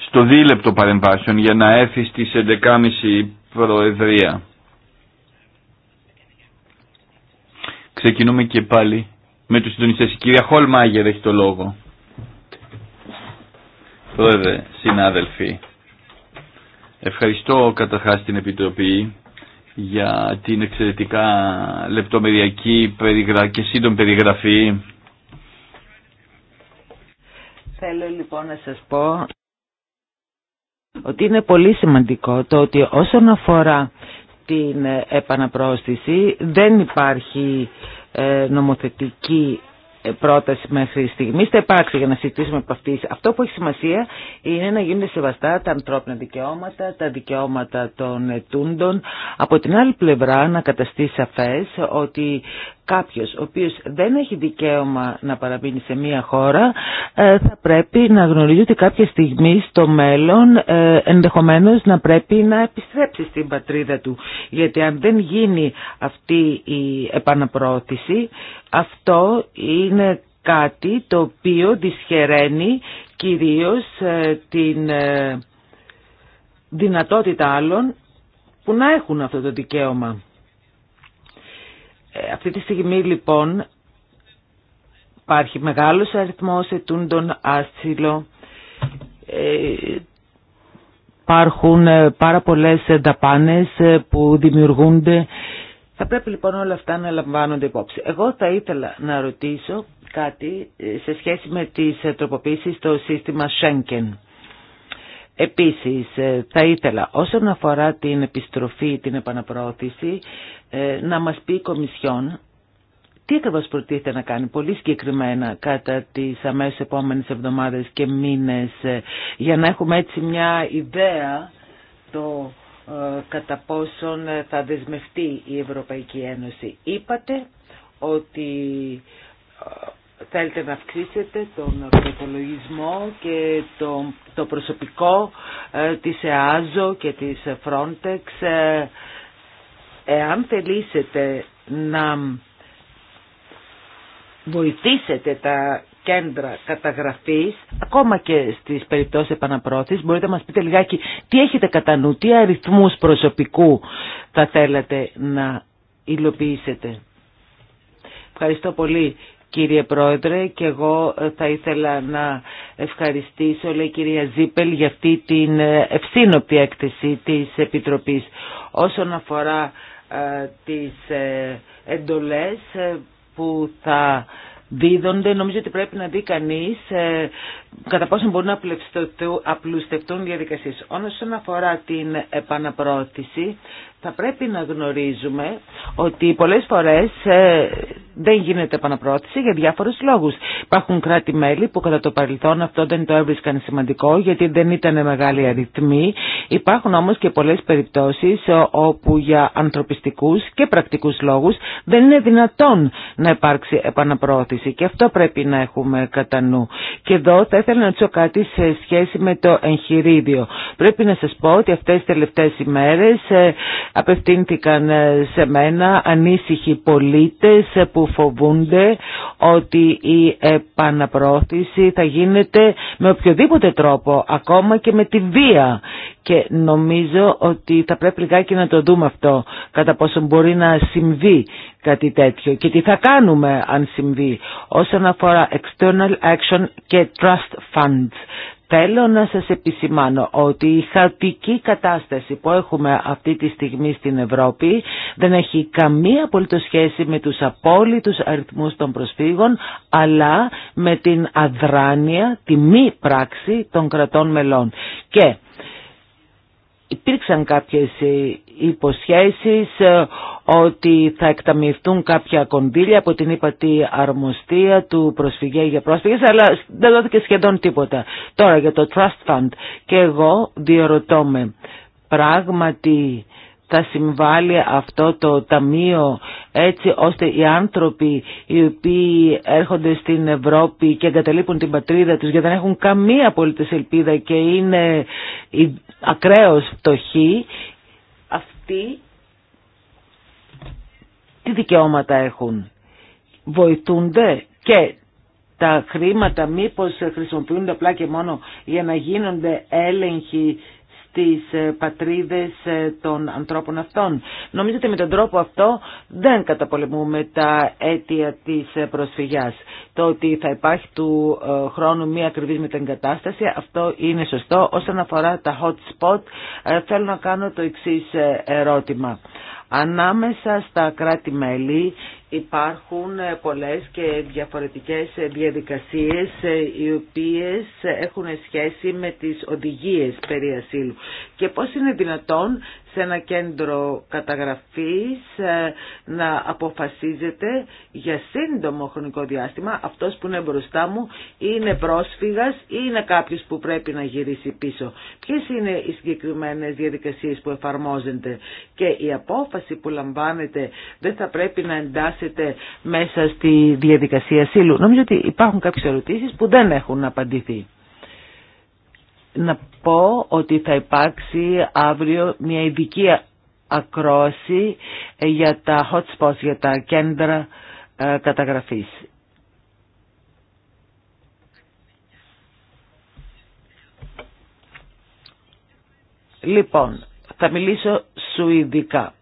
στο δίλεπτο παρεμβάσεων για να έρθει στις 11.30 προεδρία. Ξεκινούμε και πάλι με τους συντονιστές. Η κυρία Χολμάγερ έχει το λόγο. Πρόεδρε, συνάδελφοι, ευχαριστώ καταρχάς την Επιτροπή για την εξαιρετικά λεπτομεριακή και σύντομη περιγραφή. Θέλω λοιπόν να σας πω ότι είναι πολύ σημαντικό το ότι όσον αφορά την επαναπρόσθεση δεν υπάρχει ε, νομοθετική πρόταση μέχρι στιγμή. Θα υπάρξει για να συζητήσουμε από αυτή. Αυτό που έχει σημασία είναι να γίνονται σεβαστά τα ανθρώπινα δικαιώματα, τα δικαιώματα των ετούντων. Από την άλλη πλευρά να καταστεί σαφές ότι κάποιος ο οποίος δεν έχει δικαίωμα να παραμείνει σε μία χώρα ε, θα πρέπει να γνωρίζει ότι κάποια στιγμή στο μέλλον ε, ενδεχομένως να πρέπει να επιστρέψει στην πατρίδα του. Γιατί αν δεν γίνει αυτή η επαναπρόθεση αυτό είναι κάτι το οποίο δυσχεραίνει κυρίως ε, την δυνατότητα άλλων που να έχουν αυτό το δικαίωμα. Ε, αυτή τη στιγμή λοιπόν υπάρχει μεγάλος αριθμός ετούντων άσυλο, ε, υπάρχουν ε, πάρα πολλές δαπάνες που δημιουργούνται. Θα πρέπει λοιπόν όλα αυτά να λαμβάνονται υπόψη. Εγώ θα ήθελα να ρωτήσω κάτι σε σχέση με τις τροποποίησεις στο σύστημα Schengen. Επίσης θα ήθελα όσον αφορά την επιστροφή, την επαναπρόθεση... Ε, να μας πει η Κομισιόν τι ακριβώς προτίθεται να κάνει πολύ συγκεκριμένα κατά τις αμέσως επόμενες εβδομάδες και μήνες ε, για να έχουμε έτσι μια ιδέα το ε, κατά πόσον θα δεσμευτεί η Ευρωπαϊκή Ένωση. Είπατε ότι θέλετε να αυξήσετε τον προπολογισμό και το, το προσωπικό της ΕΑΖΟ και της Frontex Εάν θελήσετε να βοηθήσετε τα κέντρα καταγραφής, ακόμα και στις περιπτώσεις επαναπρόθεσης, μπορείτε να μας πείτε λιγάκι τι έχετε κατά νου, τι αριθμούς προσωπικού θα θέλατε να υλοποιήσετε. Ευχαριστώ πολύ κύριε Πρόεδρε και εγώ θα ήθελα να ευχαριστήσω λέει κυρία Ζίπελ για αυτή την ε, ευθύνοπτη έκθεση της Επιτροπής. Όσον αφορά ε, τις ε, εντολές ε, που θα δίδονται. Νομίζω ότι πρέπει να δει κανεί κατά πόσο μπορούν να απλουστευτούν διαδικασίες. Όσον αφορά την επαναπρόθεση, θα πρέπει να γνωρίζουμε ότι πολλές φορές ε, δεν γίνεται επαναπρόθεση για διάφορους λόγους. Υπάρχουν κράτη-μέλη που κατά το παρελθόν αυτό δεν το έβρισκαν σημαντικό γιατί δεν ήταν μεγάλη αριθμή. Υπάρχουν όμως και πολλές περιπτώσεις όπου για ανθρωπιστικούς και πρακτικούς λόγους δεν είναι δυνατόν να υπάρξει επαναπρόθεση και αυτό πρέπει να έχουμε κατά νου. Και εδώ θα ήθελα να τσω κάτι σε σχέση με το εγχειρίδιο. Πρέπει να σας πω ότι αυτές τις τελευταίες ημέρες ε, απευθύνθηκαν ε, σε μένα ανήσυχοι πολίτες ε, που φοβούνται ότι η επαναπρόθεση θα γίνεται με οποιοδήποτε τρόπο, ακόμα και με τη βία. Και νομίζω ότι θα πρέπει λιγάκι να το δούμε αυτό, κατά πόσο μπορεί να συμβεί κάτι τέτοιο και τι θα κάνουμε αν συμβεί όσον αφορά External Action και Trust Funds. Θέλω να σας επισημάνω ότι η χαρτική κατάσταση που έχουμε αυτή τη στιγμή στην Ευρώπη δεν έχει καμία απολύτως σχέση με τους απόλυτους αριθμούς των προσφύγων αλλά με την αδράνεια, τη μη πράξη των κρατών μελών. Και υπήρξαν κάποιες ε, υποσχέσεις ε, ότι θα εκταμιευτούν κάποια κονδύλια από την τη αρμοστία του προσφυγέ για πρόσφυγες αλλά δεν δόθηκε σχεδόν τίποτα. Τώρα για το Trust Fund και εγώ διαρωτώ πράγματι θα συμβάλλει αυτό το ταμείο έτσι ώστε οι άνθρωποι οι οποίοι έρχονται στην Ευρώπη και εγκαταλείπουν την πατρίδα τους γιατί δεν έχουν καμία απόλυτη ελπίδα και είναι ακραίως φτωχοί αυτοί τι δικαιώματα έχουν. Βοηθούνται και τα χρήματα μήπως χρησιμοποιούνται απλά και μόνο για να γίνονται έλεγχοι τις ε, πατρίδες ε, των ανθρώπων αυτών. Νομίζω ότι με τον τρόπο αυτό δεν καταπολεμούμε τα αίτια της ε, προσφυγιάς. Το ότι θα υπάρχει του χρόνου μία ακριβής μεταγκατάσταση, αυτό είναι σωστό. Όσον αφορά τα hot spot, θέλω να κάνω το εξής ερώτημα. Ανάμεσα στα κράτη-μέλη υπάρχουν ε, πολλές και διαφορετικές ε, διαδικασίες ε, οι οποίες έχουν σχέση με τις οδηγίες περί ασύλου και πώς είναι δυνατόν σε ένα κέντρο καταγραφής ε, να αποφασίζεται για σύντομο χρονικό διάστημα αυτός που είναι μπροστά μου είναι πρόσφυγας ή είναι κάποιος που πρέπει να γυρίσει πίσω. Ποιες είναι οι συγκεκριμένες διαδικασίες που εφαρμόζονται και η απόφαση που λαμβάνεται δεν θα πρέπει να εντάσσεται μέσα στη διαδικασία σύλλου. Νομίζω ότι υπάρχουν κάποιες ερωτήσεις που δεν έχουν απαντηθεί να πω ότι θα υπάρξει αύριο μια ειδική ακρόση ε, για τα hot spots, για τα κέντρα ε, καταγραφής. Λοιπόν, θα μιλήσω σου ειδικά.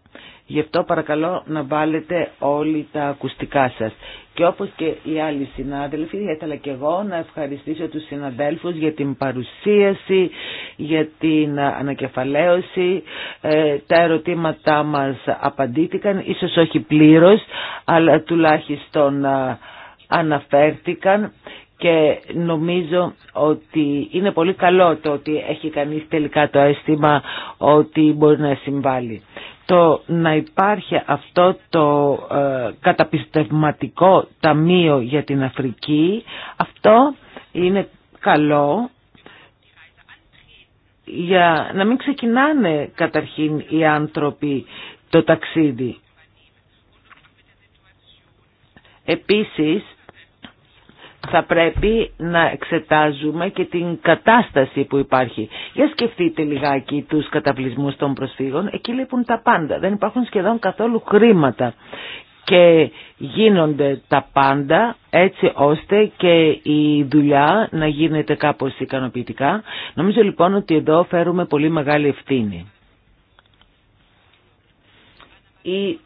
Γι' αυτό παρακαλώ να βάλετε όλοι τα ακουστικά σας. Και όπως και οι άλλοι συνάδελφοι, ήθελα και εγώ να ευχαριστήσω τους συναδέλφους για την παρουσίαση, για την ανακεφαλαίωση. Ε, τα ερωτήματά μας απαντήθηκαν, ίσως όχι πλήρως, αλλά τουλάχιστον ε, αναφέρθηκαν και νομίζω ότι είναι πολύ καλό το ότι έχει κανείς τελικά το αίσθημα ότι μπορεί να συμβάλλει το να υπάρχει αυτό το ε, καταπιστευματικό ταμείο για την Αφρική, αυτό είναι καλό για να μην ξεκινάνε καταρχήν οι άνθρωποι το ταξίδι. Επίσης, θα πρέπει να εξετάζουμε και την κατάσταση που υπάρχει. Για σκεφτείτε λιγάκι τους καταβλισμούς των προσφύγων. Εκεί λείπουν τα πάντα. Δεν υπάρχουν σχεδόν καθόλου χρήματα. Και γίνονται τα πάντα έτσι ώστε και η δουλειά να γίνεται κάπως ικανοποιητικά. Νομίζω λοιπόν ότι εδώ φέρουμε πολύ μεγάλη ευθύνη η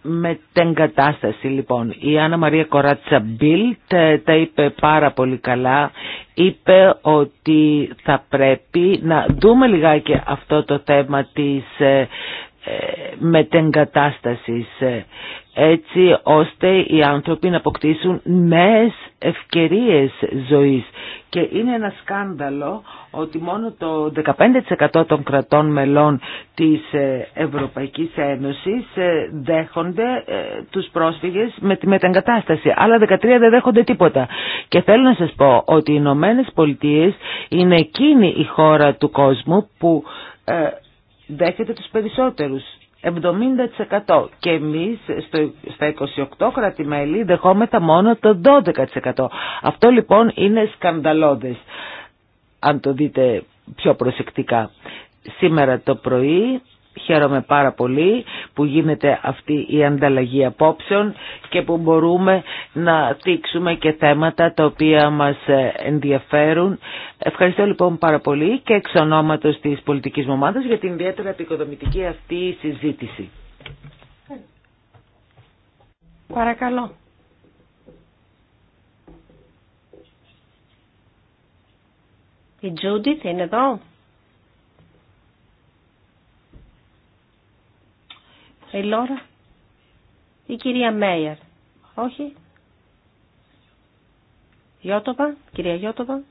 κατάσταση λοιπόν. Η Άννα Μαρία Κοράτσα Μπίλτ τα είπε πάρα πολύ καλά. Είπε ότι θα πρέπει να δούμε λιγάκι αυτό το θέμα της ε, ε, μετεγκατάστασης έτσι ώστε οι άνθρωποι να αποκτήσουν νέες ευκαιρίες ζωής. Και είναι ένα σκάνδαλο ότι μόνο το 15% των κρατών μελών της ε, Ευρωπαϊκής Ένωσης ε, δέχονται τους πρόσφυγες με τη μετεγκατάσταση Άλλα 13 δεν δέχονται τίποτα. Και θέλω να σας πω ότι οι Ηνωμένε Πολιτείε είναι εκείνη η χώρα του κόσμου που δέχεται τους περισσότερους. 70% και εμείς στο, στα 28 κρατημέλη δεχόμεθα μόνο το 12%. Αυτό λοιπόν είναι σκανδαλώδες, αν το δείτε πιο προσεκτικά. Σήμερα το πρωί Χαίρομαι πάρα πολύ που γίνεται αυτή η ανταλλαγή απόψεων και που μπορούμε να δείξουμε και θέματα τα οποία μας ενδιαφέρουν. Ευχαριστώ λοιπόν πάρα πολύ και εξ ονόματος της πολιτικής μου ομάδας για την ιδιαίτερα επικοδομητική αυτή συζήτηση. Παρακαλώ. Η Τζούντιθ είναι εδώ. Η Λόρα. Η κυρία Μέιερ. Όχι. Γιώτοβα. Κυρία Γιώτοβα.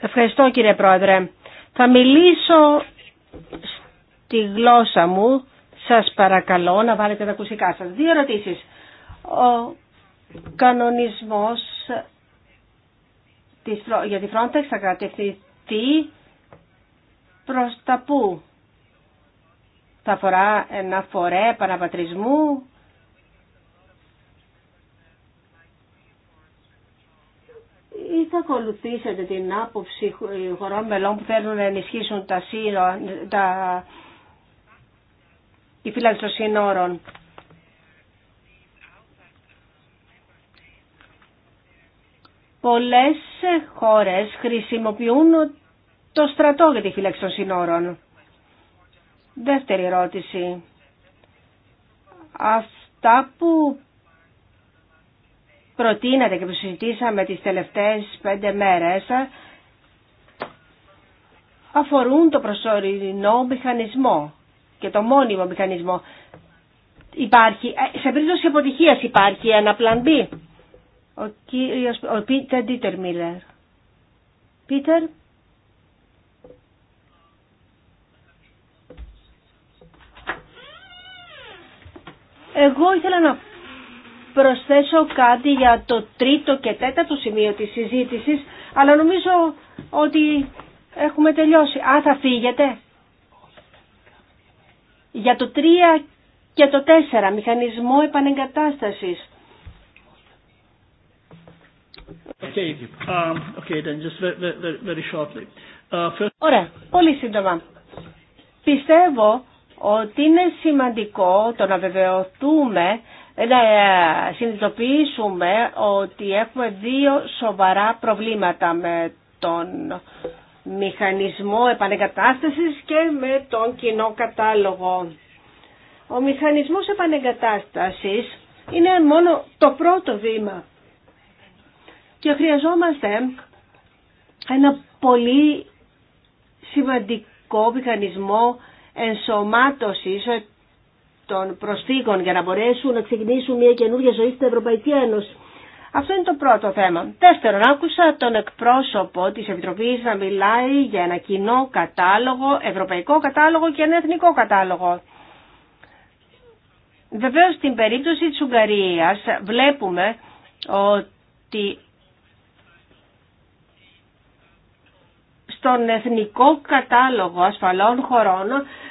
Ευχαριστώ κύριε Πρόεδρε. Θα μιλήσω στη γλώσσα μου. Σας παρακαλώ να βάλετε τα ακουσικά σας. Δύο ερωτήσεις. Ο κανονισμός για τη Frontex θα κατευθυνθεί προς τα πού. Θα αφορά ένα φορέ παραπατρισμού. Ή θα ακολουθήσετε την άποψη ε, χωρών μελών που θέλουν να ενισχύσουν τα σύνορα, τα... τη φύλαξη των σύνορων. Πολλές χώρες χρησιμοποιούν το στρατό για τη φύλαξη των συνόρων. Δεύτερη ερώτηση. Αυτά που προτείνατε και που συζητήσαμε τις τελευταίες πέντε μέρες αφορούν το προσωρινό μηχανισμό και το μόνιμο μηχανισμό. Υπάρχει, ε, σε περίπτωση αποτυχίας υπάρχει ένα πλαν B. Ο κύριος, ο Πίτερ Ντίτερ Πίτερ. Εγώ ήθελα να προσθέσω κάτι για το τρίτο και τέταρτο σημείο της συζήτησης, αλλά νομίζω ότι έχουμε τελειώσει. Α, θα φύγετε. Για το τρία και το τέσσερα, μηχανισμό επανεγκατάστασης. Ωραία, πολύ σύντομα. Πιστεύω ότι είναι σημαντικό το να βεβαιωθούμε να ε, συνειδητοποιήσουμε ότι έχουμε δύο σοβαρά προβλήματα με τον μηχανισμό επανεγκατάστασης και με τον κοινό κατάλογο. Ο μηχανισμός επανεγκατάστασης είναι μόνο το πρώτο βήμα και χρειαζόμαστε ένα πολύ σημαντικό μηχανισμό ενσωμάτωσης των προσθήκων για να μπορέσουν να ξεκινήσουν μια καινούργια ζωή στην Ευρωπαϊκή Ένωση. Αυτό είναι το πρώτο θέμα. Δεύτερον, άκουσα τον εκπρόσωπο της Επιτροπής να μιλάει για ένα κοινό κατάλογο, ευρωπαϊκό κατάλογο και ένα εθνικό κατάλογο. Βεβαίως στην περίπτωση της Ουγγαρίας βλέπουμε ότι στον εθνικό κατάλογο ασφαλών χωρών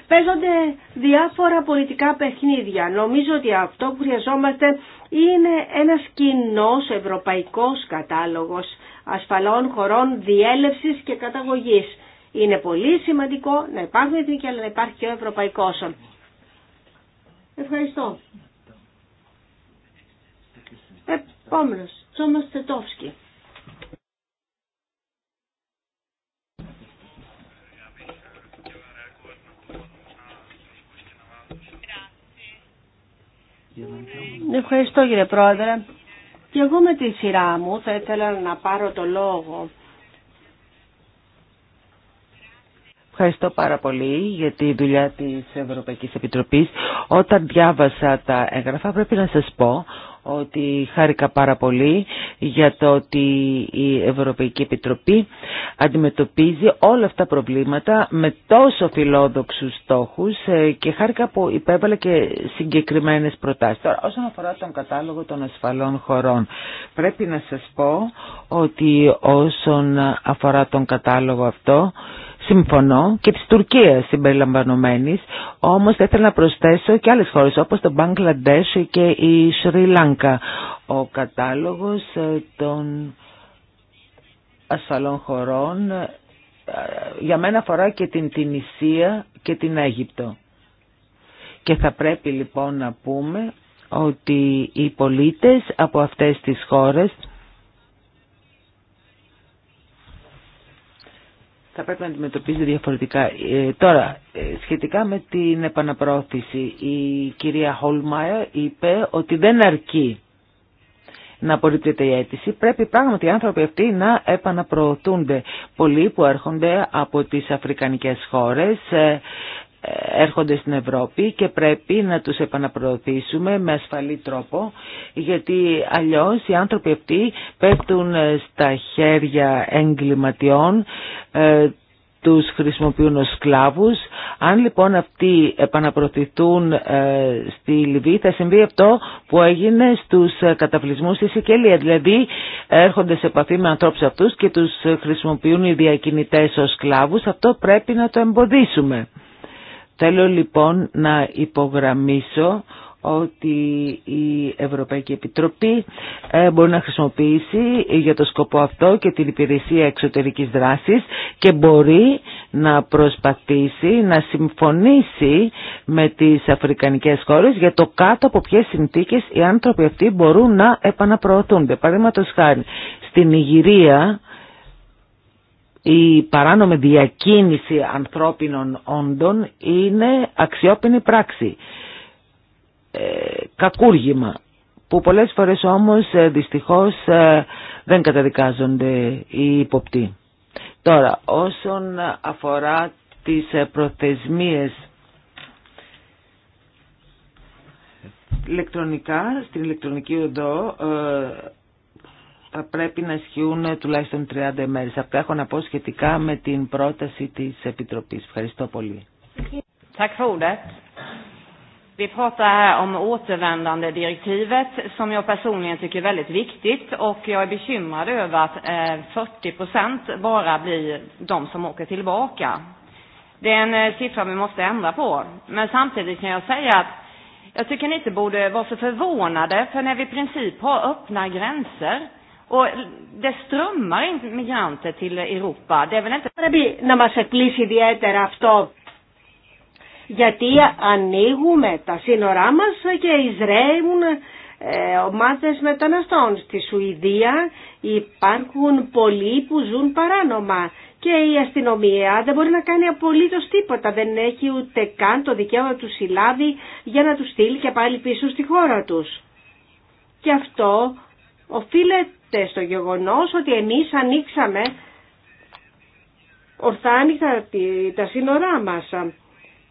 παίζονται διάφορα πολιτικά παιχνίδια. Νομίζω ότι αυτό που χρειαζόμαστε είναι ένας κοινός ευρωπαϊκός κατάλογος ασφαλών χωρών διέλευσης και καταγωγής. Είναι πολύ σημαντικό να υπάρχουν Εθνική, αλλά να υπάρχει και ο ευρωπαϊκός. Ευχαριστώ. Επόμενος, Τσόμος Ευχαριστώ κύριε Πρόεδρε. Και εγώ με τη σειρά μου θα ήθελα να πάρω το λόγο. Ευχαριστώ πάρα πολύ για τη δουλειά της Ευρωπαϊκής Επιτροπής. Όταν διάβασα τα έγγραφα πρέπει να σας πω ότι χάρηκα πάρα πολύ για το ότι η Ευρωπαϊκή Επιτροπή αντιμετωπίζει όλα αυτά τα προβλήματα με τόσο φιλόδοξους στόχους ε, και χάρηκα που υπέβαλε και συγκεκριμένες προτάσεις. Τώρα, όσον αφορά τον κατάλογο των ασφαλών χωρών, πρέπει να σας πω ότι όσον αφορά τον κατάλογο αυτό, Συμφωνώ και της Τουρκίας συμπεριλαμβανομένης, όμως θα ήθελα να προσθέσω και άλλες χώρες όπως το Μπαγκλαντές και η Σρι Λάνκα. Ο κατάλογος ε, των ασφαλών χωρών ε, για μένα αφορά και την Τινησία και την Αίγυπτο. Και θα πρέπει λοιπόν να πούμε ότι οι πολίτες από αυτές τις χώρες θα πρέπει να αντιμετωπίζεται διαφορετικά. Ε, τώρα, ε, σχετικά με την επαναπρόθεση, η κυρία Χολμάια είπε ότι δεν αρκεί να απορρίπτεται η αίτηση, πρέπει πράγματι οι άνθρωποι αυτοί να επαναπροωθούνται. Πολλοί που έρχονται από τις αφρικανικές χώρες ε, έρχονται στην Ευρώπη και πρέπει να τους επαναπροωθήσουμε με ασφαλή τρόπο γιατί αλλιώς οι άνθρωποι αυτοί πέφτουν στα χέρια εγκληματιών ε, τους χρησιμοποιούν ως σκλάβους. Αν λοιπόν αυτοί επαναπροωθηθούν ε, στη Λιβύη θα συμβεί αυτό που έγινε στους καταβλισμούς στη Σικελία. Δηλαδή έρχονται σε επαφή με ανθρώπους αυτούς και τους χρησιμοποιούν οι διακινητές ως σκλάβους. Αυτό πρέπει να το εμποδίσουμε. Θέλω λοιπόν να υπογραμμίσω ότι η Ευρωπαϊκή Επιτροπή ε, μπορεί να χρησιμοποιήσει για το σκοπό αυτό και την υπηρεσία εξωτερικής δράσης και μπορεί να προσπαθήσει να συμφωνήσει με τις αφρικανικές χώρες για το κάτω από ποιες συνθήκες οι άνθρωποι αυτοί μπορούν να επαναπροωθούνται. Παραδείγματος χάρη, στην Ιγυρία η παράνομη διακίνηση ανθρώπινων όντων είναι αξιόπινη πράξη, ε, κακούργημα που πολλές φορές όμως ε, δυστυχώς ε, δεν καταδικάζονται οι υποπτοί. Τώρα, όσον αφορά τις προθεσμίες ηλεκτρονικά, στην ηλεκτρονική οδό θα πρέπει να ισχύουν τουλάχιστον 30 Αυτά έχω να πω σχετικά με την πρόταση της Επιτροπή. Ευχαριστώ πολύ. Vi pratar här om direktivet som jag personligen tycker är väldigt viktigt och jag är bekymrad över att 40 procent bara blir de som åker tillbaka. Det är en siffra vi måste ändra på. Men samtidigt kan jag säga att jag tycker ni inte borde vara så förvånade för när vi i princip har öppna gränser Och det strömmar inte migranter till Europa. Det är väl inte... Πρέπει να μας εκπλήσει ιδιαίτερα αυτό. Γιατί ανοίγουμε τα σύνορά μας και εισραίουν ε, ομάδες μεταναστών. Στη Σουηδία υπάρχουν πολλοί που ζουν παράνομα και η αστυνομία δεν μπορεί να κάνει απολύτως τίποτα. Δεν έχει ούτε καν το δικαίωμα του συλλάβει για να του στείλει και πάλι πίσω στη χώρα τους. Και αυτό οφείλεται στο γεγονός ότι εμείς ανοίξαμε ορθά τα σύνορά μας.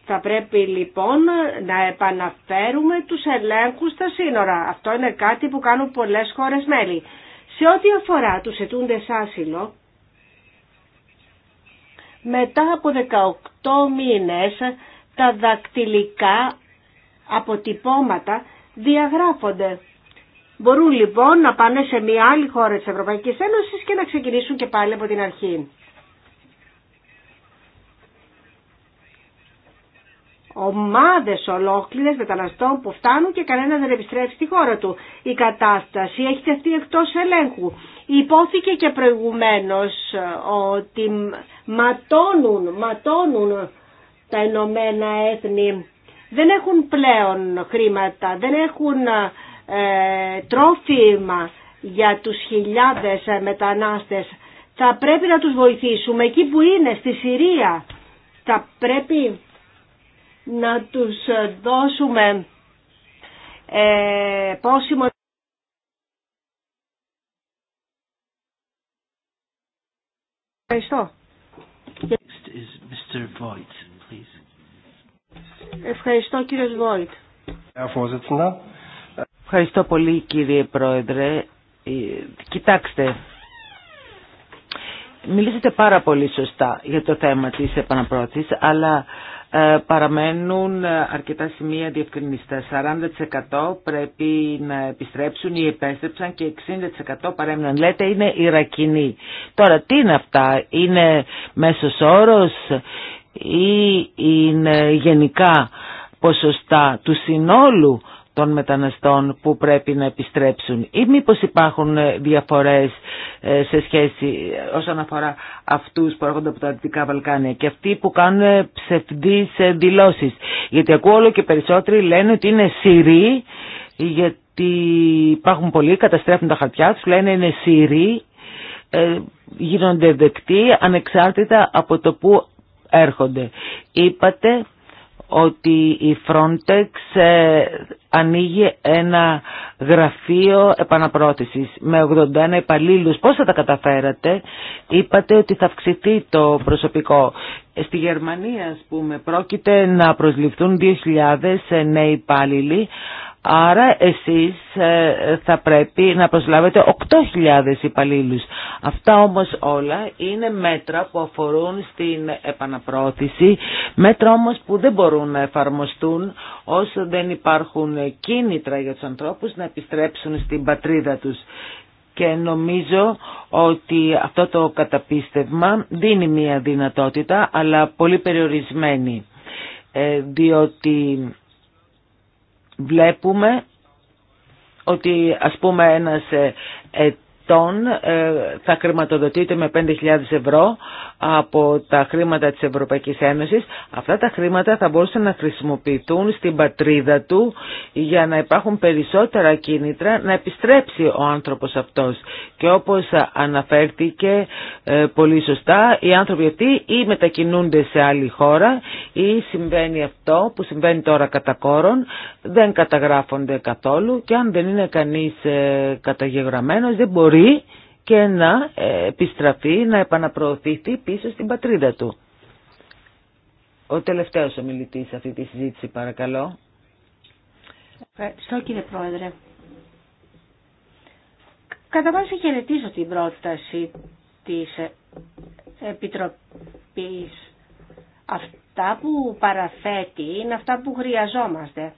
Θα πρέπει λοιπόν να επαναφέρουμε τους ελέγχους στα σύνορα. Αυτό είναι κάτι που κάνουν πολλές χώρες μέλη. Σε ό,τι αφορά τους ετούντες άσυλο, μετά από 18 μήνες τα δακτυλικά αποτυπώματα διαγράφονται. Μπορούν λοιπόν να πάνε σε μια άλλη χώρα της Ευρωπαϊκής Ένωσης και να ξεκινήσουν και πάλι από την αρχή. ομάδες ολόκληρες μεταναστών που φτάνουν και κανένα δεν επιστρέφει στη χώρα του. Η κατάσταση έχει τεθεί εκτός ελέγχου. Υπόθηκε και προηγουμένως ε, ότι ματώνουν, ματώνουν τα Ηνωμένα Έθνη. Δεν έχουν πλέον χρήματα, δεν έχουν ε, ε, τρόφιμα για τους χιλιάδες ε, μετανάστες. Θα πρέπει να τους βοηθήσουμε εκεί που είναι, στη Συρία. Θα πρέπει να τους δώσουμε ε, πόσιμο... Ευχαριστώ. Ευχαριστώ κύριε Βόιτ. Ευχαριστώ πολύ κύριε Πρόεδρε. Ε, κοιτάξτε, μιλήσατε πάρα πολύ σωστά για το θέμα της επαναπρόθεσης, αλλά ε, παραμένουν αρκετά σημεία διευκρινιστά. 40% πρέπει να επιστρέψουν ή επέστρεψαν και 60% παρέμειναν. Λέτε είναι Ιρακινοί. Τώρα τι είναι αυτά, είναι μέσος όρος ή είναι γενικά ποσοστά του συνόλου των μεταναστών που πρέπει να επιστρέψουν ή μήπω υπάρχουν ε, διαφορές ε, σε σχέση ε, όσον αφορά αυτούς που έρχονται από τα Δυτικά Βαλκάνια και αυτοί που κάνουν ψευδείς δηλώσεις. Γιατί ακούω όλο και περισσότεροι λένε ότι είναι σειροί γιατί υπάρχουν πολλοί, καταστρέφουν τα χαρτιά τους, λένε είναι Συρίοι, γίνονται δεκτοί ανεξάρτητα από το που έρχονται. Είπατε ότι η Frontex ε, ανοίγει ένα γραφείο επαναπρόθεσης με 81 υπαλλήλου. Πώς θα τα καταφέρατε, είπατε ότι θα αυξηθεί το προσωπικό. Στη Γερμανία, ας πούμε, πρόκειται να προσληφθούν 2.000 νέοι υπάλληλοι, Άρα εσείς ε, θα πρέπει να προσλάβετε 8.000 υπαλλήλους. Αυτά όμως όλα είναι μέτρα που αφορούν στην επαναπρόθεση, μέτρα όμως που δεν μπορούν να εφαρμοστούν όσο δεν υπάρχουν κίνητρα για τους ανθρώπους να επιστρέψουν στην πατρίδα τους. Και νομίζω ότι αυτό το καταπίστευμα δίνει μία δυνατότητα, αλλά πολύ περιορισμένη, ε, διότι βλέπουμε ότι ας πούμε ένας ε, ε, αυτών ε, θα χρηματοδοτείται με 5.000 ευρώ από τα χρήματα της Ευρωπαϊκής Ένωσης. Αυτά τα χρήματα θα μπορούσαν να χρησιμοποιηθούν στην πατρίδα του για να υπάρχουν περισσότερα κίνητρα να επιστρέψει ο άνθρωπος αυτός. Και όπως αναφέρθηκε ε, πολύ σωστά, οι άνθρωποι αυτοί ή μετακινούνται σε άλλη χώρα ή συμβαίνει αυτό που συμβαίνει τώρα κατά κόρον, δεν καταγράφονται καθόλου και αν δεν είναι κανείς ε, καταγεγραμμένος δεν μπορεί και να ε, επιστραφεί, να επαναπροωθηθεί πίσω στην πατρίδα του. Ο τελευταίος ομιλητής αυτή τη συζήτηση παρακαλώ. Ευχαριστώ κύριε Πρόεδρε. Κατά βάση χαιρετίζω την πρόταση της ε, Επιτροπής. Αυτά που παραθέτει είναι αυτά που χρειαζόμαστε.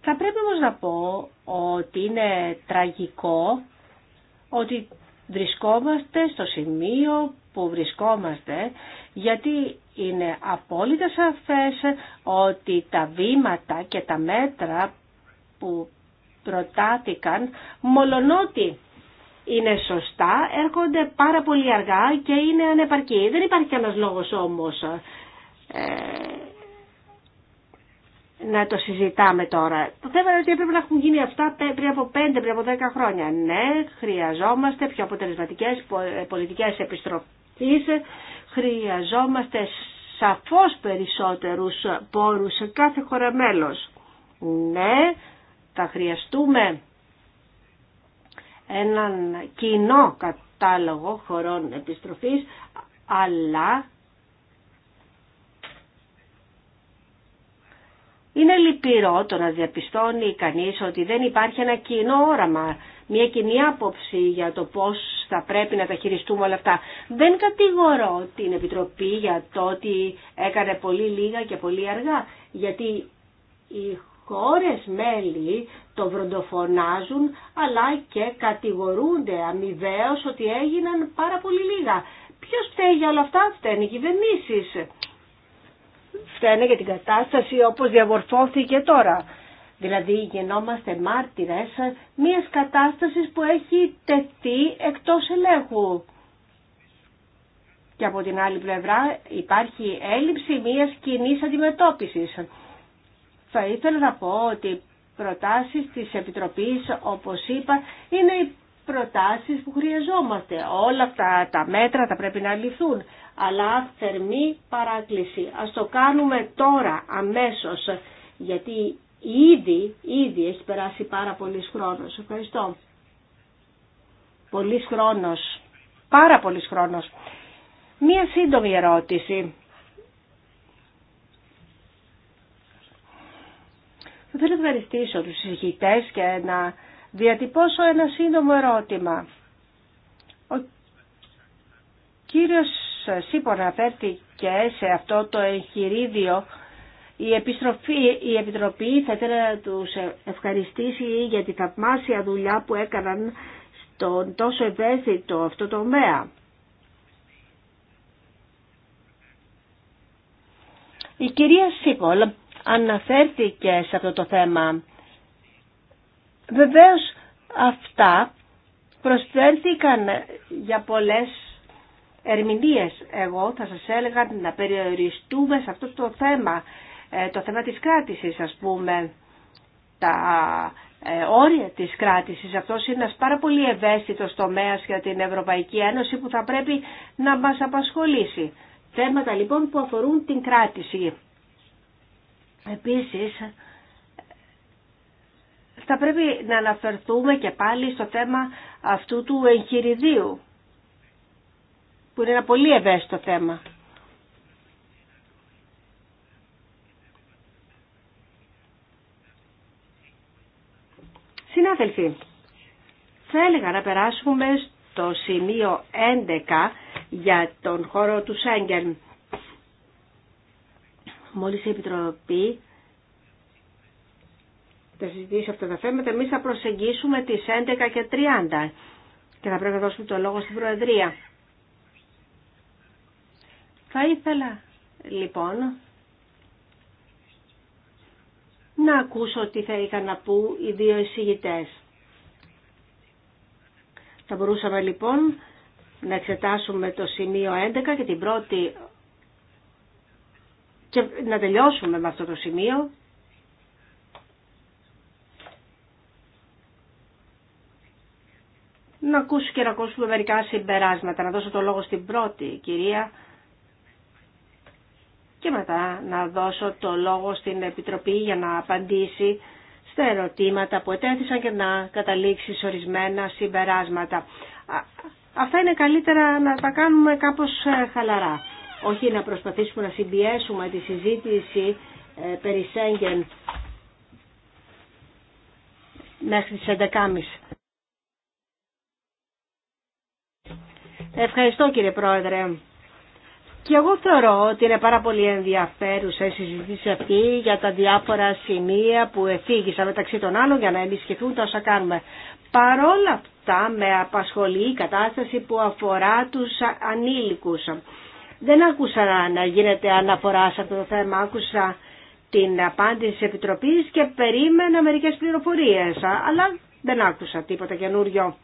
Θα πρέπει όμως να πω ότι είναι τραγικό ότι βρισκόμαστε στο σημείο που βρισκόμαστε γιατί είναι απόλυτα σαφές ότι τα βήματα και τα μέτρα που προτάθηκαν μολονότι είναι σωστά, έρχονται πάρα πολύ αργά και είναι ανεπαρκή. Δεν υπάρχει κανένας λόγος όμως ε, να το συζητάμε τώρα. Το θέμα είναι ότι έπρεπε να έχουν γίνει αυτά πριν από 5, πριν από 10 χρόνια. Ναι, χρειαζόμαστε πιο αποτελεσματικές ε, πολιτικές επιστροφής, χρειαζόμαστε σαφώς περισσότερους πόρους σε κάθε χώρα Ναι, θα χρειαστούμε έναν κοινό κατάλογο χωρών επιστροφής, αλλά Είναι λυπηρό το να διαπιστώνει κανείς ότι δεν υπάρχει ένα κοινό όραμα, μια κοινή άποψη για το πώς θα πρέπει να τα χειριστούμε όλα αυτά. Δεν κατηγορώ την Επιτροπή για το ότι έκανε πολύ λίγα και πολύ αργά, γιατί οι χώρες μέλη το βροντοφωνάζουν αλλά και κατηγορούνται αμοιβαίως ότι έγιναν πάρα πολύ λίγα. Ποιος φταίει για όλα αυτά, φταίνει οι κυβερνήσεις φταίνε για την κατάσταση όπως διαμορφώθηκε τώρα. Δηλαδή γινόμαστε μάρτυρες μιας κατάστασης που έχει τεθεί εκτός ελέγχου. Και από την άλλη πλευρά υπάρχει έλλειψη μιας κοινή αντιμετώπισης. Θα ήθελα να πω ότι οι προτάσεις της Επιτροπής, όπως είπα, είναι προτάσεις που χρειαζόμαστε. Όλα αυτά τα μέτρα θα πρέπει να ληφθούν, Αλλά θερμή παράκληση. Ας το κάνουμε τώρα, αμέσως, γιατί ήδη, ήδη έχει περάσει πάρα πολύς χρόνος. Ευχαριστώ. Πολύς χρόνος. Πάρα πολύς χρόνος. Μία σύντομη ερώτηση. Θα θέλω να ευχαριστήσω τους συζητητές και να διατυπώσω ένα σύντομο ερώτημα. Ο κύριος Σίπονα αναφέρθηκε σε αυτό το εγχειρίδιο η, επιστροφή, η Επιτροπή θα ήθελα να τους ευχαριστήσει για τη θαυμάσια δουλειά που έκαναν στον τόσο ευαίσθητο αυτό το τομέα. Η κυρία Σίπολ αναφέρθηκε σε αυτό το θέμα. Βεβαίως αυτά προσφέρθηκαν για πολλές ερμηνείες. Εγώ θα σας έλεγα να περιοριστούμε σε αυτό το θέμα, ε, το θέμα της κράτησης ας πούμε, τα ε, όρια της κράτησης. Αυτός είναι ένας πάρα πολύ ευαίσθητος τομέας για την Ευρωπαϊκή Ένωση που θα πρέπει να μας απασχολήσει. Θέματα λοιπόν που αφορούν την κράτηση. Επίσης, θα πρέπει να αναφερθούμε και πάλι στο θέμα αυτού του εγχειριδίου, που είναι ένα πολύ ευαίσθητο θέμα. Συνάδελφοι, θα έλεγα να περάσουμε στο σημείο 11 για τον χώρο του Σέγγεν. Μόλις η Επιτροπή θα συζητήσει αυτά τα θέματα. Εμεί θα προσεγγίσουμε τι 11 και 30 και θα πρέπει να δώσουμε το λόγο στην Προεδρία. Θα ήθελα λοιπόν να ακούσω τι θα είχαν να πού οι δύο εισηγητέ. Θα μπορούσαμε λοιπόν να εξετάσουμε το σημείο 11 και την πρώτη και να τελειώσουμε με αυτό το σημείο να ακούσω και να ακούσουμε μερικά συμπεράσματα. Να δώσω το λόγο στην πρώτη κυρία και μετά να δώσω το λόγο στην Επιτροπή για να απαντήσει στα ερωτήματα που ετέθησαν και να καταλήξει σε ορισμένα συμπεράσματα. Αυτά είναι καλύτερα να τα κάνουμε κάπως ε, χαλαρά. Όχι να προσπαθήσουμε να συμπιέσουμε τη συζήτηση ε, περί Σέγγεν μέχρι τις 11.30. Ευχαριστώ κύριε Πρόεδρε. Και εγώ θεωρώ ότι είναι πάρα πολύ ενδιαφέρουσα η συζήτηση αυτή για τα διάφορα σημεία που εφήγησα μεταξύ των άλλων για να ενισχυθούν τα όσα κάνουμε. Παρόλα αυτά με απασχολεί η κατάσταση που αφορά τους ανήλικους. Δεν άκουσα να γίνεται αναφορά σε αυτό το θέμα, άκουσα την απάντηση της Επιτροπής και περίμενα μερικές πληροφορίες, αλλά δεν άκουσα τίποτα καινούριο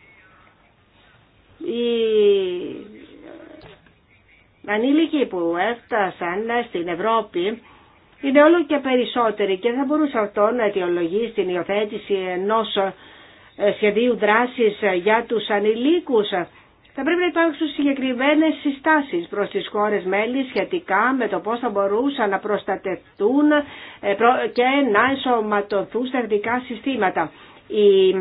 οι ανήλικοι που έφτασαν στην Ευρώπη είναι όλο και περισσότεροι και θα μπορούσε αυτό να αιτιολογεί στην υιοθέτηση ενός ε, σχεδίου δράσης για τους ανηλίκους. Θα πρέπει να υπάρξουν συγκεκριμένες συστάσεις προς τις χώρες μέλη σχετικά με το πώς θα μπορούσαν να προστατευτούν ε, και να ενσωματωθούν στα συστήματα. Η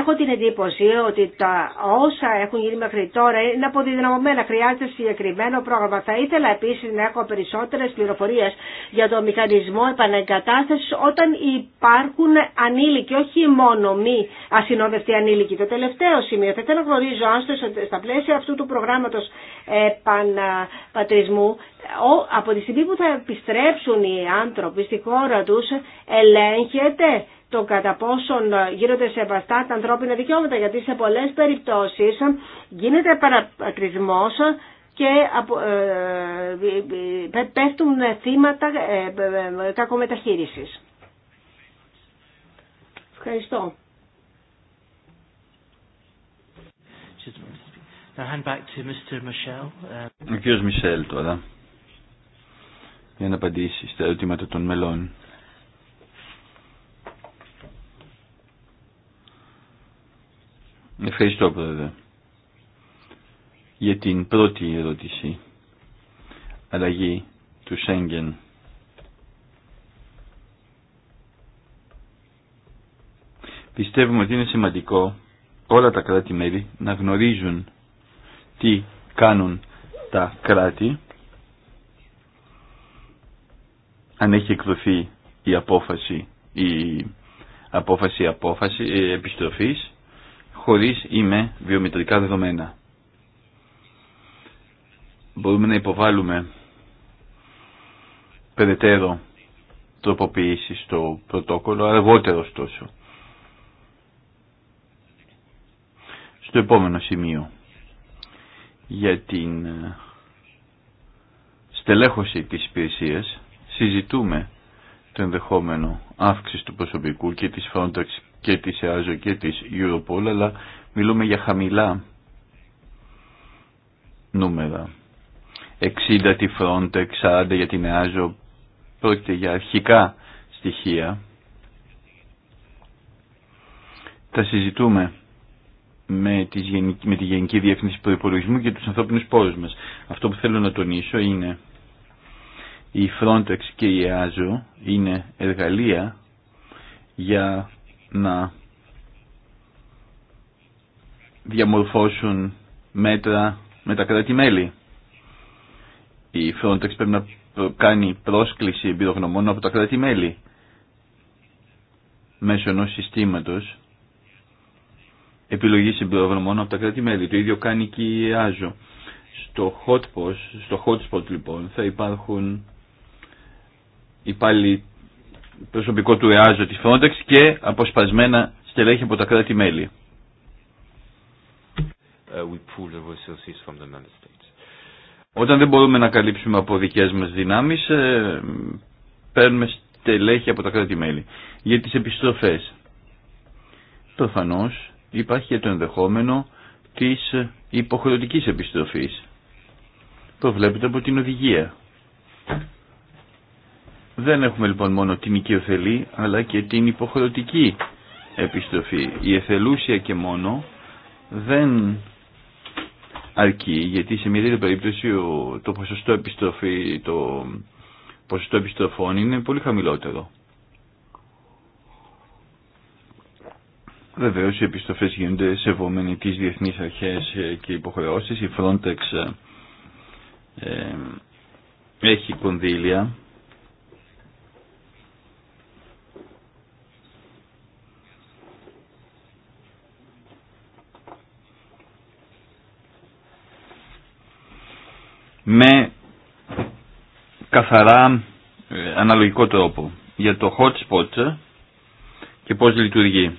Έχω την εντύπωση ότι τα όσα έχουν γίνει μέχρι τώρα είναι αποδυναμωμένα. Χρειάζεται συγκεκριμένο πρόγραμμα. Θα ήθελα επίση να έχω περισσότερε πληροφορίε για το μηχανισμό επανεγκατάσταση όταν υπάρχουν ανήλικοι, όχι μόνο μη ασυνόδευτοι ανήλικοι. Το τελευταίο σημείο θα ήθελα να γνωρίζω αν στα πλαίσια αυτού του προγράμματο επαναπατρισμού από τη στιγμή που θα επιστρέψουν οι άνθρωποι στη χώρα του ελέγχεται το κατά πόσον γίνονται σεβαστά τα ανθρώπινα δικαιώματα, γιατί σε πολλές περιπτώσεις γίνεται παρακρισμός και ε, ε, ε, πέφτουν θύματα κακομεταχείρισης. Ευχαριστώ. Uh, Ο κ. Μισελ τώρα για να απαντήσει στα ερωτήματα των μελών. Ευχαριστώ πρόεδρε για την πρώτη ερώτηση. Αλλαγή του Σέγγεν. Πιστεύουμε ότι είναι σημαντικό όλα τα κράτη-μέλη να γνωρίζουν τι κάνουν τα κράτη αν έχει εκδοθεί η απόφαση η απόφαση απόφαση ε, επιστροφής χωρίς ή με βιομητρικά δεδομένα. Μπορούμε να υποβάλουμε περαιτέρω τροποποίηση στο πρωτόκολλο, αργότερο ωστόσο. Στο επόμενο σημείο για την ε, στελέχωση της υπηρεσία συζητούμε το ενδεχόμενο αύξηση του προσωπικού και της φρόνταξης και της ΕΑΖΟ και της Europol, αλλά μιλούμε για χαμηλά νούμερα. 60 τη Frontex, 40 για την ΕΑΖΟ, πρόκειται για αρχικά στοιχεία. Θα συζητούμε με, τη Γενική, με τη Γενική Διεύθυνση Προϋπολογισμού και τους ανθρώπινους πόρους μας. Αυτό που θέλω να τονίσω είναι η Frontex και η ΕΑΖΟ είναι εργαλεία για να διαμορφώσουν μέτρα με τα κράτη-μέλη. Η Frontex πρέπει να κάνει πρόσκληση εμπειρογνωμών από τα κράτη-μέλη μέσω ενός συστήματος επιλογής εμπειρογνωμών από τα κράτη-μέλη. Το ίδιο κάνει και η Άζο Στο hotspot, στο hotspot λοιπόν θα υπάρχουν υπάλληλοι προσωπικό του ΕΑΖΟ τη Frontex και αποσπασμένα στελέχη από τα κράτη-μέλη. Uh, Όταν δεν μπορούμε να καλύψουμε από δικές μας δυνάμεις, ε, παίρνουμε στελέχη από τα κράτη-μέλη. Για τις επιστροφές, Προφανώ υπάρχει και το ενδεχόμενο της υποχρεωτικής επιστροφής. Προβλέπεται από την οδηγία. Δεν έχουμε λοιπόν μόνο την οικειοθελή αλλά και την υποχρεωτική επιστροφή. Η εθελούσια και μόνο δεν αρκεί γιατί σε μια περίπτωση το ποσοστό επιστροφή, το ποσοστό επιστροφών είναι πολύ χαμηλότερο. Βεβαίω οι επιστροφέ γίνονται σεβόμενοι τι διεθνεί αρχέ ε, και υποχρεώσει. Η Frontex ε, ε, έχει κονδύλια με καθαρά ε, αναλογικό τρόπο για το hot spot και πώς λειτουργεί.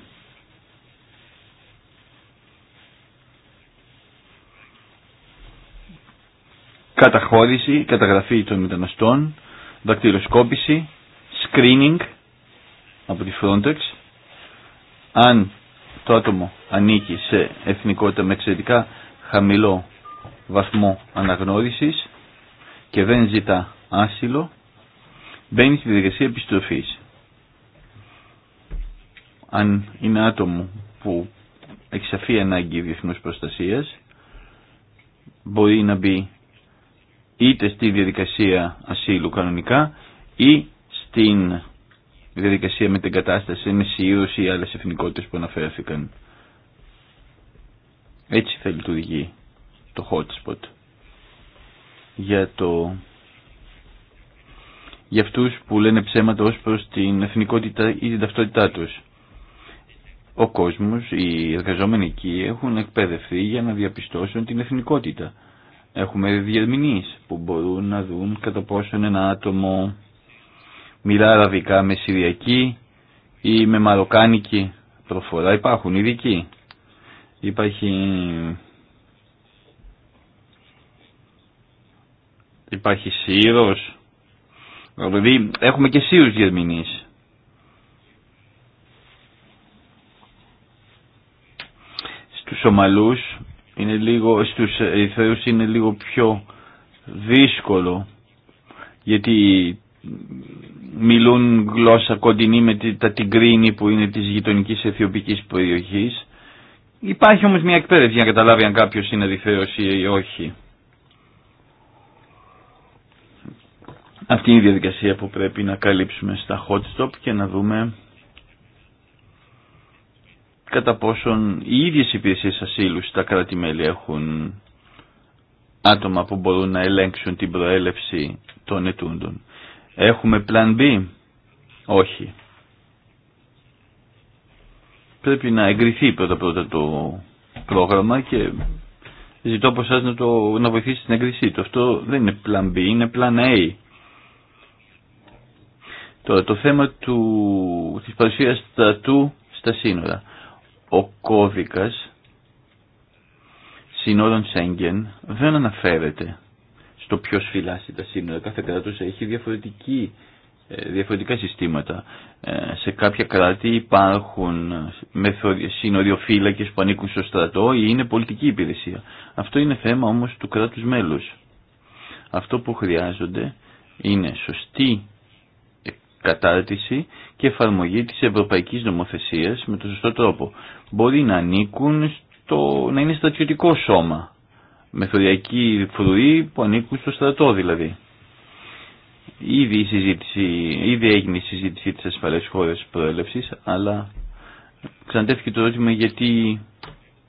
Καταχώρηση, καταγραφή των μεταναστών, δακτυλοσκόπηση, screening από τη Frontex, αν το άτομο ανήκει σε εθνικότητα με εξαιρετικά χαμηλό βαθμό αναγνώρισης και δεν ζητά άσυλο, μπαίνει στη διαδικασία επιστροφής. Αν είναι άτομο που έχει σαφή ανάγκη διεθνούς προστασίας, μπορεί να μπει είτε στη διαδικασία ασύλου κανονικά ή στην διαδικασία με την κατάσταση, με ή άλλες εθνικότητες που αναφέρθηκαν. Έτσι θα λειτουργεί το hotspot. Για το... Για αυτούς που λένε ψέματα ως προς την εθνικότητα ή την ταυτότητά τους. Ο κόσμος, οι εργαζόμενοι εκεί έχουν εκπαιδευτεί για να διαπιστώσουν την εθνικότητα. Έχουμε διερμηνείς που μπορούν να δουν κατά πόσον ένα άτομο μιλά αραβικά με συριακή ή με μαροκάνικη προφορά. Υπάρχουν ειδικοί. Υπάρχει Υπάρχει σύρος. Δηλαδή έχουμε και σύρους διερμηνείς. Στους ομαλούς είναι λίγο, στους είναι λίγο πιο δύσκολο γιατί μιλούν γλώσσα κοντινή με τα τυγκρίνη που είναι της γειτονικής αιθιοπικής περιοχής. Υπάρχει όμως μια εκπαίδευση για να καταλάβει αν κάποιος είναι ερυθρέος ή όχι. Αυτή είναι η διαδικασία που πρέπει να καλύψουμε στα hot stop και να δούμε κατά πόσον οι ίδιες υπηρεσίες ασύλου στα κράτη-μέλη έχουν άτομα που μπορούν να ελέγξουν την προέλευση των ετούντων. Έχουμε plan B? Όχι. Πρέπει να εγκριθεί πρώτα πρώτα το πρόγραμμα και ζητώ από εσάς να, να βοηθήσει την εγκρισή του. Αυτό δεν είναι plan B, είναι plan A. Τώρα το θέμα του, της παρουσίας στρατού στα σύνορα. Ο κώδικας σύνορων Σέγγεν δεν αναφέρεται στο ποιο φυλάσσει τα σύνορα. Κάθε κράτος έχει διαφορετική, ε, διαφορετικά συστήματα. Ε, σε κάποια κράτη υπάρχουν σύνοριοφύλακες που ανήκουν στο στρατό ή είναι πολιτική υπηρεσία. Αυτό είναι θέμα όμως του κράτους μέλου Αυτό που χρειάζονται είναι σωστή κατάρτιση και εφαρμογή της ευρωπαϊκής νομοθεσίας με τον σωστό τρόπο. Μπορεί να ανήκουν στο, να είναι στρατιωτικό σώμα, με θωριακή φρουή που ανήκουν στο στρατό δηλαδή. Ήδη, η συζήτηση, ήδη έγινε η συζήτηση της ασφαλές χώρες προέλευσης, αλλά ξαντεύχει το ερώτημα γιατί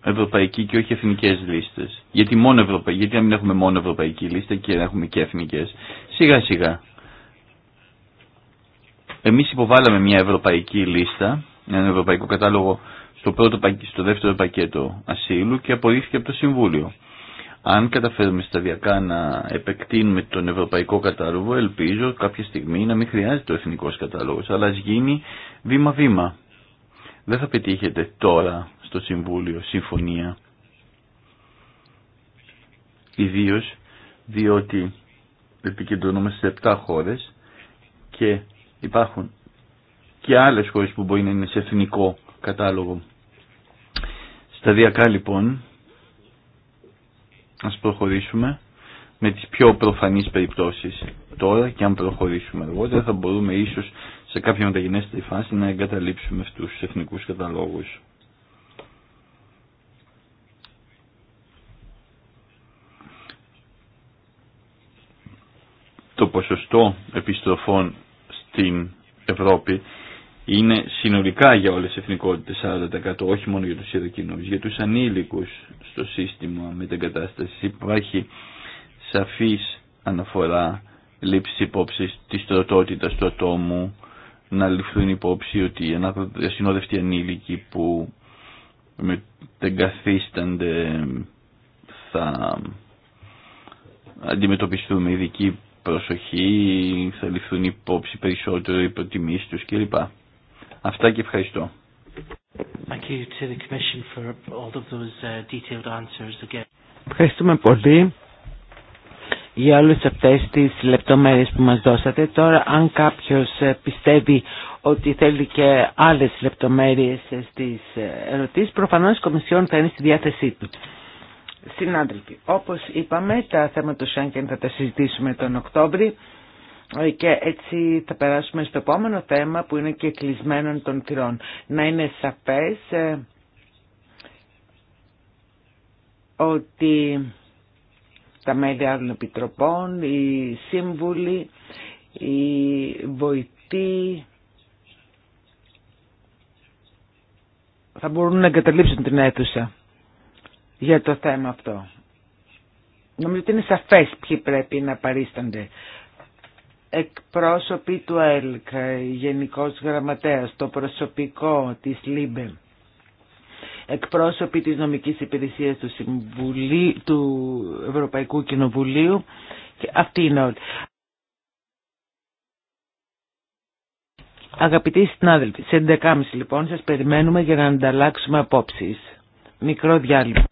ευρωπαϊκή και όχι εθνικέ λίστε. Γιατί, μόνο γιατί να μην έχουμε μόνο ευρωπαϊκή λίστα και να έχουμε και εθνικέ. Σιγά σιγά εμείς υποβάλαμε μια ευρωπαϊκή λίστα, έναν ευρωπαϊκό κατάλογο στο, πρώτο, στο δεύτερο πακέτο ασύλου και απορρίφθηκε από το Συμβούλιο. Αν καταφέρουμε σταδιακά να επεκτείνουμε τον ευρωπαϊκό κατάλογο, ελπίζω κάποια στιγμή να μην χρειάζεται ο εθνικός κατάλογος, αλλά ας γίνει βήμα-βήμα. Δεν θα πετύχετε τώρα στο Συμβούλιο συμφωνία. Ιδίω διότι επικεντρωνόμαστε σε 7 χώρες και Υπάρχουν και άλλες χώρες που μπορεί να είναι σε εθνικό κατάλογο. Σταδιακά λοιπόν, ας προχωρήσουμε με τις πιο προφανείς περιπτώσεις τώρα και αν προχωρήσουμε αργότερα θα μπορούμε ίσως σε κάποια μεταγενέστερη φάση να εγκαταλείψουμε αυτούς τους εθνικούς καταλόγους. Το ποσοστό επιστροφών στην Ευρώπη είναι συνολικά για όλες τις εθνικότητες 40% όχι μόνο για τους ιεροκοινούς, για τους ανήλικους στο σύστημα με την κατάσταση υπάρχει σαφής αναφορά λήψη υπόψη της τροτότητας του ατόμου να ληφθούν υπόψη ότι οι ασυνόδευτοι ανήλικοι που μετεγκαθίστανται θα αντιμετωπιστούν με ειδική προσοχή, θα ληφθούν υπόψη περισσότερο οι προτιμήσει του κλπ. Αυτά και ευχαριστώ. Uh, Ευχαριστούμε πολύ για όλες αυτές τις λεπτομέρειες που μας δώσατε. Τώρα αν κάποιος ε, πιστεύει ότι θέλει και άλλες λεπτομέρειες ε, στις ε, ερωτήσεις, προφανώς η Κομισιόν θα είναι στη διάθεσή του. Συνάδελφοι, όπως είπαμε, τα θέματα του Σέγγεν θα τα συζητήσουμε τον Οκτώβρη και έτσι θα περάσουμε στο επόμενο θέμα που είναι και κλεισμένων των κυρών. Να είναι σαφές ε, ότι τα μέλη άλλων επιτροπών, οι σύμβουλοι, οι βοηθοί θα μπορούν να εγκαταλείψουν την αίθουσα για το θέμα αυτό. Νομίζω ότι είναι σαφές ποιοι πρέπει να παρίστανται. Εκπρόσωποι του ΕΛΚ, Γενικός Γραμματέας, το προσωπικό της ΛΥΜΠΕ, εκπρόσωποι της νομικής υπηρεσίας του, Συμβουλίου, του Ευρωπαϊκού Κοινοβουλίου και αυτοί είναι όλοι. Αγαπητοί συνάδελφοι, σε 11.30 λοιπόν σας περιμένουμε για να ανταλλάξουμε απόψεις. Μικρό διάλειμμα.